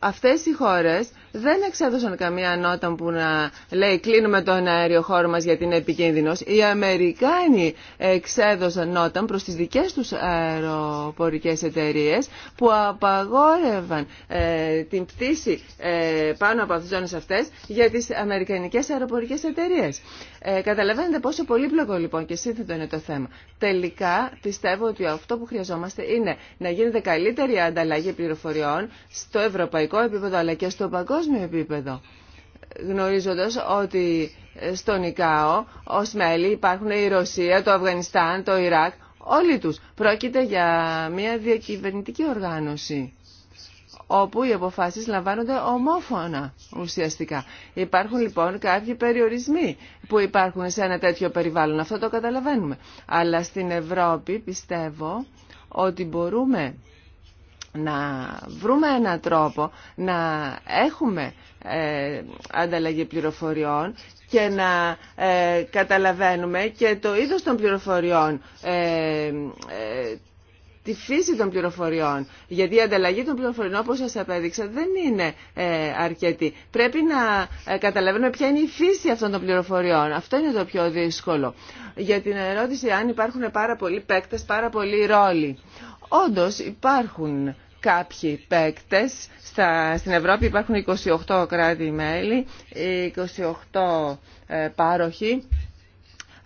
αυτές οι χώρες δεν εξέδωσαν καμία νότα που να λέει κλείνουμε τον αέριο χώρο μας γιατί είναι επικίνδυνος. Οι Αμερικάνοι εξέδωσαν νότα προς τις δικές τους αεροπορικές εταιρείες που απαγόρευαν ε, την πτήση ε, πάνω από αυτές τις αυτές για τις Αμερικανικές αεροπορικές εταιρείες. Ε, καταλαβαίνετε πόσο πολύπλοκο λοιπόν και σύνθετο είναι το θέμα. Τελικά πιστεύω ότι αυτό που χρειαζόμαστε είναι να γίνεται καλύτερη ανταλλαγή πληροφοριών στο ευρωπαϊκό ευρωπαϊκό επίπεδο αλλά και στο παγκόσμιο επίπεδο γνωρίζοντας ότι στον ΙΚΑΟ ως μέλη υπάρχουν η Ρωσία, το Αφγανιστάν, το Ιράκ, όλοι τους. Πρόκειται για μια διακυβερνητική οργάνωση όπου οι αποφάσεις λαμβάνονται ομόφωνα ουσιαστικά. Υπάρχουν λοιπόν κάποιοι περιορισμοί που υπάρχουν σε ένα τέτοιο περιβάλλον. Αυτό το καταλαβαίνουμε. Αλλά στην Ευρώπη πιστεύω ότι μπορούμε να βρούμε έναν τρόπο να έχουμε ε, ανταλλαγή πληροφοριών και να ε, καταλαβαίνουμε και το είδος των πληροφοριών, ε, ε, τη φύση των πληροφοριών. Γιατί η ανταλλαγή των πληροφοριών, όπως σας απέδειξα, δεν είναι αρκετή. Πρέπει να καταλαβαίνουμε ποια είναι η φύση αυτών των πληροφοριών. Αυτό είναι το πιο δύσκολο. Για την ερώτηση αν υπάρχουν πάρα πολλοί παίκτες, πάρα πολλοί ρόλοι. Όντως υπάρχουν κάποιοι παίκτες. Στα, στην Ευρώπη υπάρχουν 28 κράτη-μέλη, 28 ε, πάροχοι.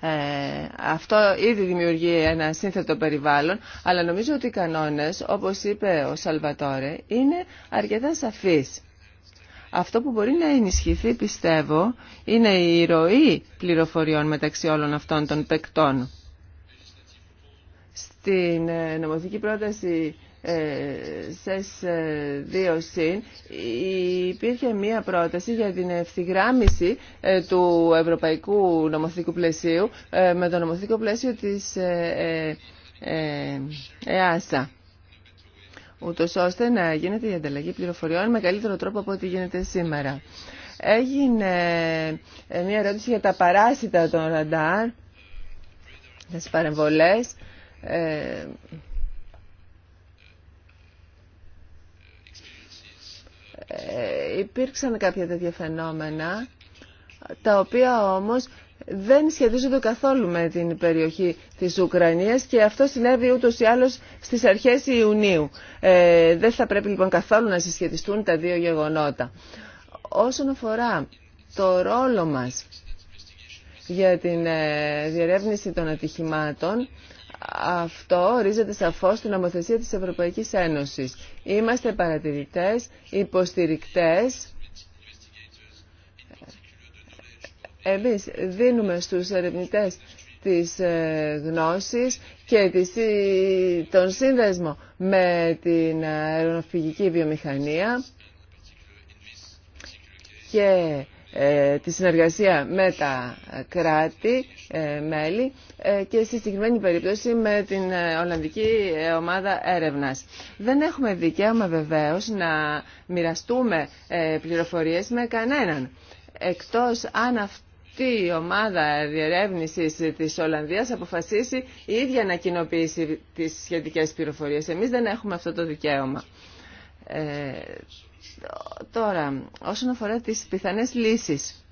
Ε, αυτό ήδη δημιουργεί ένα σύνθετο περιβάλλον, αλλά νομίζω ότι οι κανόνες, όπως είπε ο Σαλβατόρε, είναι αρκετά σαφείς. Αυτό που μπορεί να ενισχυθεί, πιστεύω, είναι η ροή πληροφοριών μεταξύ όλων αυτών των παικτών στην ε, νομοθετική πρόταση ε, ΣΕΣ 2 ε, ΣΥΝ υπήρχε μία πρόταση για την ευθυγράμμιση του ευρωπαϊκού νομοθετικού πλαισίου με το νομοθετικό πλαίσιο της ΕΑΣΑ ούτως ώστε να γίνεται η ανταλλαγή πληροφοριών με καλύτερο τρόπο από ό,τι γίνεται σήμερα. Έγινε μία ερώτηση για τα παράσιτα των ραντάρ, τις παρεμβολές. Ε, ε, υπήρξαν κάποια τέτοια φαινόμενα, τα οποία όμως δεν σχετίζονται καθόλου με την περιοχή της Ουκρανίας και αυτό συνέβη ούτως ή άλλως στις αρχές Ιουνίου. Ε, δεν θα πρέπει λοιπόν καθόλου να συσχετιστούν τα δύο γεγονότα. Όσον αφορά το ρόλο μας για την ε, διερεύνηση των ατυχημάτων, αυτό ορίζεται σαφώς στην νομοθεσία της Ευρωπαϊκής Ένωσης. Είμαστε παρατηρητές, υποστηρικτές. Εμείς δίνουμε στους ερευνητές της ε, γνώσης και ε, τον σύνδεσμο με την αερονοφυγική βιομηχανία και ε, τη συνεργασία με τα κράτη, ε, μέλη ε, και στη συγκεκριμένη περίπτωση με την Ολλανδική Ομάδα Έρευνας. Δεν έχουμε δικαίωμα βεβαίως να μοιραστούμε πληροφορίες με κανέναν, εκτός αν αυτή η ομάδα διερεύνηση της Ολλανδίας αποφασίσει η ίδια να κοινοποιήσει τι σχετικέ πληροφορίε. Εμεί δεν έχουμε αυτό το δικαίωμα. Τώρα, όσον αφορά τις πιθανές λύσεις,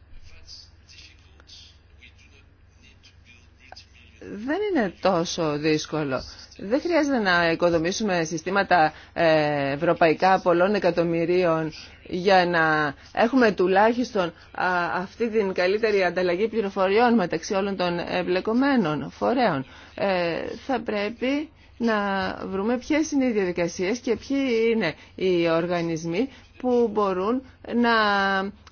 δεν είναι τόσο δύσκολο. Δεν χρειάζεται να οικοδομήσουμε συστήματα ε, ευρωπαϊκά πολλών εκατομμυρίων για να έχουμε τουλάχιστον αυτή την καλύτερη ανταλλαγή πληροφοριών μεταξύ όλων των εμπλεκομένων φορέων. Ε, θα πρέπει να βρούμε ποιες είναι οι διαδικασίες και ποιοι είναι οι οργανισμοί που μπορούν να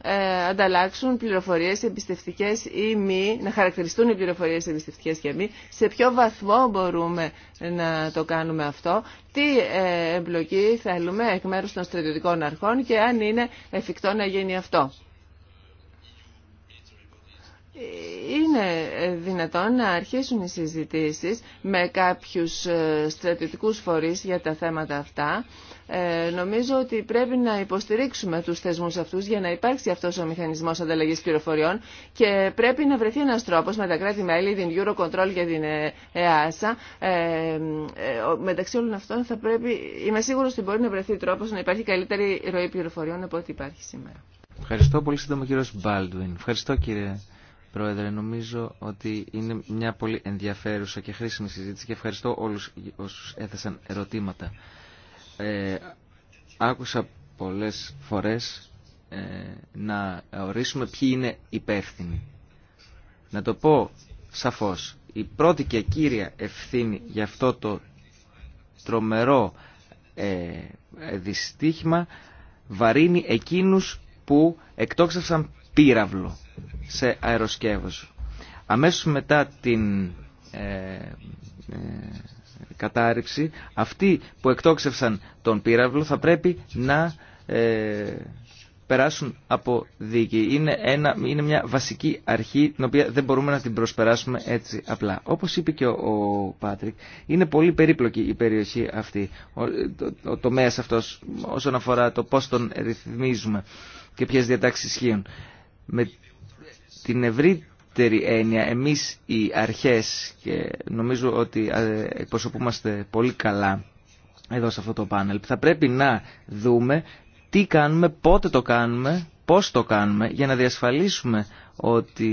ε, ανταλλάξουν πληροφορίες εμπιστευτικές ή μη, να χαρακτηριστούν οι πληροφορίες εμπιστευτικές και μη, σε ποιο βαθμό μπορούμε να το κάνουμε αυτό, τι ε, εμπλοκή θέλουμε εκ μέρους των στρατιωτικών αρχών και αν είναι εφικτό να γίνει αυτό είναι δυνατόν να αρχίσουν οι συζητήσεις με κάποιους ε, στρατιωτικούς φορείς για τα θέματα αυτά. Ε, νομίζω ότι πρέπει να υποστηρίξουμε τους θεσμούς αυτούς για να υπάρξει αυτός ο μηχανισμός ανταλλαγής πληροφοριών και πρέπει να βρεθεί ένας τρόπος με τα κράτη-μέλη, την Eurocontrol και την EASA. Ε, ε, μεταξύ όλων αυτών θα πρέπει, είμαι σίγουρο ότι μπορεί να βρεθεί τρόπος να υπάρχει καλύτερη ροή πληροφοριών από ό,τι υπάρχει σήμερα. Ευχαριστώ πολύ σύντομα κύριος Μπάλτουιν. Ευχαριστώ κύριε Πρόεδρε, νομίζω ότι είναι μια πολύ ενδιαφέρουσα και χρήσιμη συζήτηση και ευχαριστώ όλους όσους έθεσαν ερωτήματα. Ε, άκουσα πολλές φορές ε, να ορίσουμε ποιοι είναι υπεύθυνοι. Να το πω σαφώς. Η πρώτη και κύρια ευθύνη για αυτό το τρομερό ε, δυστύχημα βαρύνει εκείνους που εκτόξευσαν πύραυλο σε αεροσκεύος. Αμέσως μετά την ε, ε, κατάρριψη, αυτοί που εκτόξευσαν τον πύραυλο θα πρέπει να ε, περάσουν από δίκη. Είναι, ένα, είναι μια βασική αρχή την οποία δεν μπορούμε να την προσπεράσουμε έτσι απλά. Όπως είπε και ο, Πάτρικ, είναι πολύ περίπλοκη η περιοχή αυτή, ο, το, ο τομέας αυτός όσον αφορά το πώς τον ρυθμίζουμε και ποιες διατάξεις ισχύουν. Με την ευρύτερη έννοια εμείς οι αρχές και νομίζω ότι ε, εκπροσωπούμαστε πολύ καλά εδώ σε αυτό το πάνελ θα πρέπει να δούμε τι κάνουμε, πότε το κάνουμε, πώς το κάνουμε για να διασφαλίσουμε ότι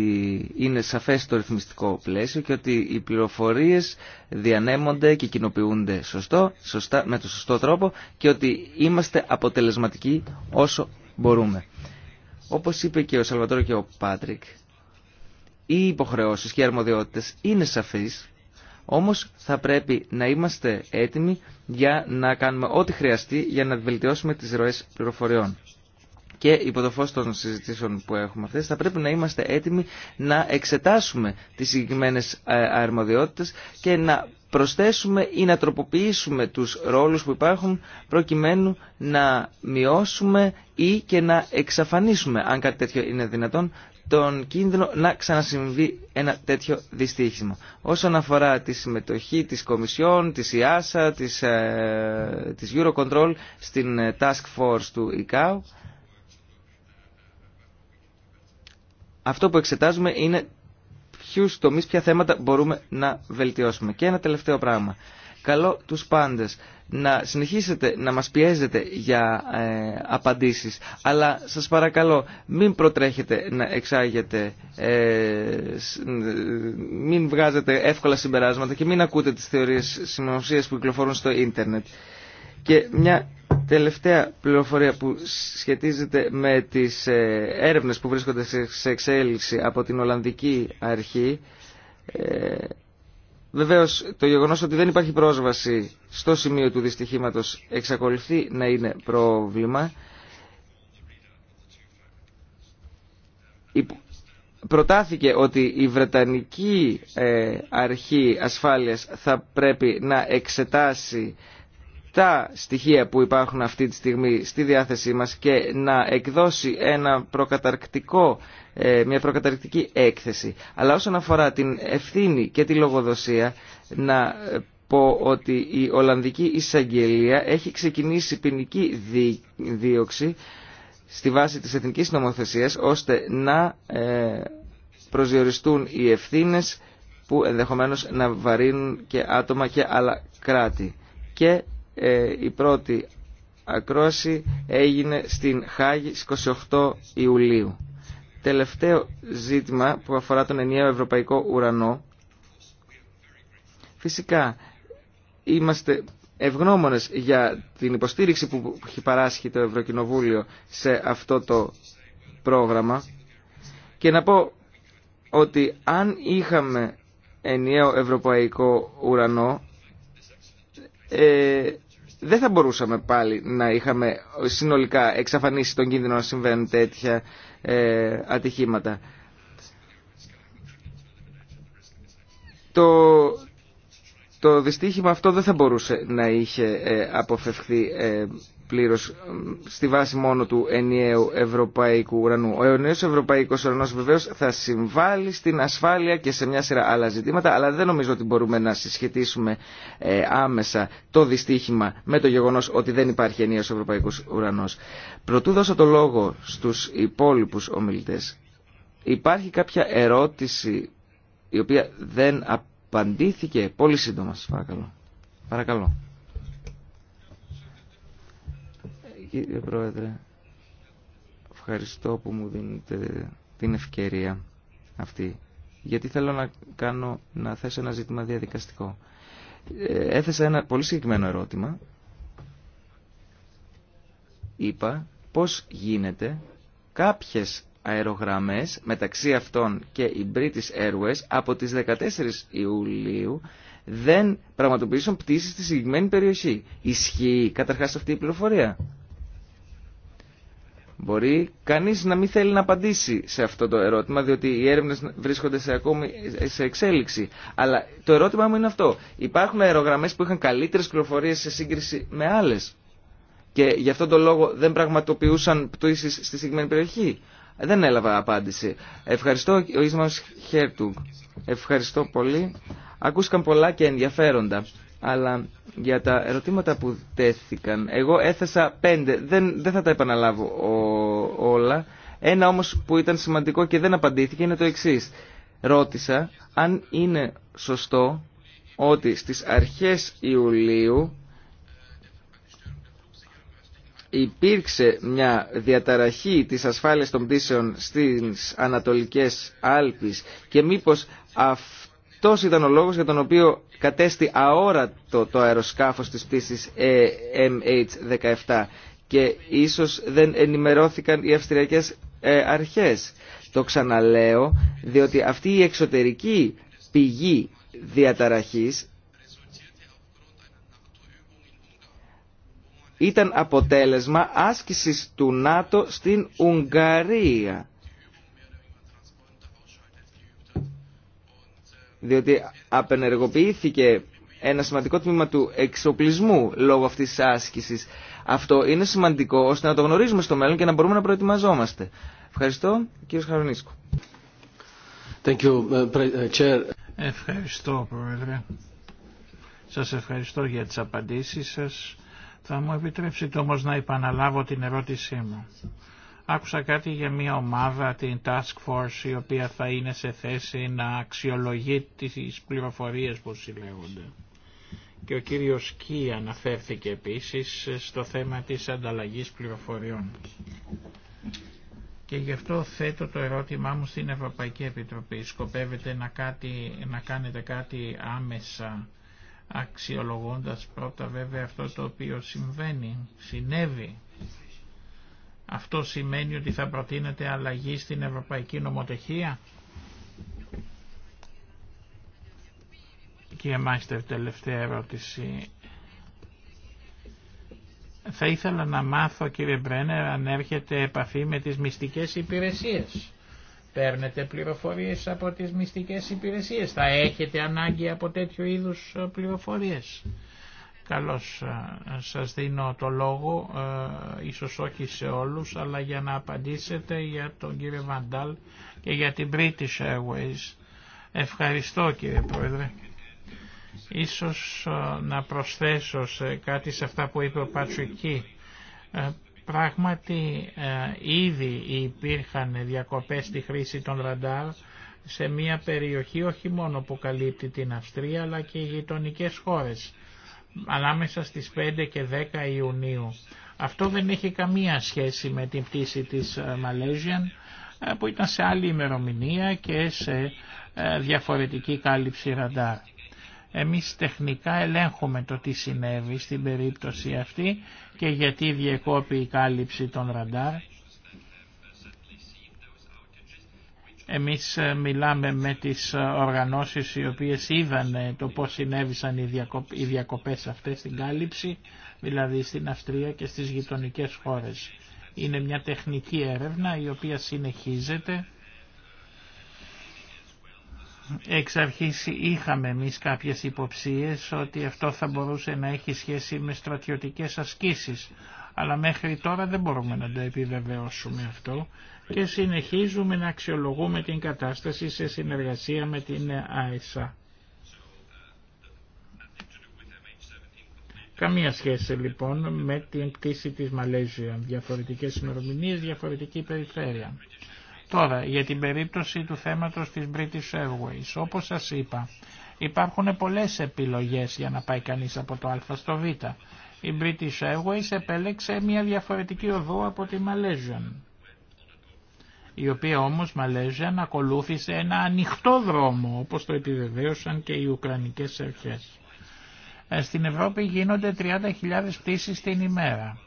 είναι σαφές το ρυθμιστικό πλαίσιο και ότι οι πληροφορίες διανέμονται και κοινοποιούνται σωστό, σωστά, με το σωστό τρόπο και ότι είμαστε αποτελεσματικοί όσο μπορούμε. Όπως είπε και ο Σαλβατόρο και ο Πάτρικ, οι υποχρεώσεις και οι αρμοδιότητες είναι σαφείς, όμως θα πρέπει να είμαστε έτοιμοι για να κάνουμε ό,τι χρειαστεί για να βελτιώσουμε τις ροές πληροφοριών και υπό το φως των συζητήσεων που έχουμε αυτές θα πρέπει να είμαστε έτοιμοι να εξετάσουμε τις συγκεκριμένε ε, αρμοδιότητες και να προσθέσουμε ή να τροποποιήσουμε τους ρόλους που υπάρχουν προκειμένου να μειώσουμε ή και να εξαφανίσουμε, αν κάτι τέτοιο είναι δυνατόν, τον κίνδυνο να ξανασυμβεί ένα τέτοιο δυστύχημα. Όσον αφορά τη συμμετοχή της Κομισιόν, της ΙΑΣΑ, της, ε, της Eurocontrol στην ε, Task Force του ΙΚΑΟ, αυτό που εξετάζουμε είναι ποιου τομεί, ποια θέματα μπορούμε να βελτιώσουμε. Και ένα τελευταίο πράγμα. Καλό τους πάντες να συνεχίσετε να μας πιέζετε για ε, απαντήσεις. Αλλά σας παρακαλώ μην προτρέχετε να εξάγετε, ε, ε, μην βγάζετε εύκολα συμπεράσματα και μην ακούτε τις θεωρίες συνωμοσία που κυκλοφορούν στο ίντερνετ. Τελευταία πληροφορία που σχετίζεται με τις ε, έρευνες που βρίσκονται σε εξέλιξη από την Ολλανδική Αρχή. Ε, βεβαίως το γεγονός ότι δεν υπάρχει πρόσβαση στο σημείο του δυστυχήματος εξακολουθεί να είναι πρόβλημα. Προτάθηκε ότι η Βρετανική ε, Αρχή Ασφάλειας θα πρέπει να εξετάσει τα στοιχεία που υπάρχουν αυτή τη στιγμή στη διάθεσή μας και να εκδώσει ένα προκαταρκτικό, ε, μια προκαταρκτική έκθεση. Αλλά όσον αφορά την ευθύνη και τη λογοδοσία, να ε, πω ότι η Ολλανδική Εισαγγελία έχει ξεκινήσει ποινική δίωξη στη βάση της εθνικής νομοθεσίας, ώστε να ε, προσδιοριστούν οι ευθύνες που ενδεχομένως να βαρύνουν και άτομα και άλλα κράτη. Και ε, η πρώτη ακρόαση έγινε στην Χάγη στις 28 Ιουλίου. Τελευταίο ζήτημα που αφορά τον ενιαίο ευρωπαϊκό ουρανό. Φυσικά είμαστε ευγνώμονες για την υποστήριξη που έχει παράσχει το Ευρωκοινοβούλιο σε αυτό το πρόγραμμα και να πω ότι αν είχαμε ενιαίο ευρωπαϊκό ουρανό ε, δεν θα μπορούσαμε πάλι να είχαμε συνολικά εξαφανίσει τον κίνδυνο να συμβαίνουν τέτοια ε, ατυχήματα. Το το δυστύχημα αυτό δεν θα μπορούσε να είχε ε, αποφευχθεί ε, πλήρως στη βάση μόνο του ενιαίου ευρωπαϊκού ουρανού. Ο ενιαίος ευρωπαϊκός ουρανός βεβαίως θα συμβάλλει στην ασφάλεια και σε μια σειρά άλλα ζητήματα, αλλά δεν νομίζω ότι μπορούμε να συσχετίσουμε ε, άμεσα το δυστύχημα με το γεγονός ότι δεν υπάρχει ενιαίος ευρωπαϊκός ουρανός. Προτού δώσω το λόγο στους υπόλοιπους ομιλητές, υπάρχει κάποια ερώτηση η οποία δεν απαντήθηκε Παντήθηκε. πολύ σύντομα σας παρακαλώ. Παρακαλώ. Κύριε Πρόεδρε, ευχαριστώ που μου δίνετε την ευκαιρία αυτή, γιατί θέλω να, κάνω, να θέσω ένα ζήτημα διαδικαστικό. Ε, έθεσα ένα πολύ συγκεκριμένο ερώτημα. Είπα πώς γίνεται κάποιες αερογραμμές, μεταξύ αυτών και οι British Airways, από τις 14 Ιουλίου δεν πραγματοποιήσουν πτήσεις στη συγκεκριμένη περιοχή. Ισχύει καταρχάς αυτή η πληροφορία. Μπορεί κανείς να μην θέλει να απαντήσει σε αυτό το ερώτημα, διότι οι έρευνες βρίσκονται σε, ακόμη, σε εξέλιξη. Αλλά το ερώτημά μου είναι αυτό. Υπάρχουν αερογραμμές που είχαν καλύτερες πληροφορίες σε σύγκριση με άλλες και γι' αυτόν τον λόγο δεν πραγματοποιούσαν πτήσεις στη συγκεκριμένη περιοχή. Δεν έλαβα απάντηση. Ευχαριστώ ο Ισμαός Χέρτουγκ. Ευχαριστώ πολύ. Ακούστηκαν πολλά και ενδιαφέροντα. Αλλά για τα ερωτήματα που τέθηκαν, εγώ έθεσα πέντε. Δεν, δεν θα τα επαναλάβω όλα. Ένα όμως που ήταν σημαντικό και δεν απαντήθηκε είναι το εξής. Ρώτησα αν είναι σωστό ότι στις αρχές Ιουλίου υπήρξε μια διαταραχή της ασφάλειας των πτήσεων στις Ανατολικές Άλπεις και μήπως αυτός ήταν ο λόγος για τον οποίο κατέστη αόρατο το αεροσκάφος της πτήσης MH17 ε και ίσως δεν ενημερώθηκαν οι αυστριακές ε, αρχές. Το ξαναλέω διότι αυτή η εξωτερική πηγή διαταραχής ήταν αποτέλεσμα άσκησης του ΝΑΤΟ στην Ουγγαρία. Διότι απενεργοποιήθηκε ένα σημαντικό τμήμα του εξοπλισμού λόγω αυτής της άσκησης. Αυτό είναι σημαντικό ώστε να το γνωρίζουμε στο μέλλον και να μπορούμε να προετοιμαζόμαστε. Ευχαριστώ, κύριε Χαρονίσκο. Uh, uh, ευχαριστώ, Πρόεδρε. Σας ευχαριστώ για τις απαντήσεις σας θα μου επιτρέψετε όμως να επαναλάβω την ερώτησή μου. Άκουσα κάτι για μια ομάδα, την Task Force, η οποία θα είναι σε θέση να αξιολογεί τις πληροφορίες που συλλέγονται. Και ο κύριος Κι αναφέρθηκε επίσης στο θέμα της ανταλλαγής πληροφοριών. Και γι' αυτό θέτω το ερώτημά μου στην Ευρωπαϊκή Επιτροπή. Σκοπεύετε να, κάτι, να κάνετε κάτι άμεσα αξιολογώντας πρώτα βέβαια αυτό το οποίο συμβαίνει, συνέβη. Αυτό σημαίνει ότι θα προτείνεται αλλαγή στην Ευρωπαϊκή Νομοτεχία. Κύριε Μάιστερ, τελευταία ερώτηση. Θα ήθελα να μάθω κύριε Μπρένερ αν έρχεται επαφή με τις μυστικές υπηρεσίες παίρνετε πληροφορίες από τις μυστικές υπηρεσίες. Θα έχετε ανάγκη από τέτοιου είδους ε, πληροφορίες. Καλώς ε, σας δίνω το λόγο, ε, ίσως όχι σε όλους, αλλά για να απαντήσετε για τον κύριο Βαντάλ και για την British Airways. Ευχαριστώ κύριε Πρόεδρε. Ίσως να προσθέσω κάτι σε αυτά που είπε ο Πατσουκή Πράγματι ε, ήδη υπήρχαν διακοπές στη χρήση των ραντάρ σε μια περιοχή όχι μόνο που καλύπτει την Αυστρία αλλά και οι γειτονικέ χώρες ανάμεσα στις 5 και 10 Ιουνίου. Αυτό δεν έχει καμία σχέση με την πτήση της ε, Μαλέζιαν ε, που ήταν σε άλλη ημερομηνία και σε διαφορετική κάλυψη ραντάρ. Εμείς τεχνικά ελέγχουμε το τι συνέβη στην περίπτωση αυτή και γιατί διεκόπη η κάλυψη των ραντάρ. Εμείς ε, μιλάμε με τις ε, οργανώσεις οι οποίες είδαν το πώς συνέβησαν οι διακοπές αυτές στην κάλυψη, δηλαδή στην Αυστρία και στις γειτονικές χώρες. Είναι μια τεχνική έρευνα η οποία συνεχίζεται Εξ αρχής είχαμε εμεί κάποιες υποψίες ότι αυτό θα μπορούσε να έχει σχέση με στρατιωτικές ασκήσεις, αλλά μέχρι τώρα δεν μπορούμε να το επιβεβαιώσουμε αυτό και συνεχίζουμε να αξιολογούμε την κατάσταση σε συνεργασία με την ΆΕΣΑ. Καμία σχέση λοιπόν με την πτήση της Μαλέζια. Διαφορετικές ημερομηνίε, διαφορετική περιφέρεια. Τώρα, για την περίπτωση του θέματος της British Airways, όπως σας είπα, υπάρχουν πολλές επιλογές για να πάει κανείς από το Α στο Β. Η British Airways επέλεξε μια διαφορετική οδό από τη Malaysian, η οποία όμως Malaysian ακολούθησε ένα ανοιχτό δρόμο, όπως το επιβεβαίωσαν και οι Ουκρανικές αρχές. Ε, στην Ευρώπη γίνονται 30.000 πτήσεις την ημέρα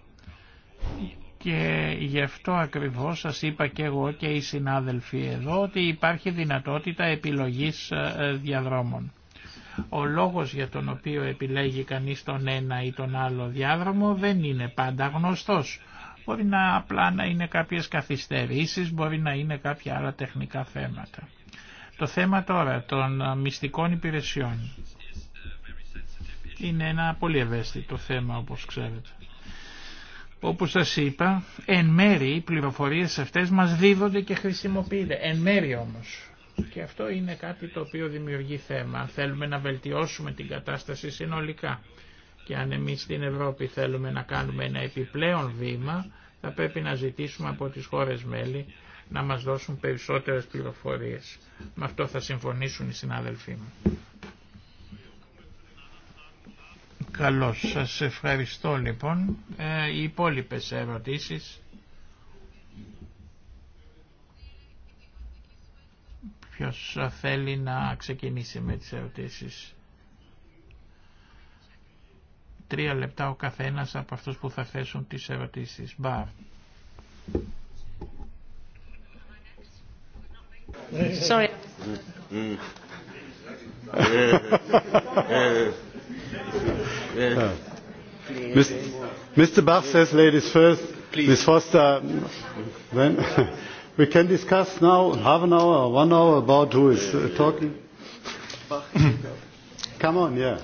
και γι' αυτό ακριβώς σας είπα και εγώ και οι συνάδελφοι εδώ ότι υπάρχει δυνατότητα επιλογής ε, ε, διαδρόμων. Ο λόγος για τον οποίο επιλέγει κανείς τον ένα ή τον άλλο διάδρομο δεν είναι πάντα γνωστός. Μπορεί να απλά να είναι κάποιες καθυστερήσεις, μπορεί να είναι κάποια άλλα τεχνικά θέματα. Το θέμα τώρα των ε, μυστικών υπηρεσιών είναι ένα πολύ ευαίσθητο θέμα όπως ξέρετε. Όπως σας είπα, εν μέρη οι πληροφορίες αυτές μας δίδονται και χρησιμοποιείται. Εν μέρη όμως. Και αυτό είναι κάτι το οποίο δημιουργεί θέμα. Θέλουμε να βελτιώσουμε την κατάσταση συνολικά. Και αν εμείς στην Ευρώπη θέλουμε να κάνουμε ένα επιπλέον βήμα, θα πρέπει να ζητήσουμε από τις χώρες μέλη να μας δώσουν περισσότερες πληροφορίες. Με αυτό θα συμφωνήσουν οι συνάδελφοί μου. Καλώς, σας ευχαριστώ λοιπόν. Ε, οι υπόλοιπες ερωτήσεις. Ποιος θέλει να ξεκινήσει με τις ερωτήσεις. Τρία λεπτά ο καθένας από αυτούς που θα θέσουν τις ερωτήσεις. Μπαρ. Sorry. Ε, ε, ναι. Mr. Bach says ladies first. Ms. Foster, then we can discuss now half an hour or one hour about who is uh, talking. Come on, yeah.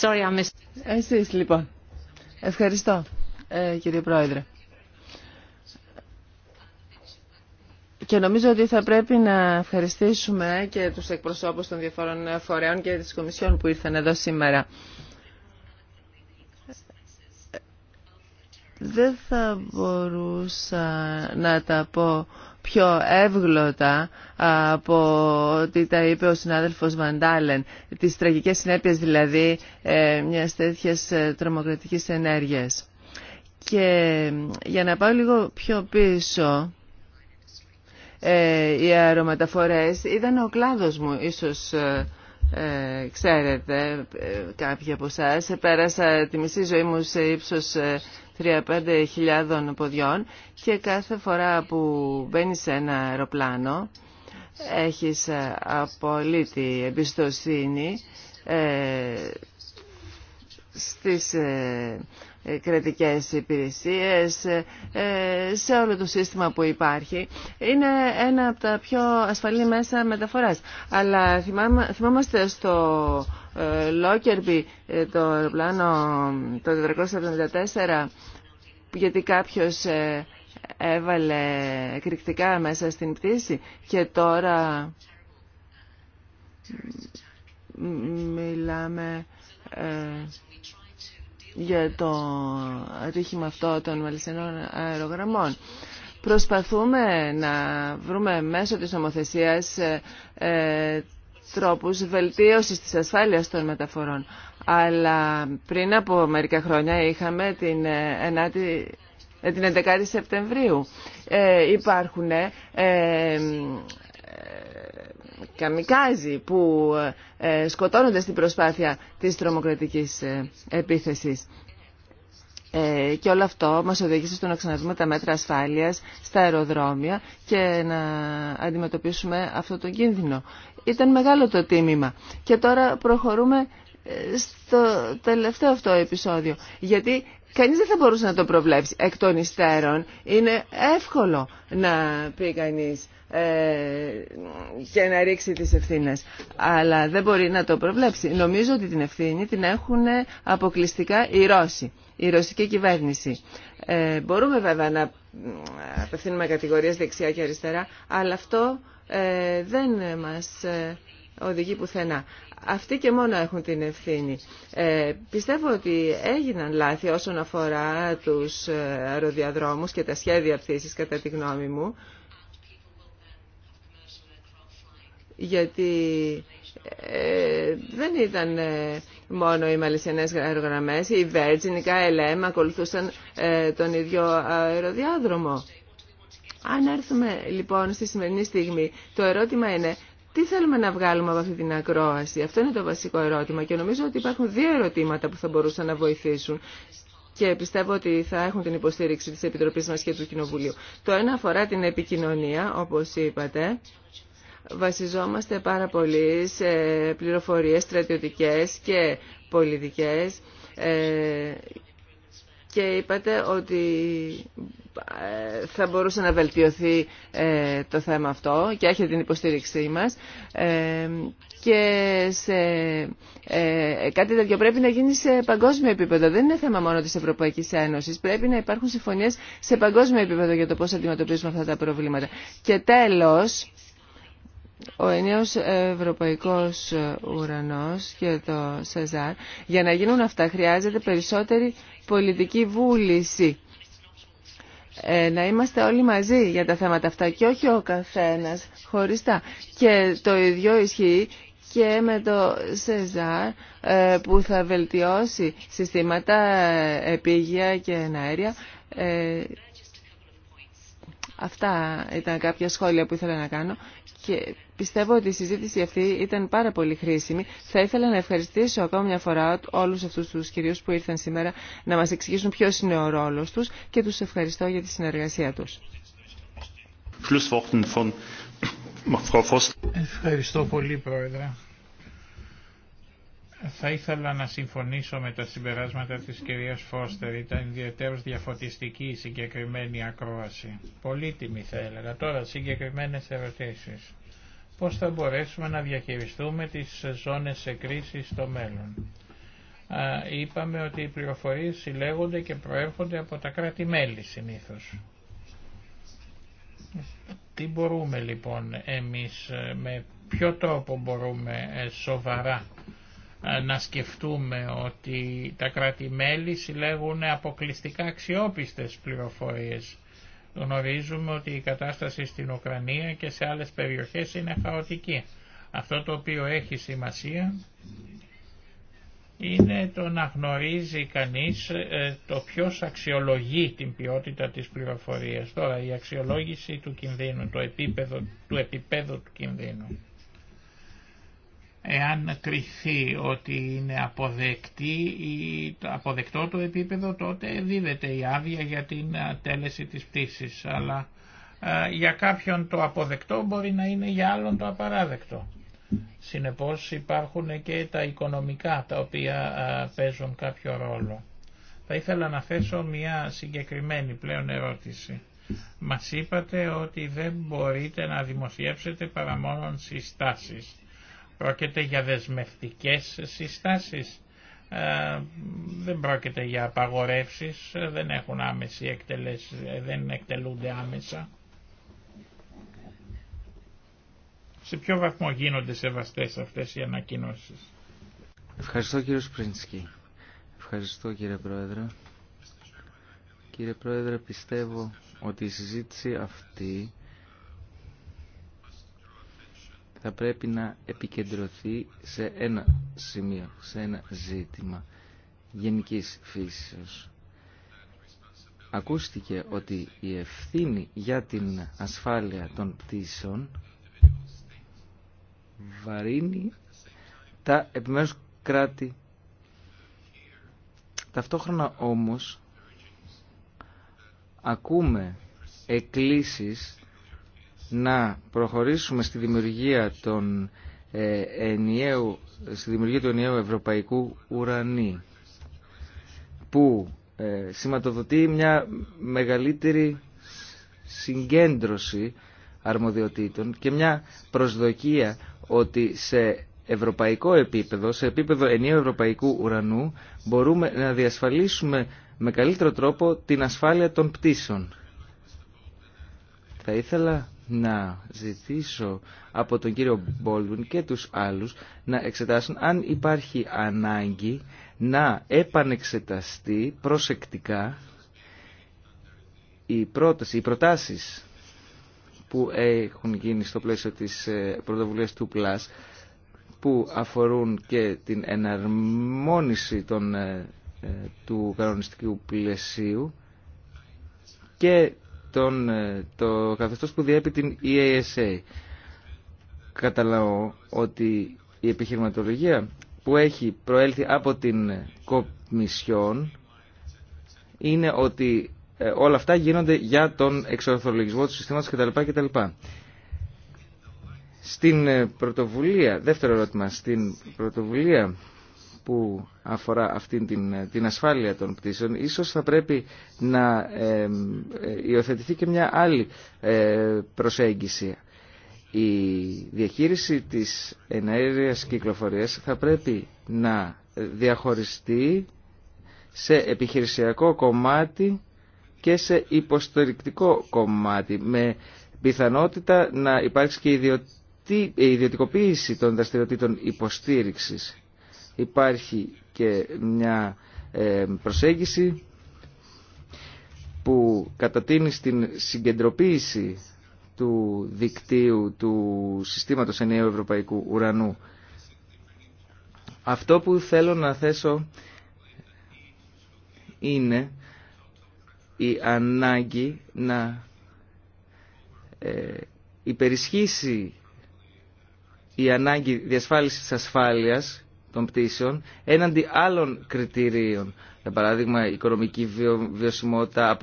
Sorry, I missed. Εσείς λοιπόν. Ευχαριστώ, ε, κύριε Πρόεδρε. Και νομίζω ότι θα πρέπει να ευχαριστήσουμε και τους εκπροσώπους των διαφόρων φορέων και της Κομισιόν που ήρθαν εδώ σήμερα. δεν θα μπορούσα να τα πω πιο εύγλωτα από ό,τι τα είπε ο συνάδελφος Βαντάλεν, τις τραγικές συνέπειες δηλαδή ε, μιας τέτοιας ε, τρομοκρατικής ενέργειας. Και ε, για να πάω λίγο πιο πίσω, ε, οι αρωματαφορές ήταν ο κλάδος μου, ίσως ε, ε ξέρετε κάποιοι από εσά. Πέρασα τη μισή ζωή μου σε ύψος 35.000 ποδιών και κάθε φορά που μπαίνεις σε ένα αεροπλάνο έχεις ε, απολύτη εμπιστοσύνη ε, στις ε, ε, κρατικές υπηρεσίες, ε, ε, σε όλο το σύστημα που υπάρχει. Είναι ένα από τα πιο ασφαλή μέσα μεταφοράς. Αλλά θυμάμαστε στο Λόκερμπι το πλάνο το 474 γιατί κάποιος έβαλε εκρηκτικά μέσα στην πτήση και τώρα μιλάμε για το ατύχημα αυτό των μαλισσινών αερογραμμών. Προσπαθούμε να βρούμε μέσω της νομοθεσίας ε, ε, τρόπους βελτίωσης της ασφάλειας των μεταφορών. Αλλά πριν από μερικά χρόνια είχαμε την, ε, την 11η Σεπτεμβρίου. υπάρχουν καμικάζι που ε, ε, σκοτώνονται στην προσπάθεια της τρομοκρατικής ε, επίθεσης. Και όλο αυτό μας οδήγησε στο να ξαναδούμε τα μέτρα ασφάλειας στα αεροδρόμια και να αντιμετωπίσουμε αυτό το κίνδυνο. Ήταν μεγάλο το τίμημα. Και τώρα προχωρούμε στο τελευταίο αυτό επεισόδιο. Γιατί κανείς δεν θα μπορούσε να το προβλέψει εκ των υστέρων. Είναι εύκολο να πει κανείς ε, και να ρίξει τις ευθύνες. Αλλά δεν μπορεί να το προβλέψει. Νομίζω ότι την ευθύνη την έχουν αποκλειστικά οι Ρώσοι, η ρωσική κυβέρνηση. Ε, μπορούμε βέβαια να απευθύνουμε κατηγορίες δεξιά και αριστερά, αλλά αυτό ε, δεν μας οδηγεί πουθενά. Αυτοί και μόνο έχουν την ευθύνη. πιστεύω ότι έγιναν λάθη όσον αφορά τους αεροδιαδρόμους και τα σχέδια πτήσης κατά τη γνώμη μου. γιατί ε, δεν ήταν ε, μόνο οι Μαλισσιανές αερογραμμές, οι Virgin, οι KLM ακολουθούσαν ε, τον ίδιο αεροδιάδρομο. Αν έρθουμε λοιπόν στη σημερινή στιγμή, το ερώτημα είναι τι θέλουμε να βγάλουμε από αυτή την ακρόαση. Αυτό είναι το βασικό ερώτημα και νομίζω ότι υπάρχουν δύο ερωτήματα που θα μπορούσαν να βοηθήσουν και πιστεύω ότι θα έχουν την υποστήριξη της Επιτροπής μας και του Κοινοβουλίου. Το ένα αφορά την επικοινωνία, όπως είπατε, βασιζόμαστε πάρα πολύ σε πληροφορίες στρατιωτικές και πολιτικές ε, και είπατε ότι ε, θα μπορούσε να βελτιωθεί ε, το θέμα αυτό και έχει την υποστήριξή μας και σε, κάτι τέτοιο πρέπει να γίνει σε παγκόσμιο επίπεδο. Δεν είναι θέμα μόνο της Ευρωπαϊκής Ένωσης. Πρέπει να υπάρχουν συμφωνίες σε παγκόσμιο επίπεδο για το πώς αντιμετωπίζουμε αυτά τα προβλήματα. Και τέλος, ο ενιαίος ευρωπαϊκός ουρανός και το ΣΕΖΑΡ, για να γίνουν αυτά χρειάζεται περισσότερη πολιτική βούληση. Ε, να είμαστε όλοι μαζί για τα θέματα αυτά και όχι ο καθένας χωριστά. Και το ίδιο ισχύει και με το ΣΕΖΑΡ ε, που θα βελτιώσει συστήματα ε, επίγεια και αέρια... Αυτά ήταν κάποια σχόλια που ήθελα να κάνω και πιστεύω ότι η συζήτηση αυτή ήταν πάρα πολύ χρήσιμη. Θα ήθελα να ευχαριστήσω ακόμη μια φορά όλους αυτούς τους κυρίους που ήρθαν σήμερα να μας εξηγήσουν ποιος είναι ο ρόλος τους και τους ευχαριστώ για τη συνεργασία τους. Ευχαριστώ πολύ, Πρόεδρε. Θα ήθελα να συμφωνήσω με τα συμπεράσματα της κυρίας Φώστερ. Ήταν ιδιαίτερως διαφωτιστική η συγκεκριμένη ακρόαση. Πολύτιμη θα έλεγα. Τώρα συγκεκριμένες ερωτήσεις. Πώς θα μπορέσουμε να διαχειριστούμε τις ζώνες κρίση στο μέλλον. Είπαμε ότι οι πληροφορίες συλλέγονται και προέρχονται από τα κράτη-μέλη συνήθως. Τι μπορούμε λοιπόν εμείς, ε, με ποιο τρόπο μπορούμε ε, σοβαρά να σκεφτούμε ότι τα κράτη-μέλη συλλέγουν αποκλειστικά αξιόπιστες πληροφορίες. Γνωρίζουμε ότι η κατάσταση στην Ουκρανία και σε άλλες περιοχές είναι χαοτική. Αυτό το οποίο έχει σημασία είναι το να γνωρίζει κανείς ε, το ποιος αξιολογεί την ποιότητα της πληροφορίας. Τώρα η αξιολόγηση του κινδύνου, το επίπεδο, του επίπεδου του κινδύνου. Εάν κριθεί ότι είναι αποδεκτή ή αποδεκτό το επίπεδο τότε δίδεται η άδεια για την ε, τέλεση της πτήσης. Αλλά ε, για κάποιον το αποδεκτό μπορεί να είναι για άλλον το απαράδεκτο. Συνεπώς υπάρχουν και τα οικονομικά τα οποία ε, παίζουν κάποιο ρόλο. Θα ήθελα να θέσω μια συγκεκριμένη πλέον ερώτηση. Μας είπατε ότι δεν μπορείτε να δημοσιεύσετε παρά μόνο συστάσεις. Πρόκειται για δεσμευτικές συστάσεις. Ε, δεν πρόκειται για απαγορεύσεις, δεν έχουν άμεση εκτελές, δεν εκτελούνται άμεσα. Σε ποιο βαθμό γίνονται σεβαστές αυτές οι ανακοινώσεις. Ευχαριστώ κύριε Σπρινσκή. Ευχαριστώ κύριε Πρόεδρε. Κύριε Πρόεδρε, πιστεύω ότι η συζήτηση αυτή θα πρέπει να επικεντρωθεί σε ένα σημείο, σε ένα ζήτημα γενικής φύσεως. Ακούστηκε ότι η ευθύνη για την ασφάλεια των πτήσεων βαρύνει τα επιμέρους κράτη. Ταυτόχρονα όμως ακούμε εκκλήσεις να προχωρήσουμε στη δημιουργία των ε, στη δημιουργία του ενιαίου ευρωπαϊκού ουρανή που ε, σηματοδοτεί μια μεγαλύτερη συγκέντρωση αρμοδιοτήτων και μια προσδοκία ότι σε ευρωπαϊκό επίπεδο, σε επίπεδο ενιαίου ευρωπαϊκού ουρανού μπορούμε να διασφαλίσουμε με καλύτερο τρόπο την ασφάλεια των πτήσεων. Θα ήθελα να ζητήσω από τον κύριο Μπόλβιν και τους άλλους να εξετάσουν αν υπάρχει ανάγκη να επανεξεταστεί προσεκτικά η πρόταση, οι προτάσεις που έχουν γίνει στο πλαίσιο της ε, πρωτοβουλίας του ΠΛΑΣ που αφορούν και την εναρμόνιση των, ε, ε, του κανονιστικού πλαισίου και τον, ε, το καθεστώς που διέπει την EASA. Καταλαώ ότι η επιχειρηματολογία που έχει προέλθει από την Κομισιόν είναι ότι ε, όλα αυτά γίνονται για τον εξορθολογισμό του συστήματος κτλ. Στην ε, πρωτοβουλία, δεύτερο ερώτημα, στην πρωτοβουλία που αφορά αυτή την, την ασφάλεια των πτήσεων, ίσως θα πρέπει να ε, ε υιοθετηθεί και μια άλλη ε, προσέγγιση. Η διαχείριση της εναέριας κυκλοφορίας θα πρέπει να διαχωριστεί σε επιχειρησιακό κομμάτι και σε υποστηρικτικό κομμάτι, με πιθανότητα να υπάρξει και ε, ιδιωτικοποίηση των δραστηριοτήτων υποστήριξης υπάρχει και μια ε, προσέγγιση που κατατείνει στην συγκεντροποίηση του δικτύου του συστήματος ενιαίου ευρωπαϊκού ουρανού. Αυτό που θέλω να θέσω είναι η ανάγκη να ε, υπερισχύσει η ανάγκη διασφάλισης ασφάλειας των πτήσεων έναντι άλλων κριτηρίων. Για παράδειγμα, οικονομική βιωσιμότητα,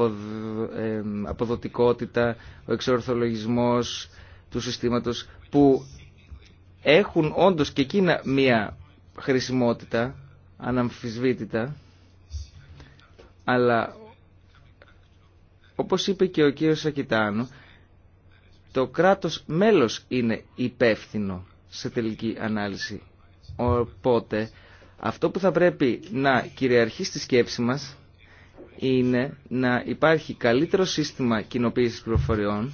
αποδοτικότητα, ο εξορθολογισμός του συστήματος που έχουν όντως και εκείνα μία χρησιμότητα, αναμφισβήτητα, αλλά όπως είπε και ο κύριος Σακητάνου, το κράτος μέλος είναι υπεύθυνο σε τελική ανάλυση Οπότε, αυτό που θα πρέπει να κυριαρχεί στη σκέψη μας είναι να υπάρχει καλύτερο σύστημα κοινοποίησης πληροφοριών,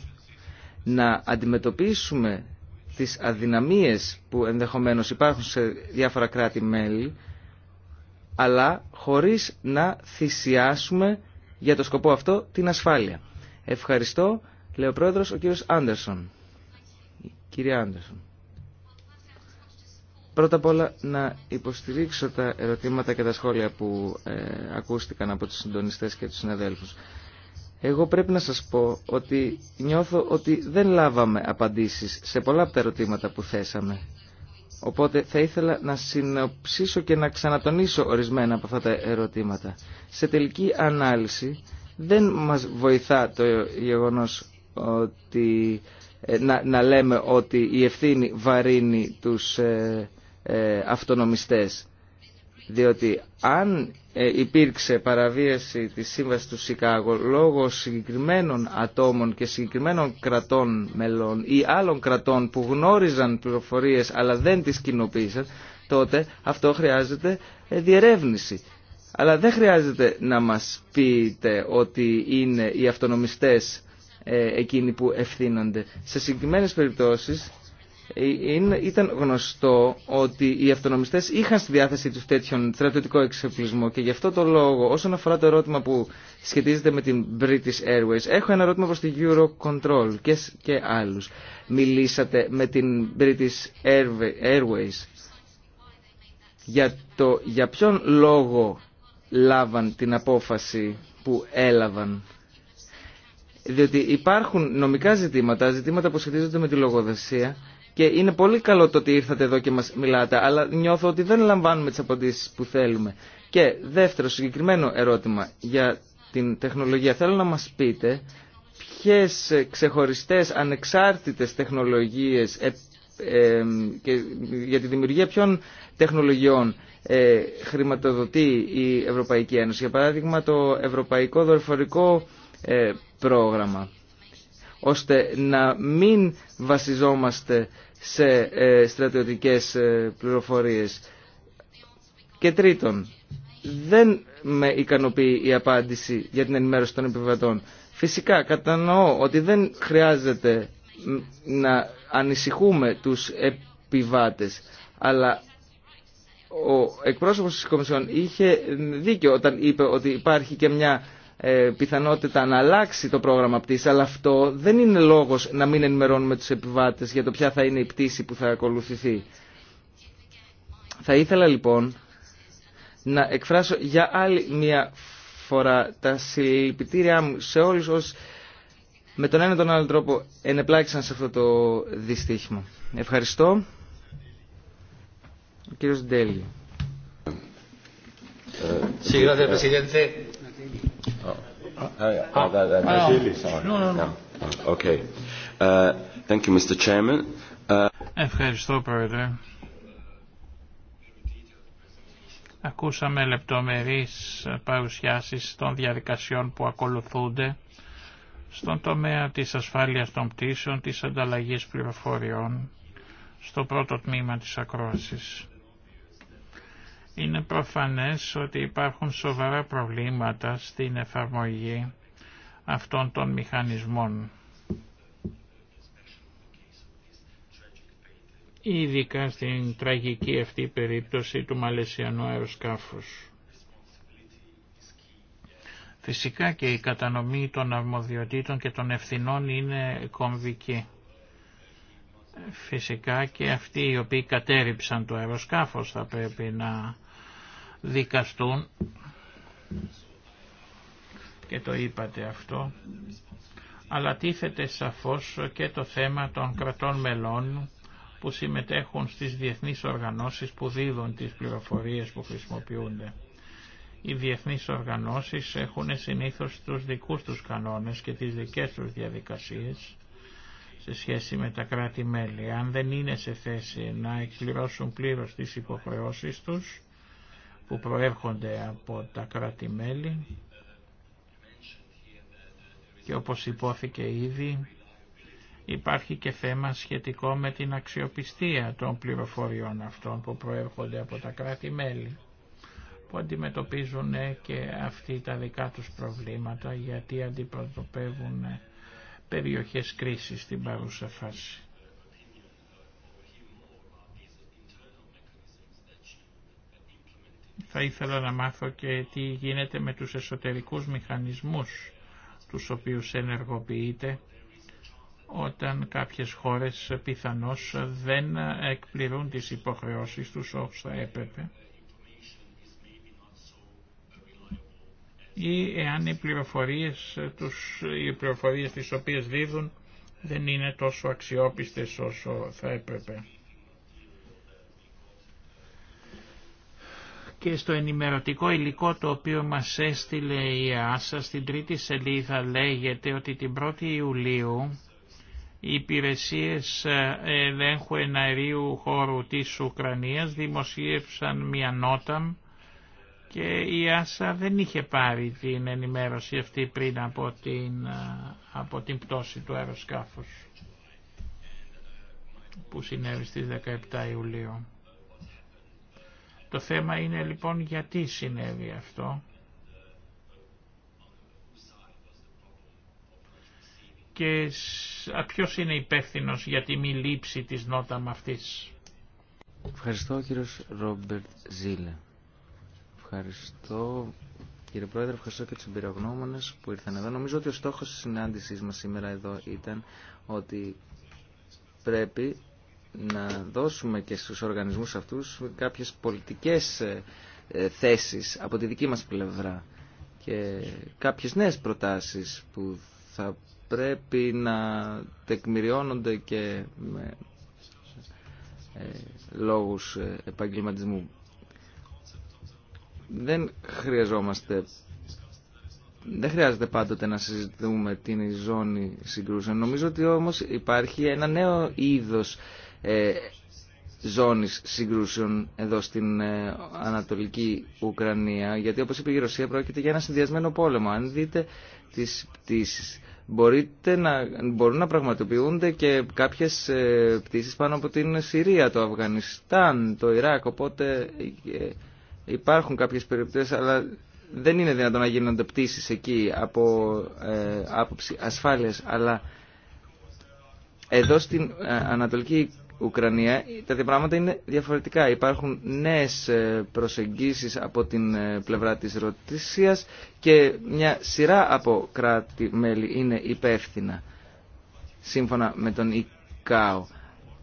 να αντιμετωπίσουμε τις αδυναμίες που ενδεχομένως υπάρχουν σε διάφορα κράτη-μέλη, αλλά χωρίς να θυσιάσουμε για το σκοπό αυτό την ασφάλεια. Ευχαριστώ, λέει ο πρόεδρος, ο κύριος Άντερσον. Κύριε Άντερσον. Πρώτα απ' όλα να υποστηρίξω τα ερωτήματα και τα σχόλια που ε, ακούστηκαν από τους συντονιστές και τους συναδέλφους. Εγώ πρέπει να σας πω ότι νιώθω ότι δεν λάβαμε απαντήσεις σε πολλά από τα ερωτήματα που θέσαμε. Οπότε θα ήθελα να συνοψίσω και να ξανατονίσω ορισμένα από αυτά τα ερωτήματα. Σε τελική ανάλυση δεν μας βοηθά το γεγονός ότι ε, να, λέμε ότι η ευθύνη βαρύνει τους ε, ε, αυτονομιστές. Διότι αν ε, υπήρξε παραβίαση της Σύμβασης του Σικάγο λόγω συγκεκριμένων ατόμων και συγκεκριμένων κρατών μελών ή άλλων κρατών που γνώριζαν πληροφορίες αλλά δεν τις κοινοποίησαν, τότε αυτό χρειάζεται ε, διερεύνηση. Αλλά δεν χρειάζεται να μας πείτε ότι είναι οι αυτονομιστές εκείνοι που ευθύνονται. Σε συγκεκριμένες περιπτώσεις ε, ήταν γνωστό ότι οι αυτονομιστές είχαν στη διάθεση του τέτοιον στρατιωτικό εξοπλισμό και γι' αυτό το λόγο όσον αφορά το ερώτημα που σχετίζεται με την British Airways έχω ένα ερώτημα προς την Eurocontrol και, και άλλους. Μιλήσατε με την British Airways για, το, για ποιον λόγο λάβαν την απόφαση που έλαβαν διότι υπάρχουν νομικά ζητήματα, ζητήματα που σχετίζονται με τη λογοδοσία και είναι πολύ καλό το ότι ήρθατε εδώ και μας μιλάτε, αλλά νιώθω ότι δεν λαμβάνουμε τις απαντήσεις που θέλουμε. Και δεύτερο συγκεκριμένο ερώτημα για την τεχνολογία. Θέλω να μας πείτε ποιες ξεχωριστές ανεξάρτητες τεχνολογίες ε, ε, και για τη δημιουργία ποιων τεχνολογιών ε, χρηματοδοτεί η Ευρωπαϊκή Ένωση. Για παράδειγμα το Ευρωπαϊκό Δορυφορικό Πρόγραμμα ώστε να μην βασιζόμαστε σε ε, στρατιωτικές ε, πληροφορίες. Και τρίτον, δεν με ικανοποιεί η απάντηση για την ενημέρωση των επιβατών. Φυσικά κατανοώ ότι δεν χρειάζεται να ανησυχούμε τους επιβάτες, αλλά ο εκπρόσωπος της Κομισιόν είχε δίκιο όταν είπε ότι υπάρχει και μια ε, πιθανότητα να αλλάξει το πρόγραμμα πτήση, αλλά αυτό δεν είναι λόγος να μην ενημερώνουμε τους επιβάτες για το ποια θα είναι η πτήση που θα ακολουθηθεί. Θα ήθελα λοιπόν να εκφράσω για άλλη μια φορά τα συλληπιτήριά μου σε όλους όσοι με τον ένα τον άλλο τρόπο ενεπλάξαν σε αυτό το δυστύχημα. Ευχαριστώ. Ο κύριος Ντέλη. Ε, Uh, Ευχαριστώ, Πρόεδρε. Ακούσαμε λεπτομερείς παρουσιάσεις των διαδικασιών που ακολουθούνται στον τομέα της ασφάλειας των πτήσεων, της ανταλλαγής πληροφοριών, στο πρώτο τμήμα της ακρόασης. Είναι προφανές ότι υπάρχουν σοβαρά προβλήματα στην εφαρμογή αυτών των μηχανισμών. Ειδικά στην τραγική αυτή περίπτωση του Μαλαισιανού αεροσκάφους. Φυσικά και η κατανομή των αρμοδιοτήτων και των ευθυνών είναι κομβική. Φυσικά και αυτοί οι οποίοι κατέριψαν το αεροσκάφος θα πρέπει να δικαστούν και το είπατε αυτό, αλλά τίθεται σαφώς και το θέμα των κρατών μελών που συμμετέχουν στις διεθνείς οργανώσεις που δίδουν τις πληροφορίες που χρησιμοποιούνται. Οι διεθνείς οργανώσεις έχουν συνήθως τους δικούς τους κανόνες και τις δικές τους διαδικασίες σε σχέση με τα κράτη-μέλη. Αν δεν είναι σε θέση να εκπληρώσουν πλήρως τις υποχρεώσεις τους, που προέρχονται από τα κράτη-μέλη και όπως υπόθηκε ήδη υπάρχει και θέμα σχετικό με την αξιοπιστία των πληροφοριών αυτών που προέρχονται από τα κράτη-μέλη που αντιμετωπίζουν ε, και αυτοί τα δικά τους προβλήματα γιατί αντιπροσωπεύουν ε, περιοχές κρίσης στην παρούσα φάση. Θα ήθελα να μάθω και τι γίνεται με τους εσωτερικούς μηχανισμούς τους οποίους ενεργοποιείται όταν κάποιες χώρες πιθανώς δεν εκπληρούν τις υποχρεώσεις τους όπως θα έπρεπε ή εάν οι πληροφορίες, τους, οι πληροφορίες τις οποίες δίδουν δεν είναι τόσο αξιόπιστες όσο θα έπρεπε. και στο ενημερωτικό υλικό το οποίο μας έστειλε η ΑΣΑ στην τρίτη σελίδα λέγεται ότι την 1η Ιουλίου οι υπηρεσίες ε, ελέγχου εναερίου χώρου της Ουκρανίας δημοσίευσαν μια νότα και η ΆΣΑ δεν είχε πάρει την ενημέρωση αυτή πριν από την, ε, από την πτώση του αεροσκάφους που συνέβη στις 17 Ιουλίου. Το θέμα είναι λοιπόν γιατί συνέβη αυτό. και ποιος είναι υπεύθυνος για τη μη λήψη της νότα αυτής. Ευχαριστώ κύριος Ρόμπερτ Ζήλε. Ευχαριστώ κύριε Πρόεδρε, ευχαριστώ και τους εμπειρογνώμονες που ήρθαν εδώ. Νομίζω ότι ο στόχος της συνάντησής μας σήμερα εδώ ήταν ότι πρέπει να δώσουμε και στους οργανισμούς αυτούς κάποιες πολιτικές ε, ε, θέσεις από τη δική μας πλευρά και κάποιες νέες προτάσεις που θα πρέπει να τεκμηριώνονται και με ε, λόγους επαγγελματισμού. Δεν χρειαζόμαστε δεν χρειάζεται πάντοτε να συζητούμε την ζώνη συγκρούσεων. Νομίζω ότι όμως υπάρχει ένα νέο είδος ε, ζώνης συγκρούσεων εδώ στην ε, Ανατολική Ουκρανία, γιατί όπως είπε η Ρωσία πρόκειται για ένα συνδυασμένο πόλεμο. Αν δείτε τις πτήσεις, μπορείτε να, μπορούν να πραγματοποιούνται και κάποιες ε, πτήσεις πάνω από την Συρία, το Αφγανιστάν, το Ιράκ, οπότε υπάρχουν κάποιες περιπτώσεις, αλλά δεν είναι δυνατόν να γίνονται πτήσεις εκεί από ε, άποψη ασφάλειας, αλλά εδώ στην Ανατολική Ουκρανία τα πράγματα είναι διαφορετικά. Υπάρχουν νέε προσεγγίσει από την ε, πλευρά της Ρωσίας και μια σειρά από κράτη-μέλη είναι υπεύθυνα σύμφωνα με τον ΙΚΑΟ.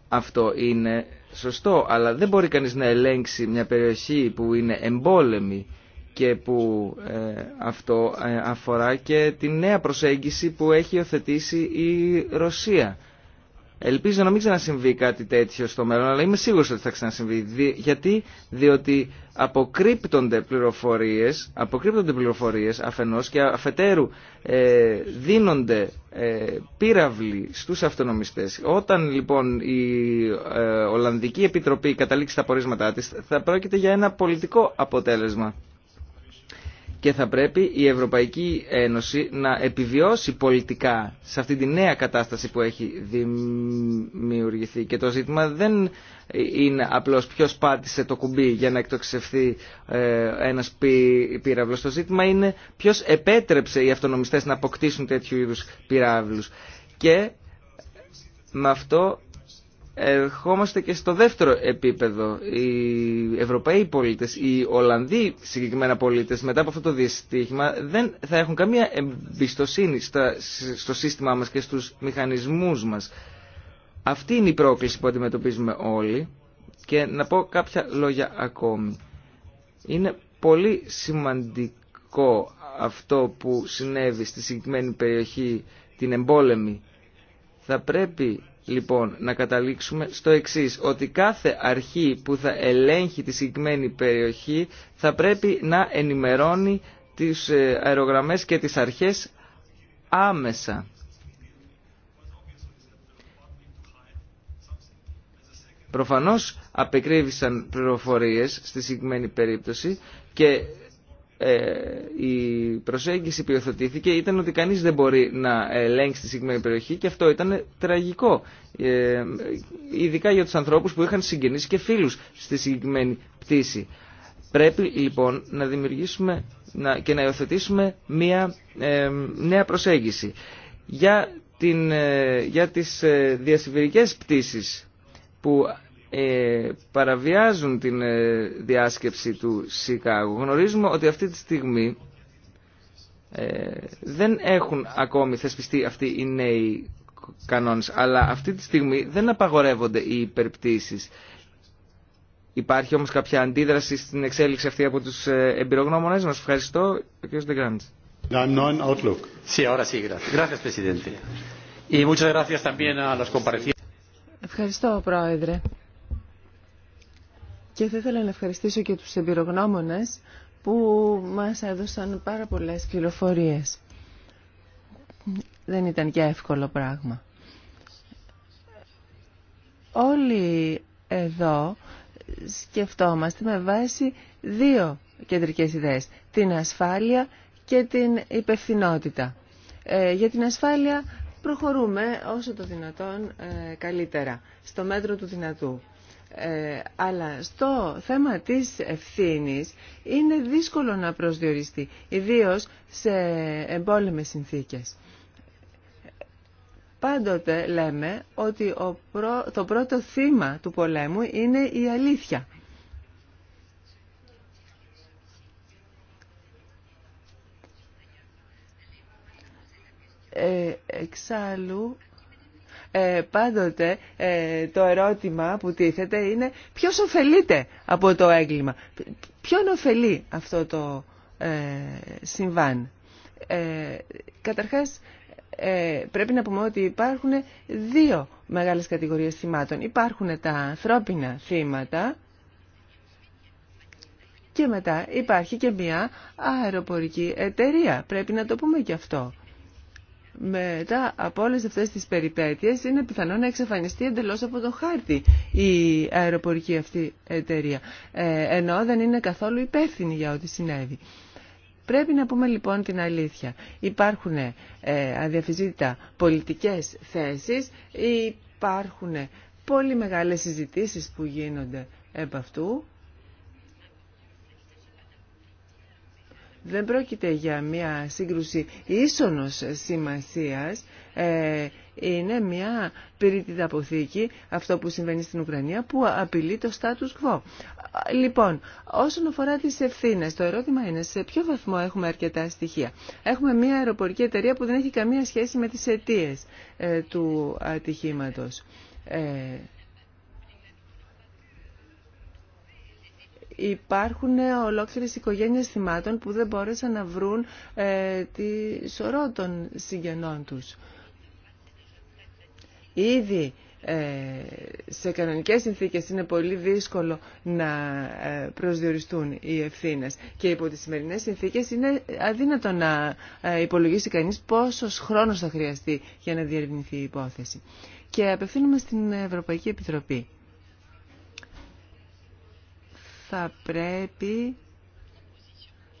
Αυτό είναι σωστό, αλλά δεν μπορεί κανεί να ελέγξει μια περιοχή που είναι εμπόλεμη και που ε, αυτό ε, αφορά και τη νέα προσέγγιση που έχει υιοθετήσει η Ρωσία Ελπίζω να μην ξανασυμβεί κάτι τέτοιο στο μέλλον, αλλά είμαι σίγουρος ότι θα ξανασυμβεί. Γιατί, διότι αποκρύπτονται πληροφορίες, αποκρύπτονται πληροφορίες αφενός και αφετέρου ε, δίνονται ε, πύραυλοι στους αυτονομιστές. Όταν λοιπόν η ε, Ολλανδική Επιτροπή καταλήξει τα πορίσματά της, θα πρόκειται για ένα πολιτικό αποτέλεσμα και θα πρέπει η Ευρωπαϊκή Ένωση να επιβιώσει πολιτικά σε αυτή τη νέα κατάσταση που έχει δημιουργηθεί. Και το ζήτημα δεν είναι απλώς ποιος πάτησε το κουμπί για να εκτοξευθεί ε, ένας πύραυλος. Το ζήτημα είναι ποιος επέτρεψε οι αυτονομιστές να αποκτήσουν τέτοιου είδους πυράβλους. Και με αυτό ερχόμαστε και στο δεύτερο επίπεδο. Οι Ευρωπαίοι πολίτες, οι Ολλανδοί συγκεκριμένα πολίτες μετά από αυτό το δυστύχημα δεν θα έχουν καμία εμπιστοσύνη στα, στο σύστημά μας και στους μηχανισμούς μας. Αυτή είναι η πρόκληση που αντιμετωπίζουμε όλοι και να πω κάποια λόγια ακόμη. Είναι πολύ σημαντικό αυτό που συνέβη στη συγκεκριμένη περιοχή την εμπόλεμη. Θα πρέπει λοιπόν να καταλήξουμε στο εξής, ότι κάθε αρχή που θα ελέγχει τη συγκεκριμένη περιοχή θα πρέπει να ενημερώνει τις ε, αερογραμμές και τις αρχές άμεσα. Προφανώς απεκρίβησαν πληροφορίες στη συγκεκριμένη περίπτωση και ε, η προσέγγιση που υιοθετήθηκε ήταν ότι κανείς δεν μπορεί να ελέγξει τη συγκεκριμένη περιοχή και αυτό ήταν τραγικό. Ε, ειδικά για τους ανθρώπους που είχαν συγγενείς και φίλους στη συγκεκριμένη πτήση. Πρέπει λοιπόν να δημιουργήσουμε και να υιοθετήσουμε μια ε, νέα προσέγγιση. Για, την, για τις διασυμβηρικές πτήσεις που ε, παραβιάζουν την ε, διάσκεψη του Σικάγου. Γνωρίζουμε ότι αυτή τη στιγμή ε, δεν έχουν ακόμη θεσπιστεί αυτοί οι νέοι κανόνες, αλλά αυτή τη στιγμή δεν απαγορεύονται οι υπερπτήσεις. Υπάρχει όμως κάποια αντίδραση στην εξέλιξη αυτή από τους εμπειρογνώμονες μας. Ευχαριστώ, ο κ. Ντεγκράντς. Ευχαριστώ, Πρόεδρε. Και θα ήθελα να ευχαριστήσω και τους εμπειρογνώμονες που μας έδωσαν πάρα πολλές πληροφορίες. Δεν ήταν και εύκολο πράγμα. Όλοι εδώ σκεφτόμαστε με βάση δύο κεντρικές ιδέες. Την ασφάλεια και την υπευθυνότητα. Ε, για την ασφάλεια προχωρούμε όσο το δυνατόν ε, καλύτερα, στο μέτρο του δυνατού. Ε, αλλά στο θέμα της ευθύνης είναι δύσκολο να προσδιοριστεί, ιδίως σε εμπόλεμες συνθήκες. Πάντοτε λέμε ότι το πρώτο θύμα του πολέμου είναι η αλήθεια. Ε, εξάλλου, ε, πάντοτε ε, το ερώτημα που τίθεται είναι ποιος ωφελείται από το έγκλημα. Ποιον ωφελεί αυτό το ε, συμβάν. Καταρχάς, πρέπει να πούμε ότι υπάρχουν δύο μεγάλες κατηγορίες θυμάτων. Υπάρχουν τα ανθρώπινα θύματα και μετά υπάρχει και μια αεροπορική εταιρεία. Πρέπει να το πούμε και αυτό μετά από όλες αυτές τις περιπέτειες είναι πιθανό να εξαφανιστεί εντελώς από το χάρτη η αεροπορική αυτή εταιρεία. Ε, ενώ δεν είναι καθόλου υπεύθυνη για ό,τι συνέβη. Πρέπει να πούμε λοιπόν την αλήθεια. Υπάρχουν ε, πολιτικές θέσεις, υπάρχουν πολύ μεγάλες συζητήσεις που γίνονται επ' αυτού δεν πρόκειται για μια σύγκρουση ίσονος σημασίας. Ε, είναι μια πυρήτη αποθήκη αυτό που συμβαίνει στην Ουκρανία που απειλεί το status quo. Λοιπόν, όσον αφορά τις ευθύνε, το ερώτημα είναι σε ποιο βαθμό έχουμε αρκετά στοιχεία. Έχουμε μια αεροπορική εταιρεία που δεν έχει καμία σχέση με τις αιτίε ε, του ατυχήματος. Ε, υπάρχουν ολόκληρες οικογένειες θυμάτων που δεν μπόρεσαν να βρουν ε, τη σωρό των συγγενών τους. Ήδη ε, σε κανονικές συνθήκες είναι πολύ δύσκολο να ε, προσδιοριστούν οι ευθύνε. και υπό τις σημερινές συνθήκες είναι αδύνατο να υπολογίσει κανείς πόσος χρόνος θα χρειαστεί για να διερευνηθεί η υπόθεση. Και απευθύνουμε στην Ευρωπαϊκή Επιτροπή θα πρέπει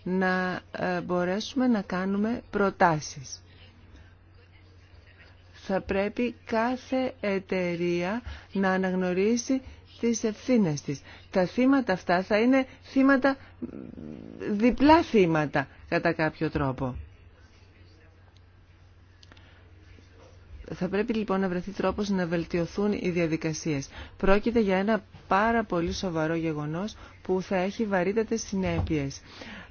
να ε, μπορέσουμε να κάνουμε προτάσεις. Θα πρέπει κάθε εταιρεία να αναγνωρίσει τις ευθύνες της. Τα θύματα αυτά θα είναι θύματα, διπλά θύματα κατά κάποιο τρόπο. Θα πρέπει λοιπόν να βρεθεί τρόπος να βελτιωθούν οι διαδικασίες. Πρόκειται για ένα πάρα πολύ σοβαρό γεγονός που θα έχει βαρύτατες συνέπειες.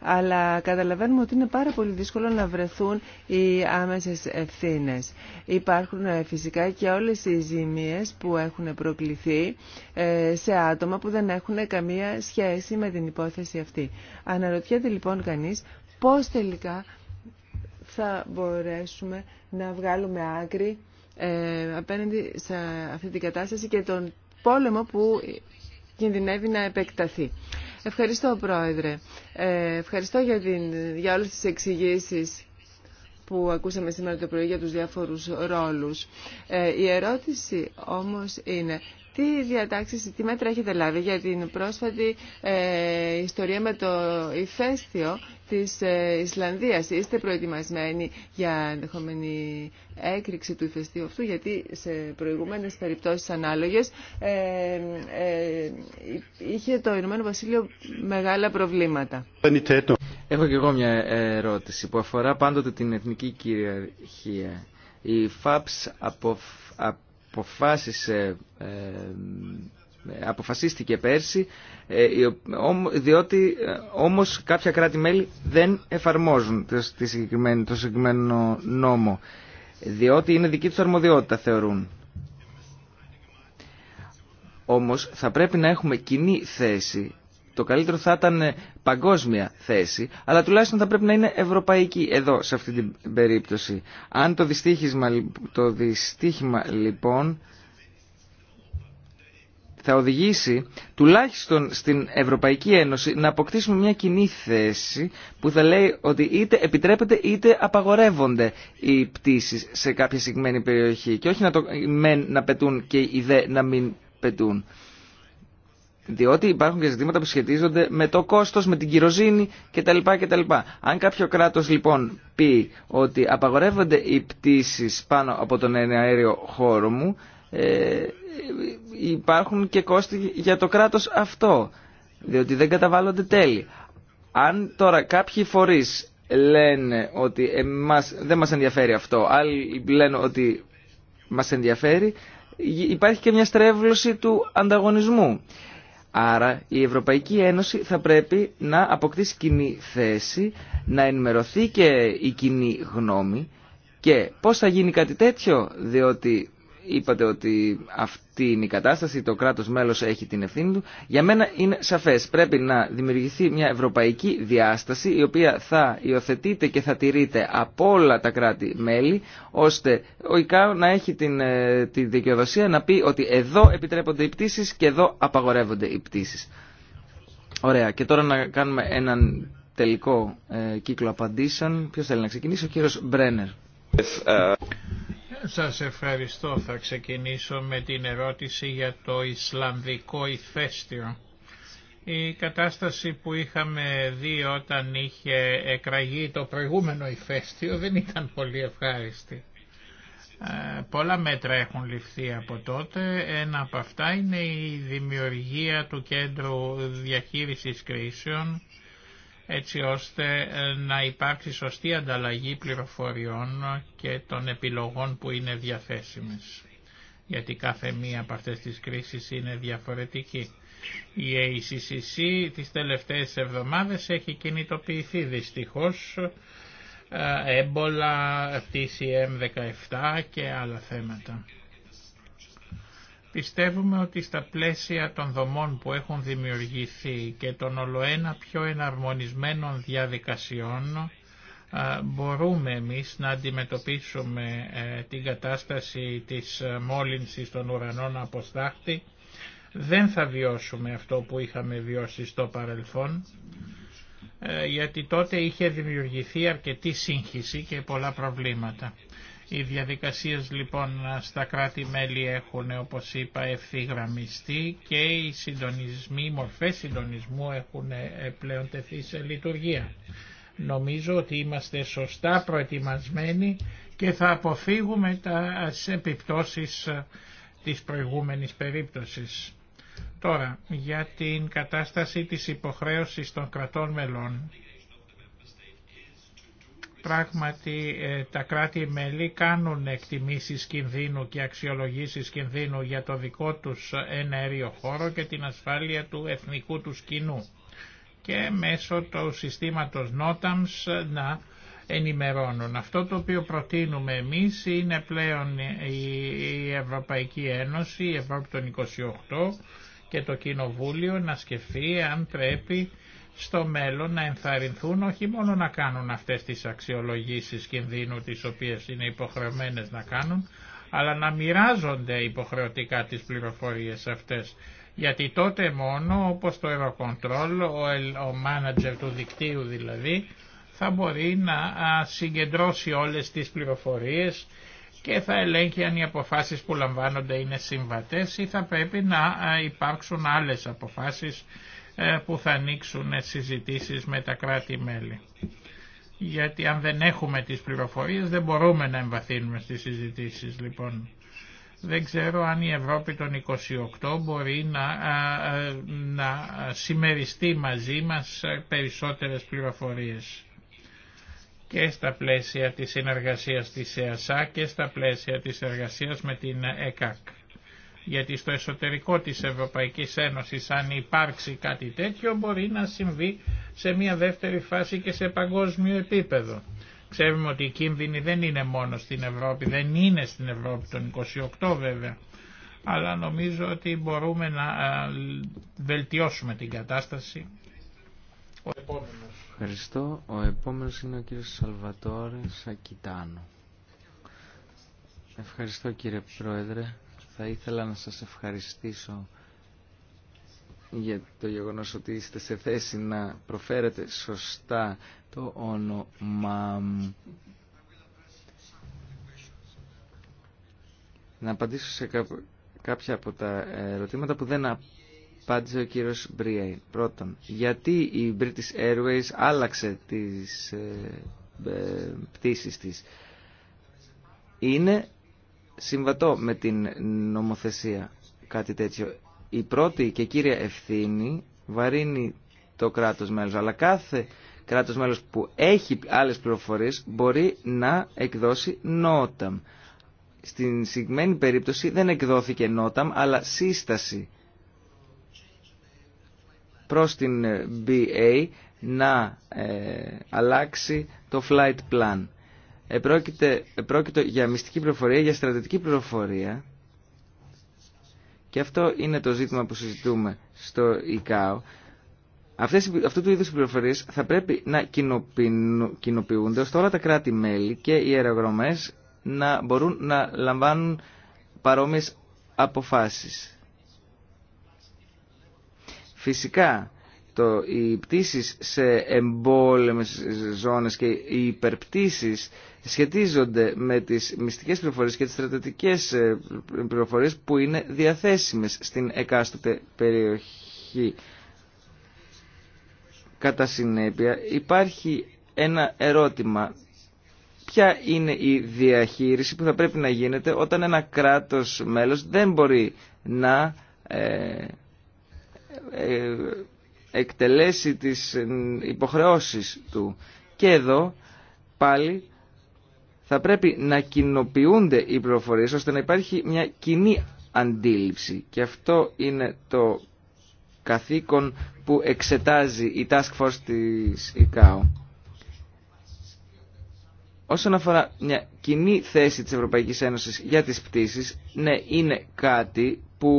Αλλά καταλαβαίνουμε ότι είναι πάρα πολύ δύσκολο να βρεθούν οι άμεσες ευθύνε. Υπάρχουν ε, φυσικά και όλες οι ζημίες που έχουν προκληθεί ε, σε άτομα που δεν έχουν καμία σχέση με την υπόθεση αυτή. Αναρωτιέται λοιπόν κανείς πώς τελικά θα μπορέσουμε να βγάλουμε άκρη ε, απέναντι σε αυτή την κατάσταση και τον πόλεμο που κινδυνεύει να επεκταθεί. Ευχαριστώ, Πρόεδρε. Ε, ευχαριστώ για, την, για όλες τις εξηγήσεις που ακούσαμε σήμερα το πρωί για τους διάφορους ρόλους. Ε, η ερώτηση όμως είναι τι διατάξεις, τι μέτρα έχετε λάβει για την πρόσφατη ε, ιστορία με το ηφαίστειο της ε, Ισλανδίας. Είστε προετοιμασμένοι για ενδεχομένη έκρηξη του ηφαίστειου αυτού, γιατί σε προηγούμενες περιπτώσεις ανάλογες ε, ε, είχε το Ηνωμένο Βασίλειο μεγάλα προβλήματα. Έχω και εγώ μια ερώτηση που αφορά πάντοτε την εθνική κυριαρχία. Η ΦΑΠΣ αποφάσισε ε, ε, αποφασίστηκε πέρσι ε, διότι όμως κάποια κράτη-μέλη δεν εφαρμόζουν το συγκεκριμένο νόμο διότι είναι δική τους αρμοδιότητα θεωρούν. Όμως θα πρέπει να έχουμε κοινή θέση το καλύτερο θα ήταν ε, παγκόσμια θέση, αλλά τουλάχιστον θα πρέπει να είναι ευρωπαϊκή εδώ, σε αυτή την περίπτωση. Αν το δυστύχημα, το δυστύχημα λοιπόν θα οδηγήσει τουλάχιστον στην Ευρωπαϊκή Ένωση να αποκτήσουμε μια κοινή θέση που θα λέει ότι είτε επιτρέπεται είτε απαγορεύονται οι πτήσεις σε κάποια συγκεκριμένη περιοχή και όχι να, το, να πετούν και οι δε να μην πετούν διότι υπάρχουν και ζητήματα που σχετίζονται με το κόστος, με την κυροζήνη κτλ. Αν κάποιο κράτος λοιπόν πει ότι απαγορεύονται οι πτήσεις πάνω από τον αέριο χώρο μου, ε, υπάρχουν και κόστη για το κράτος αυτό, διότι δεν καταβάλλονται τέλη. Αν τώρα κάποιοι φορείς λένε ότι δεν μας ενδιαφέρει αυτό, άλλοι λένε ότι μας ενδιαφέρει, υπάρχει και μια στρέβλωση του ανταγωνισμού. Άρα η Ευρωπαϊκή Ένωση θα πρέπει να αποκτήσει κοινή θέση, να ενημερωθεί και η κοινή γνώμη και πώς θα γίνει κάτι τέτοιο, διότι είπατε ότι αυτή είναι η κατάσταση, το κράτος μέλος έχει την ευθύνη του. Για μένα είναι σαφές, πρέπει να δημιουργηθεί μια ευρωπαϊκή διάσταση η οποία θα υιοθετείται και θα τηρείται από όλα τα κράτη-μέλη ώστε ο ΙΚΑΟ να έχει την, ε, τη δικαιοδοσία να πει ότι εδώ επιτρέπονται οι πτήσεις και εδώ απαγορεύονται οι πτήσεις. Ωραία, και τώρα να κάνουμε έναν τελικό ε, κύκλο απαντήσεων. Ποιος θέλει να ξεκινήσει, ο κύριος Μπρένερ. Ε, σας ευχαριστώ. Θα ξεκινήσω με την ερώτηση για το Ισλανδικό ηφαίστειο. Η κατάσταση που είχαμε δει όταν είχε εκραγεί το προηγούμενο ηφαίστειο δεν ήταν πολύ ευχάριστη. Ε, πολλά μέτρα έχουν ληφθεί από τότε. Ένα από αυτά είναι η δημιουργία του Κέντρου Διαχείρισης Κρίσεων έτσι ώστε ε, να υπάρξει σωστή ανταλλαγή πληροφοριών και των επιλογών που είναι διαθέσιμες. Γιατί κάθε μία από αυτές τις κρίσεις είναι διαφορετική. Η ACCC τις τελευταίες εβδομάδες έχει κινητοποιηθεί δυστυχώς ε, έμπολα, TCM 17 και άλλα θέματα. Πιστεύουμε ότι στα πλαίσια των δομών που έχουν δημιουργηθεί και των ολοένα πιο εναρμονισμένων διαδικασιών μπορούμε εμείς να αντιμετωπίσουμε ε, την κατάσταση της ε, μόλυνσης των ουρανών από στάχτη. Δεν θα βιώσουμε αυτό που είχαμε βιώσει στο παρελθόν ε, γιατί τότε είχε δημιουργηθεί αρκετή σύγχυση και πολλά προβλήματα. Οι διαδικασίες λοιπόν στα κράτη-μέλη έχουν όπως είπα ευθυγραμμιστεί και οι συντονισμοί, οι μορφές συντονισμού έχουν ε, πλέον τεθεί σε λειτουργία. Νομίζω ότι είμαστε σωστά προετοιμασμένοι και θα αποφύγουμε τα επιπτώσεις ε, της προηγούμενης περίπτωσης. Τώρα, για την κατάσταση της υποχρέωσης των κρατών μελών Πράγματι ε, τα κράτη-μέλη κάνουν εκτιμήσεις κινδύνου και αξιολογήσεις κινδύνου για το δικό τους ενέριο χώρο και την ασφάλεια του εθνικού τους κοινού και μέσω του συστήματος NOTAMS να ενημερώνουν. Αυτό το οποίο προτείνουμε εμείς είναι πλέον η Ευρωπαϊκή Ένωση, η Ευρώπη των 28 και το Κοινοβούλιο να σκεφτεί αν πρέπει στο μέλλον να ενθαρρυνθούν όχι μόνο να κάνουν αυτές τις αξιολογήσεις κινδύνου τις οποίες είναι υποχρεωμένες να κάνουν, αλλά να μοιράζονται υποχρεωτικά τις πληροφορίες αυτές. Γιατί τότε μόνο, όπως το Eurocontrol, ο manager του δικτύου δηλαδή, θα μπορεί να συγκεντρώσει όλες τις πληροφορίες και θα ελέγχει αν οι αποφάσεις που λαμβάνονται είναι συμβατές ή θα πρέπει να υπάρξουν άλλες αποφάσεις ε, που θα ανοίξουν συζητήσεις με τα κράτη-μέλη. Γιατί αν δεν έχουμε τις πληροφορίες δεν μπορούμε να εμβαθύνουμε στις συζητήσεις λοιπόν. Δεν ξέρω αν η Ευρώπη των 28 μπορεί να, να συμμεριστεί μαζί μας περισσότερες πληροφορίες και στα πλαίσια της συνεργασίας της ΕΑΣΑ και στα πλαίσια της εργασίας με την ΕΚΑΚ γιατί στο εσωτερικό της Ευρωπαϊκής Ένωσης αν υπάρξει κάτι τέτοιο μπορεί να συμβεί σε μια δεύτερη φάση και σε παγκόσμιο επίπεδο. Ξέρουμε ότι οι κίνδυνοι δεν είναι μόνο στην Ευρώπη, δεν είναι στην Ευρώπη των 28 βέβαια, αλλά νομίζω ότι μπορούμε να βελτιώσουμε την κατάσταση. Ο επόμενος. Ευχαριστώ. Ο επόμενος είναι ο κύριος Σαλβατόρε Σακιτάνο. Ευχαριστώ κύριε Πρόεδρε. Θα ήθελα να σας ευχαριστήσω για το γεγονός ότι είστε σε θέση να προφέρετε σωστά το όνομά Να απαντήσω σε κάποια από τα ερωτήματα που δεν απάντησε ο κύριος Μπριέι. Πρώτον, γιατί η British Airways άλλαξε τις ε, ε, πτήσεις της. Είναι συμβατό με την νομοθεσία κάτι τέτοιο. Η πρώτη και κύρια ευθύνη βαρύνει το κράτος μέλος, αλλά κάθε κράτος μέλος που έχει άλλες πληροφορίες μπορεί να εκδώσει νόταμ. Στην συγκεκριμένη περίπτωση δεν εκδόθηκε νόταμ, αλλά σύσταση προς την BA να ε, αλλάξει το flight plan. Επρόκειται για μυστική πληροφορία, για στρατητική πληροφορία και αυτό είναι το ζήτημα που συζητούμε στο ΙΚΑΟ. Αυτές, αυτού του είδους θα πρέπει να κοινοποιούνται ώστε όλα τα κράτη-μέλη και οι αερογρομές να μπορούν να λαμβάνουν παρόμοιες αποφάσεις. Φυσικά, το, οι πτήσεις σε εμπόλεμες ζώνες και οι υπερπτήσεις σχετίζονται με τις μυστικές πληροφορίες και τις στρατιωτικές ε, πληροφορίες που είναι διαθέσιμες στην εκάστοτε περιοχή. Κατά συνέπεια υπάρχει ένα ερώτημα. Ποια είναι η διαχείριση που θα πρέπει να γίνεται όταν ένα κράτος μέλος δεν μπορεί να ε, ε εκτελέσει τις ε, υποχρεώσεις του. Και εδώ πάλι θα πρέπει να κοινοποιούνται οι πληροφορίε ώστε να υπάρχει μια κοινή αντίληψη. Και αυτό είναι το καθήκον που εξετάζει η Task Force της ΙΚΑΟ. Όσον αφορά μια κοινή θέση της Ευρωπαϊκής Ένωσης για τις πτήσεις, ναι, είναι κάτι που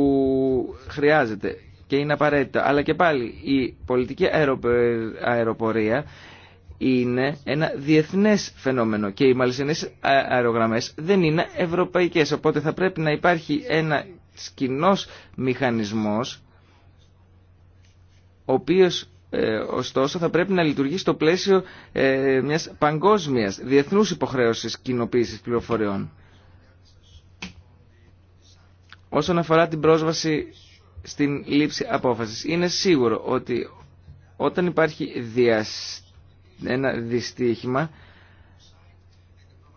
χρειάζεται και είναι απαραίτητο. Αλλά και πάλι η πολιτική αεροπορία είναι ένα διεθνές φαινόμενο και οι μαλισσινές αερογραμμές δεν είναι ευρωπαϊκές. Οπότε θα πρέπει να υπάρχει ένα κοινό μηχανισμός ο οποίος ε, ωστόσο θα πρέπει να λειτουργεί στο πλαίσιο ε, μιας παγκόσμιας διεθνούς υποχρέωσης κοινοποίησης πληροφοριών. Όσον αφορά την πρόσβαση στην λήψη απόφασης, είναι σίγουρο ότι όταν υπάρχει διαστήριο, ένα δυστύχημα.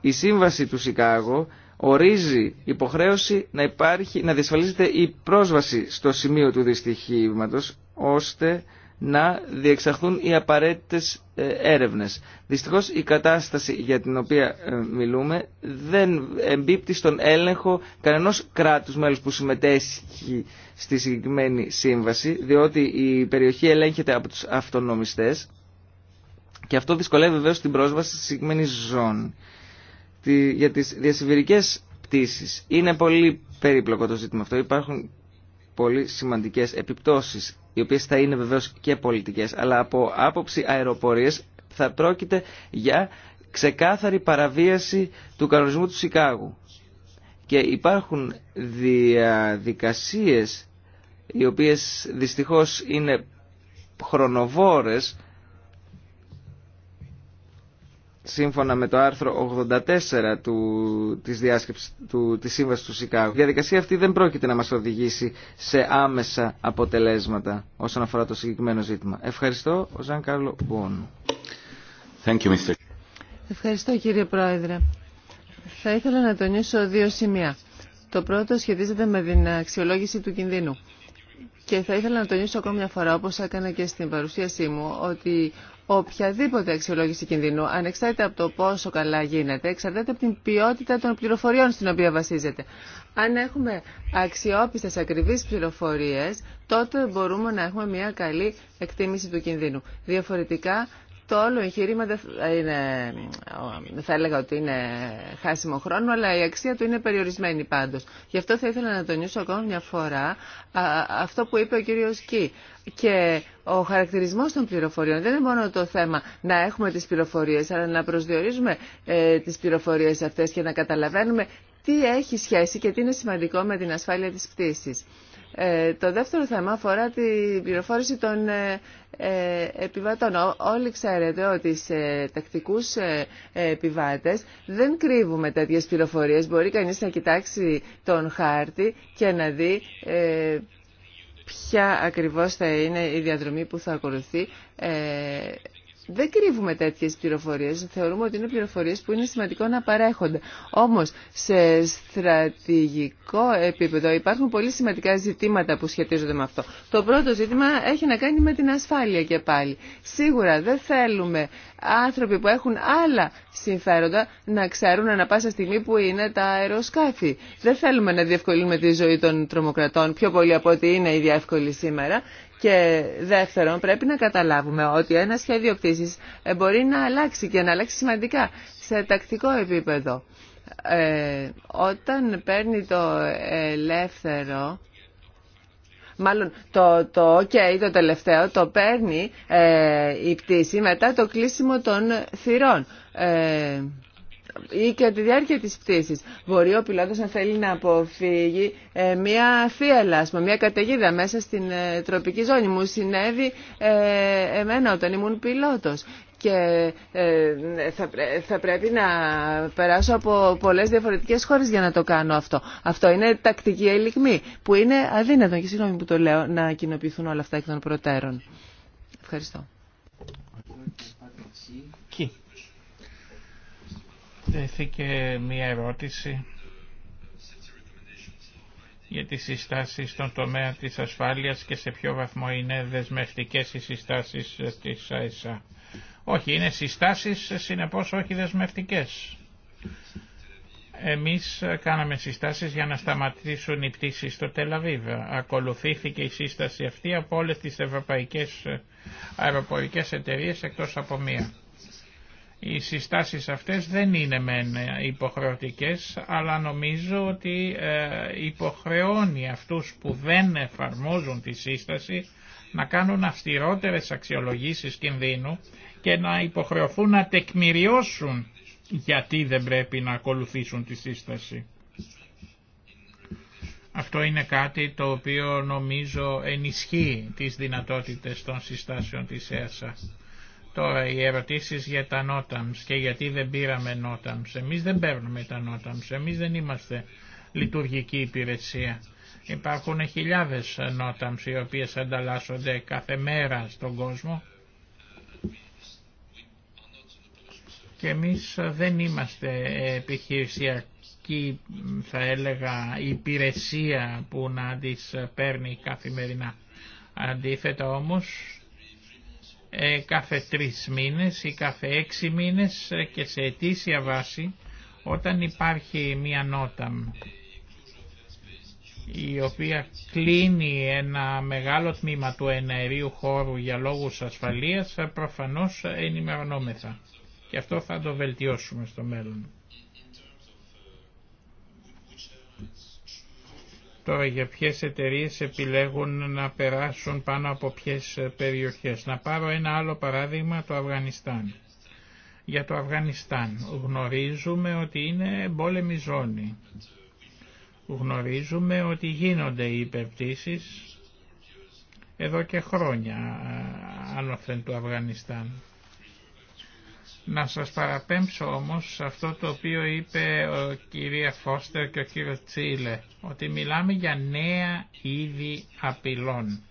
Η σύμβαση του Σικάγο ορίζει υποχρέωση να, υπάρχει, να διασφαλίζεται η πρόσβαση στο σημείο του δυστυχήματος ώστε να διεξαχθούν οι απαραίτητες ε, έρευνες. Δυστυχώς η κατάσταση για την οποία ε, μιλούμε δεν εμπίπτει στον έλεγχο κανενός κράτους μέλους που συμμετέχει στη συγκεκριμένη σύμβαση διότι η περιοχή ελέγχεται από τους αυτονομιστές και αυτό δυσκολεύει βεβαίω την πρόσβαση στη συγκεκριμένη ζώνη. Για τις διασυμβηρικέ πτήσει είναι πολύ περίπλοκο το ζήτημα αυτό. Υπάρχουν πολύ σημαντικές επιπτώσεις, οι οποίες θα είναι βεβαίω και πολιτικές, αλλά από άποψη αεροπορίε θα πρόκειται για ξεκάθαρη παραβίαση του κανονισμού του Σικάγου. Και υπάρχουν διαδικασίες οι οποίες δυστυχώς είναι χρονοβόρες σύμφωνα με το άρθρο 84 του, της, διάσκεψης, του, της Σύμβασης του Σικάγου. Η διαδικασία αυτή δεν πρόκειται να μας οδηγήσει σε άμεσα αποτελέσματα όσον αφορά το συγκεκριμένο ζήτημα. Ευχαριστώ, ο Ζαν Κάρλο Ευχαριστώ κύριε Πρόεδρε. Θα ήθελα να τονίσω δύο σημεία. Το πρώτο σχετίζεται με την αξιολόγηση του κινδύνου. Και θα ήθελα να τονίσω ακόμη μια φορά, όπως έκανα και στην παρουσίασή μου, ότι οποιαδήποτε αξιολόγηση κινδύνου, ανεξάρτητα από το πόσο καλά γίνεται, εξαρτάται από την ποιότητα των πληροφοριών στην οποία βασίζεται. Αν έχουμε αξιόπιστες ακριβείς πληροφορίες, τότε μπορούμε να έχουμε μια καλή εκτίμηση του κινδύνου. Διαφορετικά το όλο εγχείρημα δεν είναι, θα έλεγα ότι είναι χάσιμο χρόνο, αλλά η αξία του είναι περιορισμένη πάντως. Γι' αυτό θα ήθελα να τονίσω ακόμα μια φορά αυτό που είπε ο κύριος Κι. Και ο χαρακτηρισμός των πληροφοριών δεν είναι μόνο το θέμα να έχουμε τις πληροφορίες, αλλά να προσδιορίζουμε ε, τις πληροφορίες αυτές και να καταλαβαίνουμε τι έχει σχέση και τι είναι σημαντικό με την ασφάλεια της πτήσης. Ε, το δεύτερο θέμα αφορά την πληροφόρηση των ε, ε, επιβατών. Όλοι ξέρετε ότι σε τακτικούς ε, επιβάτες δεν κρύβουμε τέτοιες πληροφορίες. Μπορεί κανείς να κοιτάξει τον χάρτη και να δει ε, ποια ακριβώς θα είναι η διαδρομή που θα ακολουθεί δεν κρύβουμε τέτοιες πληροφορίες. Θεωρούμε ότι είναι πληροφορίες που είναι σημαντικό να παρέχονται. Όμως, σε στρατηγικό επίπεδο υπάρχουν πολύ σημαντικά ζητήματα που σχετίζονται με αυτό. Το πρώτο ζήτημα έχει να κάνει με την ασφάλεια και πάλι. Σίγουρα δεν θέλουμε άνθρωποι που έχουν άλλα συμφέροντα να ξέρουν ανα πάσα στιγμή που είναι τα αεροσκάφη. Δεν θέλουμε να διευκολύνουμε τη ζωή των τρομοκρατών πιο πολύ από ό,τι είναι η διεύκολη σήμερα. Και δεύτερον, πρέπει να καταλάβουμε ότι ένα σχέδιο πτήση ε, μπορεί να αλλάξει και να αλλάξει σημαντικά σε τακτικό επίπεδο. Ε, όταν παίρνει το ελεύθερο, μάλλον το, το OK, το τελευταίο, το παίρνει ε, η πτήση μετά το κλείσιμο των θυρών. Ε, ή και τη διάρκεια της πτήσης. Μπορεί ο πιλότος να θέλει να αποφύγει ε, μια θύελα, μια καταιγίδα μέσα στην ε, τροπική ζώνη. Μου συνέβη ε, εμένα όταν ήμουν πιλότος και θα, πρέπει να περάσω από πολλές διαφορετικές χώρες για να το κάνω αυτό. Αυτό είναι τακτική ελιγμή που είναι αδύνατο και συγγνώμη που το λέω να κοινοποιηθούν όλα αυτά εκ των προτέρων. Ευχαριστώ. και μία ερώτηση για τις συστάσεις στον τομέα της ασφάλειας και σε ποιο βαθμό είναι δεσμευτικές οι συστάσεις της ΑΕΣΑ. Όχι, είναι συστάσεις, συνεπώς όχι δεσμευτικές. Εμείς κάναμε συστάσεις για να σταματήσουν οι πτήσεις στο Τελαβίβ. Ακολουθήθηκε η σύσταση αυτή από όλες τις ευρωπαϊκές αεροπορικές εταιρείες εκτός από μία. Οι συστάσεις αυτές δεν είναι μεν υποχρεωτικές, αλλά νομίζω ότι ε, υποχρεώνει αυτούς που δεν εφαρμόζουν τη σύσταση να κάνουν αυστηρότερες αξιολογήσεις κινδύνου και να υποχρεωθούν να τεκμηριώσουν γιατί δεν πρέπει να ακολουθήσουν τη σύσταση. Αυτό είναι κάτι το οποίο νομίζω ενισχύει τις δυνατότητες των συστάσεων της ΕΑΣΑ. Τώρα οι ερωτήσεις για τα νόταμς και γιατί δεν πήραμε νόταμς. Εμείς δεν παίρνουμε τα νόταμς, εμείς δεν είμαστε λειτουργική υπηρεσία. Υπάρχουν χιλιάδες νόταμς οι οποίες ανταλλάσσονται κάθε μέρα στον κόσμο και εμείς δεν είμαστε επιχειρησιακή θα έλεγα υπηρεσία που να τις παίρνει καθημερινά. Αντίθετα όμως ε, κάθε τρεις μήνες ή κάθε έξι μήνες ε, και σε ετήσια βάση όταν υπάρχει μία νότα η οποία κλείνει ένα μεγάλο τμήμα του εναερίου χώρου για λόγους ασφαλείας ε, προφανώς ενημερωνόμεθα και αυτό θα το βελτιώσουμε στο μέλλον. Τώρα για ποιες εταιρείες επιλέγουν να περάσουν πάνω από ποιες περιοχές. Να πάρω ένα άλλο παράδειγμα, το Αφγανιστάν. Για το Αφγανιστάν γνωρίζουμε ότι είναι πόλεμη ζώνη. Γνωρίζουμε ότι γίνονται οι υπερπτήσεις εδώ και χρόνια άνωθεν ε, του Αφγανιστάν. Να σας παραπέμψω όμως αυτό το οποίο είπε ο κυρία Φώστερ και ο κύριο Τσίλε, ότι μιλάμε για νέα είδη απειλών.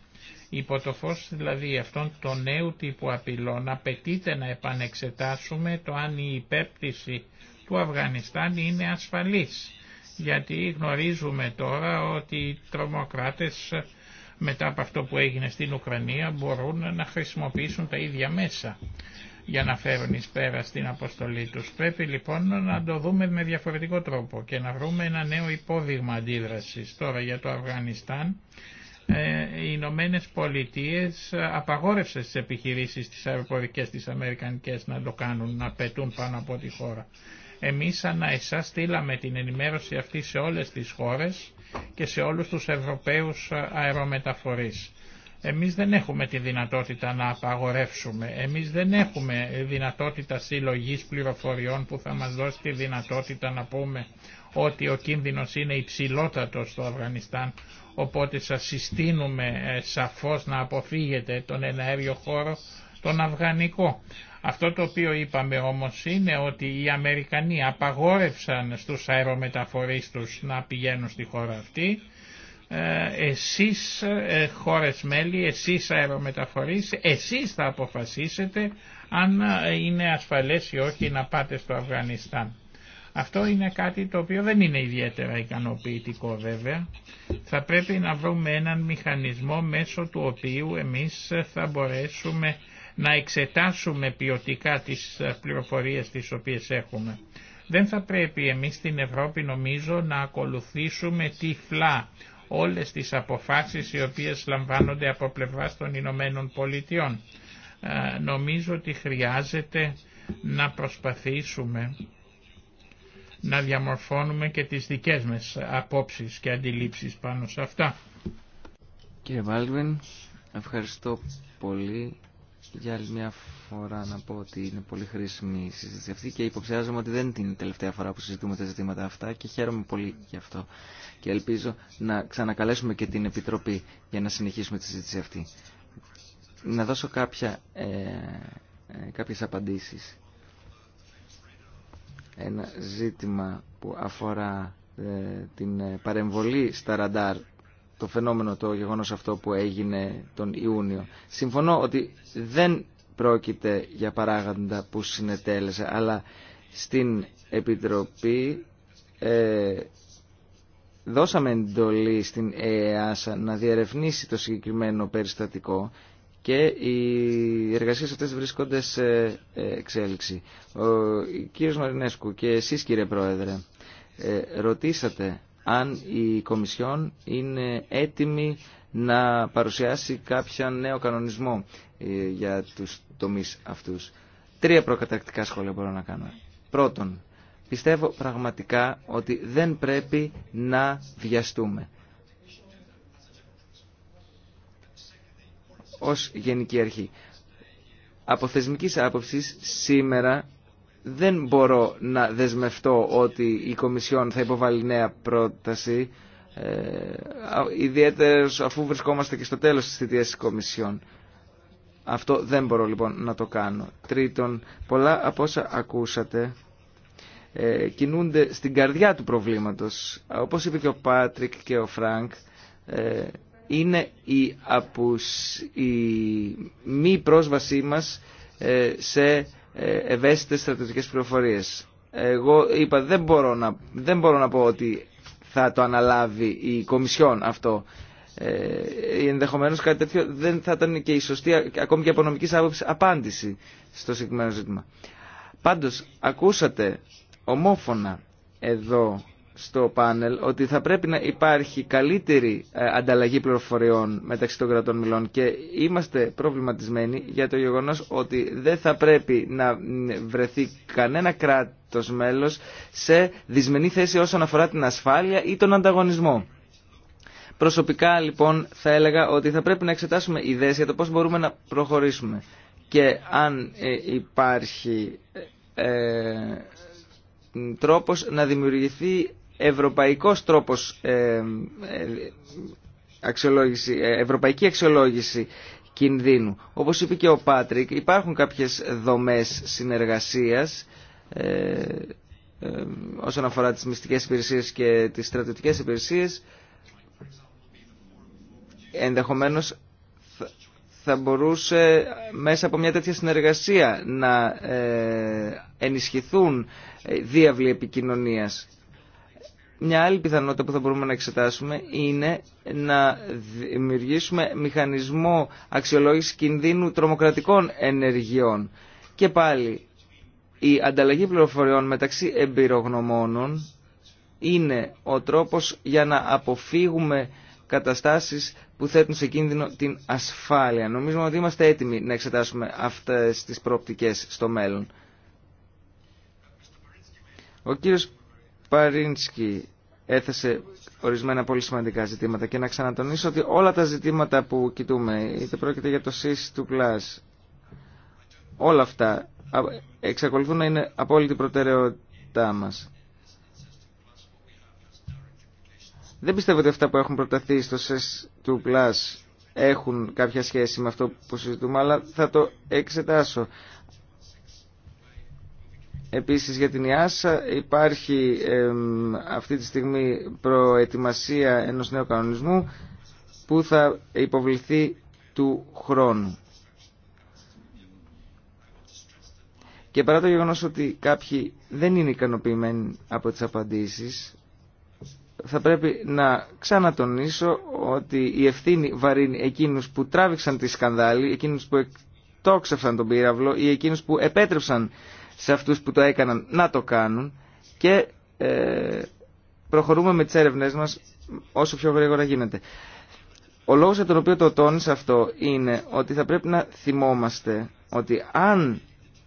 Υπό το φως δηλαδή αυτών των νέου τύπου απειλών απαιτείται να επανεξετάσουμε το αν η υπέπτυση του Αφγανιστάν είναι ασφαλής. Γιατί γνωρίζουμε τώρα ότι οι τρομοκράτες μετά από αυτό που έγινε στην Ουκρανία μπορούν να χρησιμοποιήσουν τα ίδια μέσα για να φέρουν εις πέρα στην αποστολή τους. Πρέπει λοιπόν να το δούμε με διαφορετικό τρόπο και να βρούμε ένα νέο υπόδειγμα αντίδρασης. Τώρα για το Αφγανιστάν, ε, οι Ηνωμένε Πολιτείε απαγόρευσε τι επιχειρήσεις της αεροπορικές της Αμερικανικές να το κάνουν, να πετούν πάνω από τη χώρα. Εμείς ανά εσά στείλαμε την ενημέρωση αυτή σε όλες τις χώρες και σε όλους τους Ευρωπαίους ε, αερομεταφορείς. Εμείς δεν έχουμε τη δυνατότητα να απαγορεύσουμε. Εμείς δεν έχουμε δυνατότητα συλλογής πληροφοριών που θα μας δώσει τη δυνατότητα να πούμε ότι ο κίνδυνος είναι υψηλότατος στο Αφγανιστάν. Οπότε σας συστήνουμε ε, σαφώς να αποφύγετε τον εναέριο χώρο, τον Αφγανικό. Αυτό το οποίο είπαμε όμως είναι ότι οι Αμερικανοί απαγόρευσαν στους αερομεταφορείς τους να πηγαίνουν στη χώρα αυτή ε, εσείς ε, χώρες μέλη, εσείς αερομεταφορείς, εσείς θα αποφασίσετε αν ε, είναι ασφαλές ή όχι να πάτε στο Αφγανιστάν. Αυτό είναι κάτι το οποίο δεν είναι ιδιαίτερα ικανοποιητικό βέβαια. Θα πρέπει να βρούμε έναν μηχανισμό μέσω του οποίου εμείς θα μπορέσουμε να εξετάσουμε ποιοτικά τις πληροφορίες τις οποίες έχουμε. Δεν θα πρέπει εμείς στην Ευρώπη νομίζω να ακολουθήσουμε τυφλά όλες τις αποφάσεις οι οποίες λαμβάνονται από πλευράς των Ηνωμένων Πολιτειών. Ε, νομίζω ότι χρειάζεται να προσπαθήσουμε να διαμορφώνουμε και τις δικές μας απόψεις και αντιλήψεις πάνω σε αυτά. Κύριε Βάλβιν, ευχαριστώ πολύ για άλλη μια φορά να πω ότι είναι πολύ χρήσιμη η συζήτηση αυτή και υποψιάζομαι ότι δεν είναι η τελευταία φορά που συζητούμε τα ζητήματα αυτά και χαίρομαι πολύ γι' αυτό. Και ελπίζω να ξανακαλέσουμε και την Επιτροπή για να συνεχίσουμε τη συζήτηση αυτή. Να δώσω κάποια, ε, ε κάποιες απαντήσεις. Ένα ζήτημα που αφορά ε, την παρεμβολή στα ραντάρ το φαινόμενο, το γεγονός αυτό που έγινε τον Ιούνιο. Συμφωνώ ότι δεν πρόκειται για παράγοντα που συνετέλεσε, αλλά στην Επιτροπή ε, δώσαμε εντολή στην ΕΕΑΣΑ να διερευνήσει το συγκεκριμένο περιστατικό και οι εργασίες αυτές βρίσκονται σε ε, εξέλιξη. Ο κύριος Μαρινέσκου και εσείς κύριε Πρόεδρε, ε, ρωτήσατε αν η Κομισιόν είναι έτοιμη να παρουσιάσει κάποια νέο κανονισμό ε, για τους τομείς αυτούς. Τρία προκατακτικά σχόλια μπορώ να κάνω. Πρώτον, πιστεύω πραγματικά ότι δεν πρέπει να βιαστούμε. Ως γενική αρχή. Από θεσμικής άποψης σήμερα δεν μπορώ να δεσμευτώ ότι η Κομισιόν θα υποβάλει νέα πρόταση, ε, ιδιαίτερα αφού βρισκόμαστε και στο τέλος της θητείας της Κομισιόν. Αυτό δεν μπορώ λοιπόν να το κάνω. Τρίτον, πολλά από όσα ακούσατε ε, κινούνται στην καρδιά του προβλήματος. Όπως είπε και ο Πάτρικ και ο Φρανκ, ε, είναι η, απους, η μη πρόσβασή μας ε, σε ε, ευαίσθητες στρατιωτικές πληροφορίες. Εγώ είπα δεν μπορώ να, δεν μπορώ να πω ότι θα το αναλάβει η Κομισιόν αυτό. Ε, ενδεχομένως κάτι τέτοιο δεν θα ήταν και η σωστή ακόμη και απονομικής άποψη απάντηση στο συγκεκριμένο ζήτημα. Πάντως ακούσατε ομόφωνα εδώ στο πάνελ ότι θα πρέπει να υπάρχει καλύτερη ε, ανταλλαγή πληροφοριών μεταξύ των κρατών μιλών και είμαστε προβληματισμένοι για το γεγονός ότι δεν θα πρέπει να βρεθεί κανένα κράτος μέλος σε δυσμενή θέση όσον αφορά την ασφάλεια ή τον ανταγωνισμό. Προσωπικά λοιπόν θα έλεγα ότι θα πρέπει να εξετάσουμε ιδέες για το πώς μπορούμε να προχωρήσουμε και αν ε, υπάρχει ε, ε τρόπος να δημιουργηθεί ευρωπαϊκός τρόπος ε, ε, αξιολόγηση, ε, ευρωπαϊκή αξιολόγηση κινδύνου. Όπως είπε και ο Πάτρικ, υπάρχουν κάποιες δομές συνεργασίας όσον αφορά τις μυστικές υπηρεσίες και τις στρατιωτικές υπηρεσίες. Ενδεχομένως θα μπορούσε μέσα από μια τέτοια συνεργασία να ενισχυθούν διάβλοι επικοινωνίας μια άλλη πιθανότητα που θα μπορούμε να εξετάσουμε είναι να δημιουργήσουμε μηχανισμό αξιολόγησης κινδύνου τρομοκρατικών ενεργειών. Και πάλι, η ανταλλαγή πληροφοριών μεταξύ εμπειρογνωμόνων είναι ο τρόπος για να αποφύγουμε καταστάσεις που θέτουν σε κίνδυνο την ασφάλεια. Νομίζω ότι είμαστε έτοιμοι να εξετάσουμε αυτές τις προοπτικές στο μέλλον. Ο κύριος Παρίνσκι έθεσε ορισμένα πολύ σημαντικά ζητήματα και να ξανατονίσω ότι όλα τα ζητήματα που κοιτούμε, είτε πρόκειται για το ΣΥΣ του ΚΛΑΣ, όλα αυτά εξακολουθούν να είναι απόλυτη προτεραιότητά μας. Δεν πιστεύω ότι αυτά που έχουν προταθεί στο ΣΕΣ του Plus έχουν κάποια σχέση με αυτό που συζητούμε, αλλά θα το εξετάσω. Επίσης για την ΙΑΣΑ υπάρχει αυτή τη στιγμή προετοιμασία ενός νέου κανονισμού που θα υποβληθεί του χρόνου. Και παρά το γεγονός ότι κάποιοι δεν είναι ικανοποιημένοι από τις απαντήσεις, θα πρέπει να ξανατονίσω ότι η ευθύνη βαρύνει εκείνους που τράβηξαν τη σκανδάλη, εκείνους που εκτόξευσαν τον πύραυλο ή εκείνους που επέτρεψαν σε αυτούς που το έκαναν να το κάνουν και ε, προχωρούμε με τις έρευνές μας όσο πιο γρήγορα γίνεται. Ο λόγος για τον οποίο το τόνισε αυτό είναι ότι θα πρέπει να θυμόμαστε ότι αν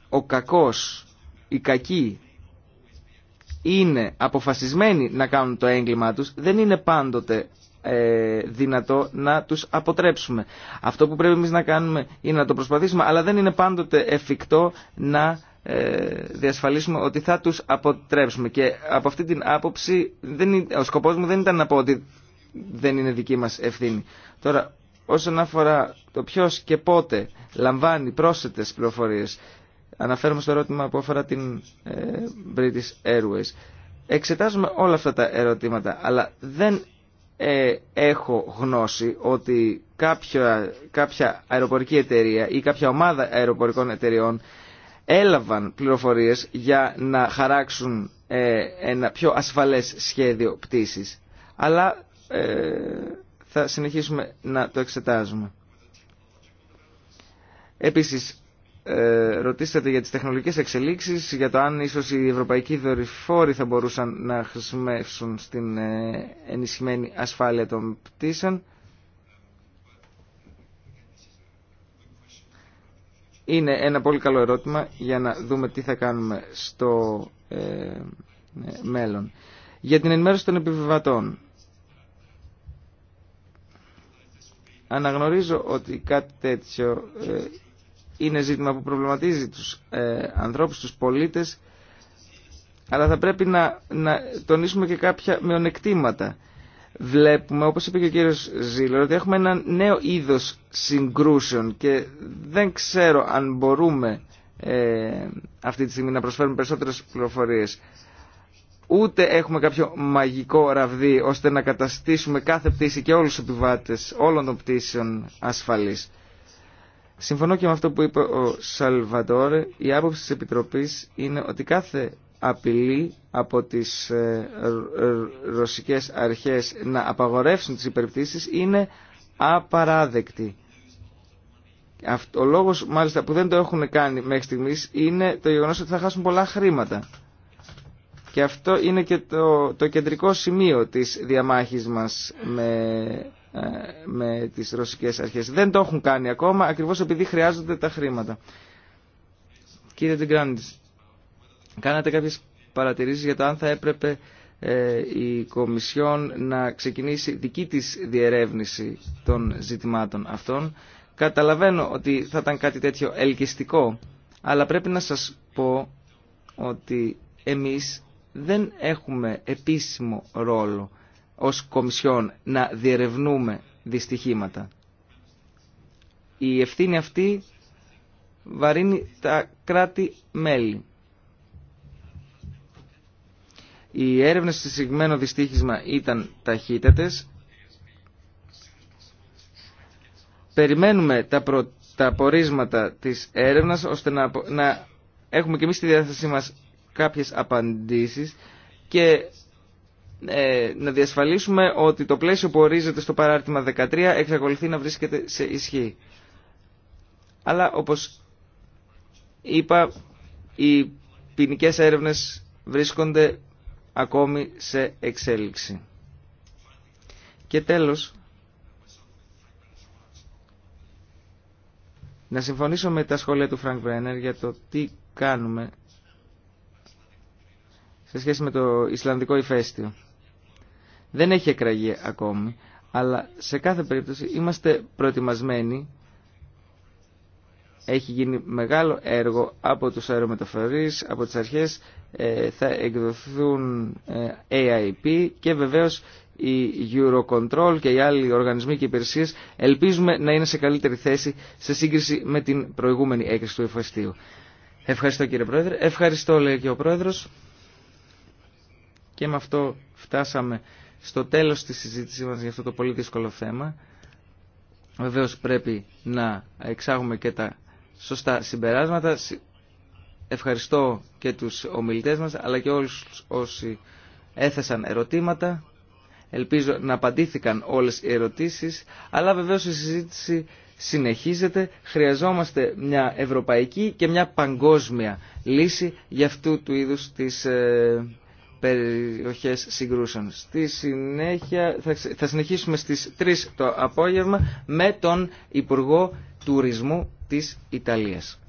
ο κακός, ή κακοί είναι αποφασισμένοι να κάνουν το έγκλημά τους, δεν είναι πάντοτε ε, δυνατό να τους αποτρέψουμε. Αυτό που πρέπει εμείς να κάνουμε είναι να το προσπαθήσουμε, αλλά δεν είναι πάντοτε εφικτό να ε, διασφαλίσουμε ότι θα τους αποτρέψουμε. Και από αυτή την άποψη δεν, ο σκοπός μου δεν ήταν να πω ότι δεν είναι δική μας ευθύνη. Τώρα, όσον αφορά το ποιος και πότε λαμβάνει πρόσθετες πληροφορίες, αναφέρουμε στο ερώτημα που αφορά την ε, British Airways. Εξετάζουμε όλα αυτά τα ερωτήματα, αλλά δεν ε, έχω γνώση ότι κάποια, κάποια αεροπορική εταιρεία ή κάποια ομάδα αεροπορικών εταιρεών έλαβαν πληροφορίες για να χαράξουν ε, ένα πιο ασφαλές σχέδιο πτήσης. Αλλά ε, θα συνεχίσουμε να το εξετάζουμε. Επίσης, ε, ρωτήσατε για τις τεχνολογικές εξελίξεις, για το αν ίσως οι ευρωπαϊκοί δορυφόροι θα μπορούσαν να χρησιμεύσουν στην ενισχυμένη ασφάλεια των πτήσεων. είναι ένα πολύ καλό ερώτημα για να δούμε τι θα κάνουμε στο ε, ε, μέλλον. Για την ενημέρωση των επιβιβατών. Αναγνωρίζω ότι κάτι τέτοιο ε, είναι ζήτημα που προβληματίζει τους ε, ανθρώπους, τους πολίτες, αλλά θα πρέπει να, να τονίσουμε και κάποια μειονεκτήματα βλέπουμε, όπως είπε και ο κύριος Ζήλερ, ότι έχουμε ένα νέο είδος συγκρούσεων και δεν ξέρω αν μπορούμε ε, αυτή τη στιγμή να προσφέρουμε περισσότερες πληροφορίες. Ούτε έχουμε κάποιο μαγικό ραβδί ώστε να καταστήσουμε κάθε πτήση και όλους τους επιβάτες όλων των πτήσεων ασφαλείς. Συμφωνώ και με αυτό που είπε ο Σαλβαντόρε, Η άποψη της Επιτροπής είναι ότι κάθε Απειλή από τις ε, ε, ρωσικές αρχές να απαγορεύσουν τις υπερπτήσεις είναι απαράδεκτη. Ο λόγος μάλιστα που δεν το έχουν κάνει μέχρι στιγμής είναι το γεγονός ότι θα χάσουν πολλά χρήματα. Και αυτό είναι και το, το κεντρικό σημείο της διαμάχης μας με, ε, με τις ρωσικές αρχές. Δεν το έχουν κάνει ακόμα ακριβώς επειδή χρειάζονται τα χρήματα. Κύριε Τιγκράντης, Κάνατε κάποιες παρατηρήσεις για το αν θα έπρεπε ε, η Κομισιόν να ξεκινήσει δική της διερεύνηση των ζητημάτων αυτών. Καταλαβαίνω ότι θα ήταν κάτι τέτοιο ελκυστικό, αλλά πρέπει να σας πω ότι εμείς δεν έχουμε επίσημο ρόλο ως Κομισιόν να διερευνούμε δυστυχήματα. Η ευθύνη αυτή βαρύνει τα κράτη-μέλη. Οι έρευνες στο συγκεκριμένο δυστύχισμα ήταν ταχύτατες. Περιμένουμε τα, προ... τα πορίσματα της έρευνας ώστε να... έχουμε και εμείς στη διάθεσή μας κάποιες απαντήσεις και ε, να διασφαλίσουμε ότι το πλαίσιο που ορίζεται στο παράρτημα 13 εξακολουθεί να βρίσκεται σε ισχύ. Αλλά όπως είπα οι ποινικέ έρευνες βρίσκονται ακόμη σε εξέλιξη. Και τέλος, να συμφωνήσω με τα σχόλια του Φρανκ Βρένερ... για το τι κάνουμε σε σχέση με το Ισλανδικό ηφαίστειο. Δεν έχει εκραγεί ακόμη, αλλά σε κάθε περίπτωση είμαστε προετοιμασμένοι έχει γίνει μεγάλο έργο από τους αερομεταφορείς, από τις αρχές ε, θα εκδοθούν ε, AIP και βεβαίως η Eurocontrol και οι άλλοι οργανισμοί και υπηρεσίε ελπίζουμε να είναι σε καλύτερη θέση σε σύγκριση με την προηγούμενη έκρηξη του εφαστείου. Ευχαριστώ κύριε Πρόεδρε. Ευχαριστώ λέει και ο Πρόεδρος. Και με αυτό φτάσαμε στο τέλος της συζήτησής μας για αυτό το πολύ δύσκολο θέμα. Βεβαίως πρέπει να εξάγουμε και τα σωστά συμπεράσματα. Ευχαριστώ και τους ομιλητές μας, αλλά και όλους όσοι έθεσαν ερωτήματα. Ελπίζω να απαντήθηκαν όλες οι ερωτήσεις, αλλά βεβαίως η συζήτηση συνεχίζεται. Χρειαζόμαστε μια ευρωπαϊκή και μια παγκόσμια λύση για αυτού του είδους τις ε, περιοχές συγκρούσεων. Στη συνέχεια θα, θα συνεχίσουμε στις 3 το απόγευμα με τον Υπουργό τουρισμού της Ιταλίας.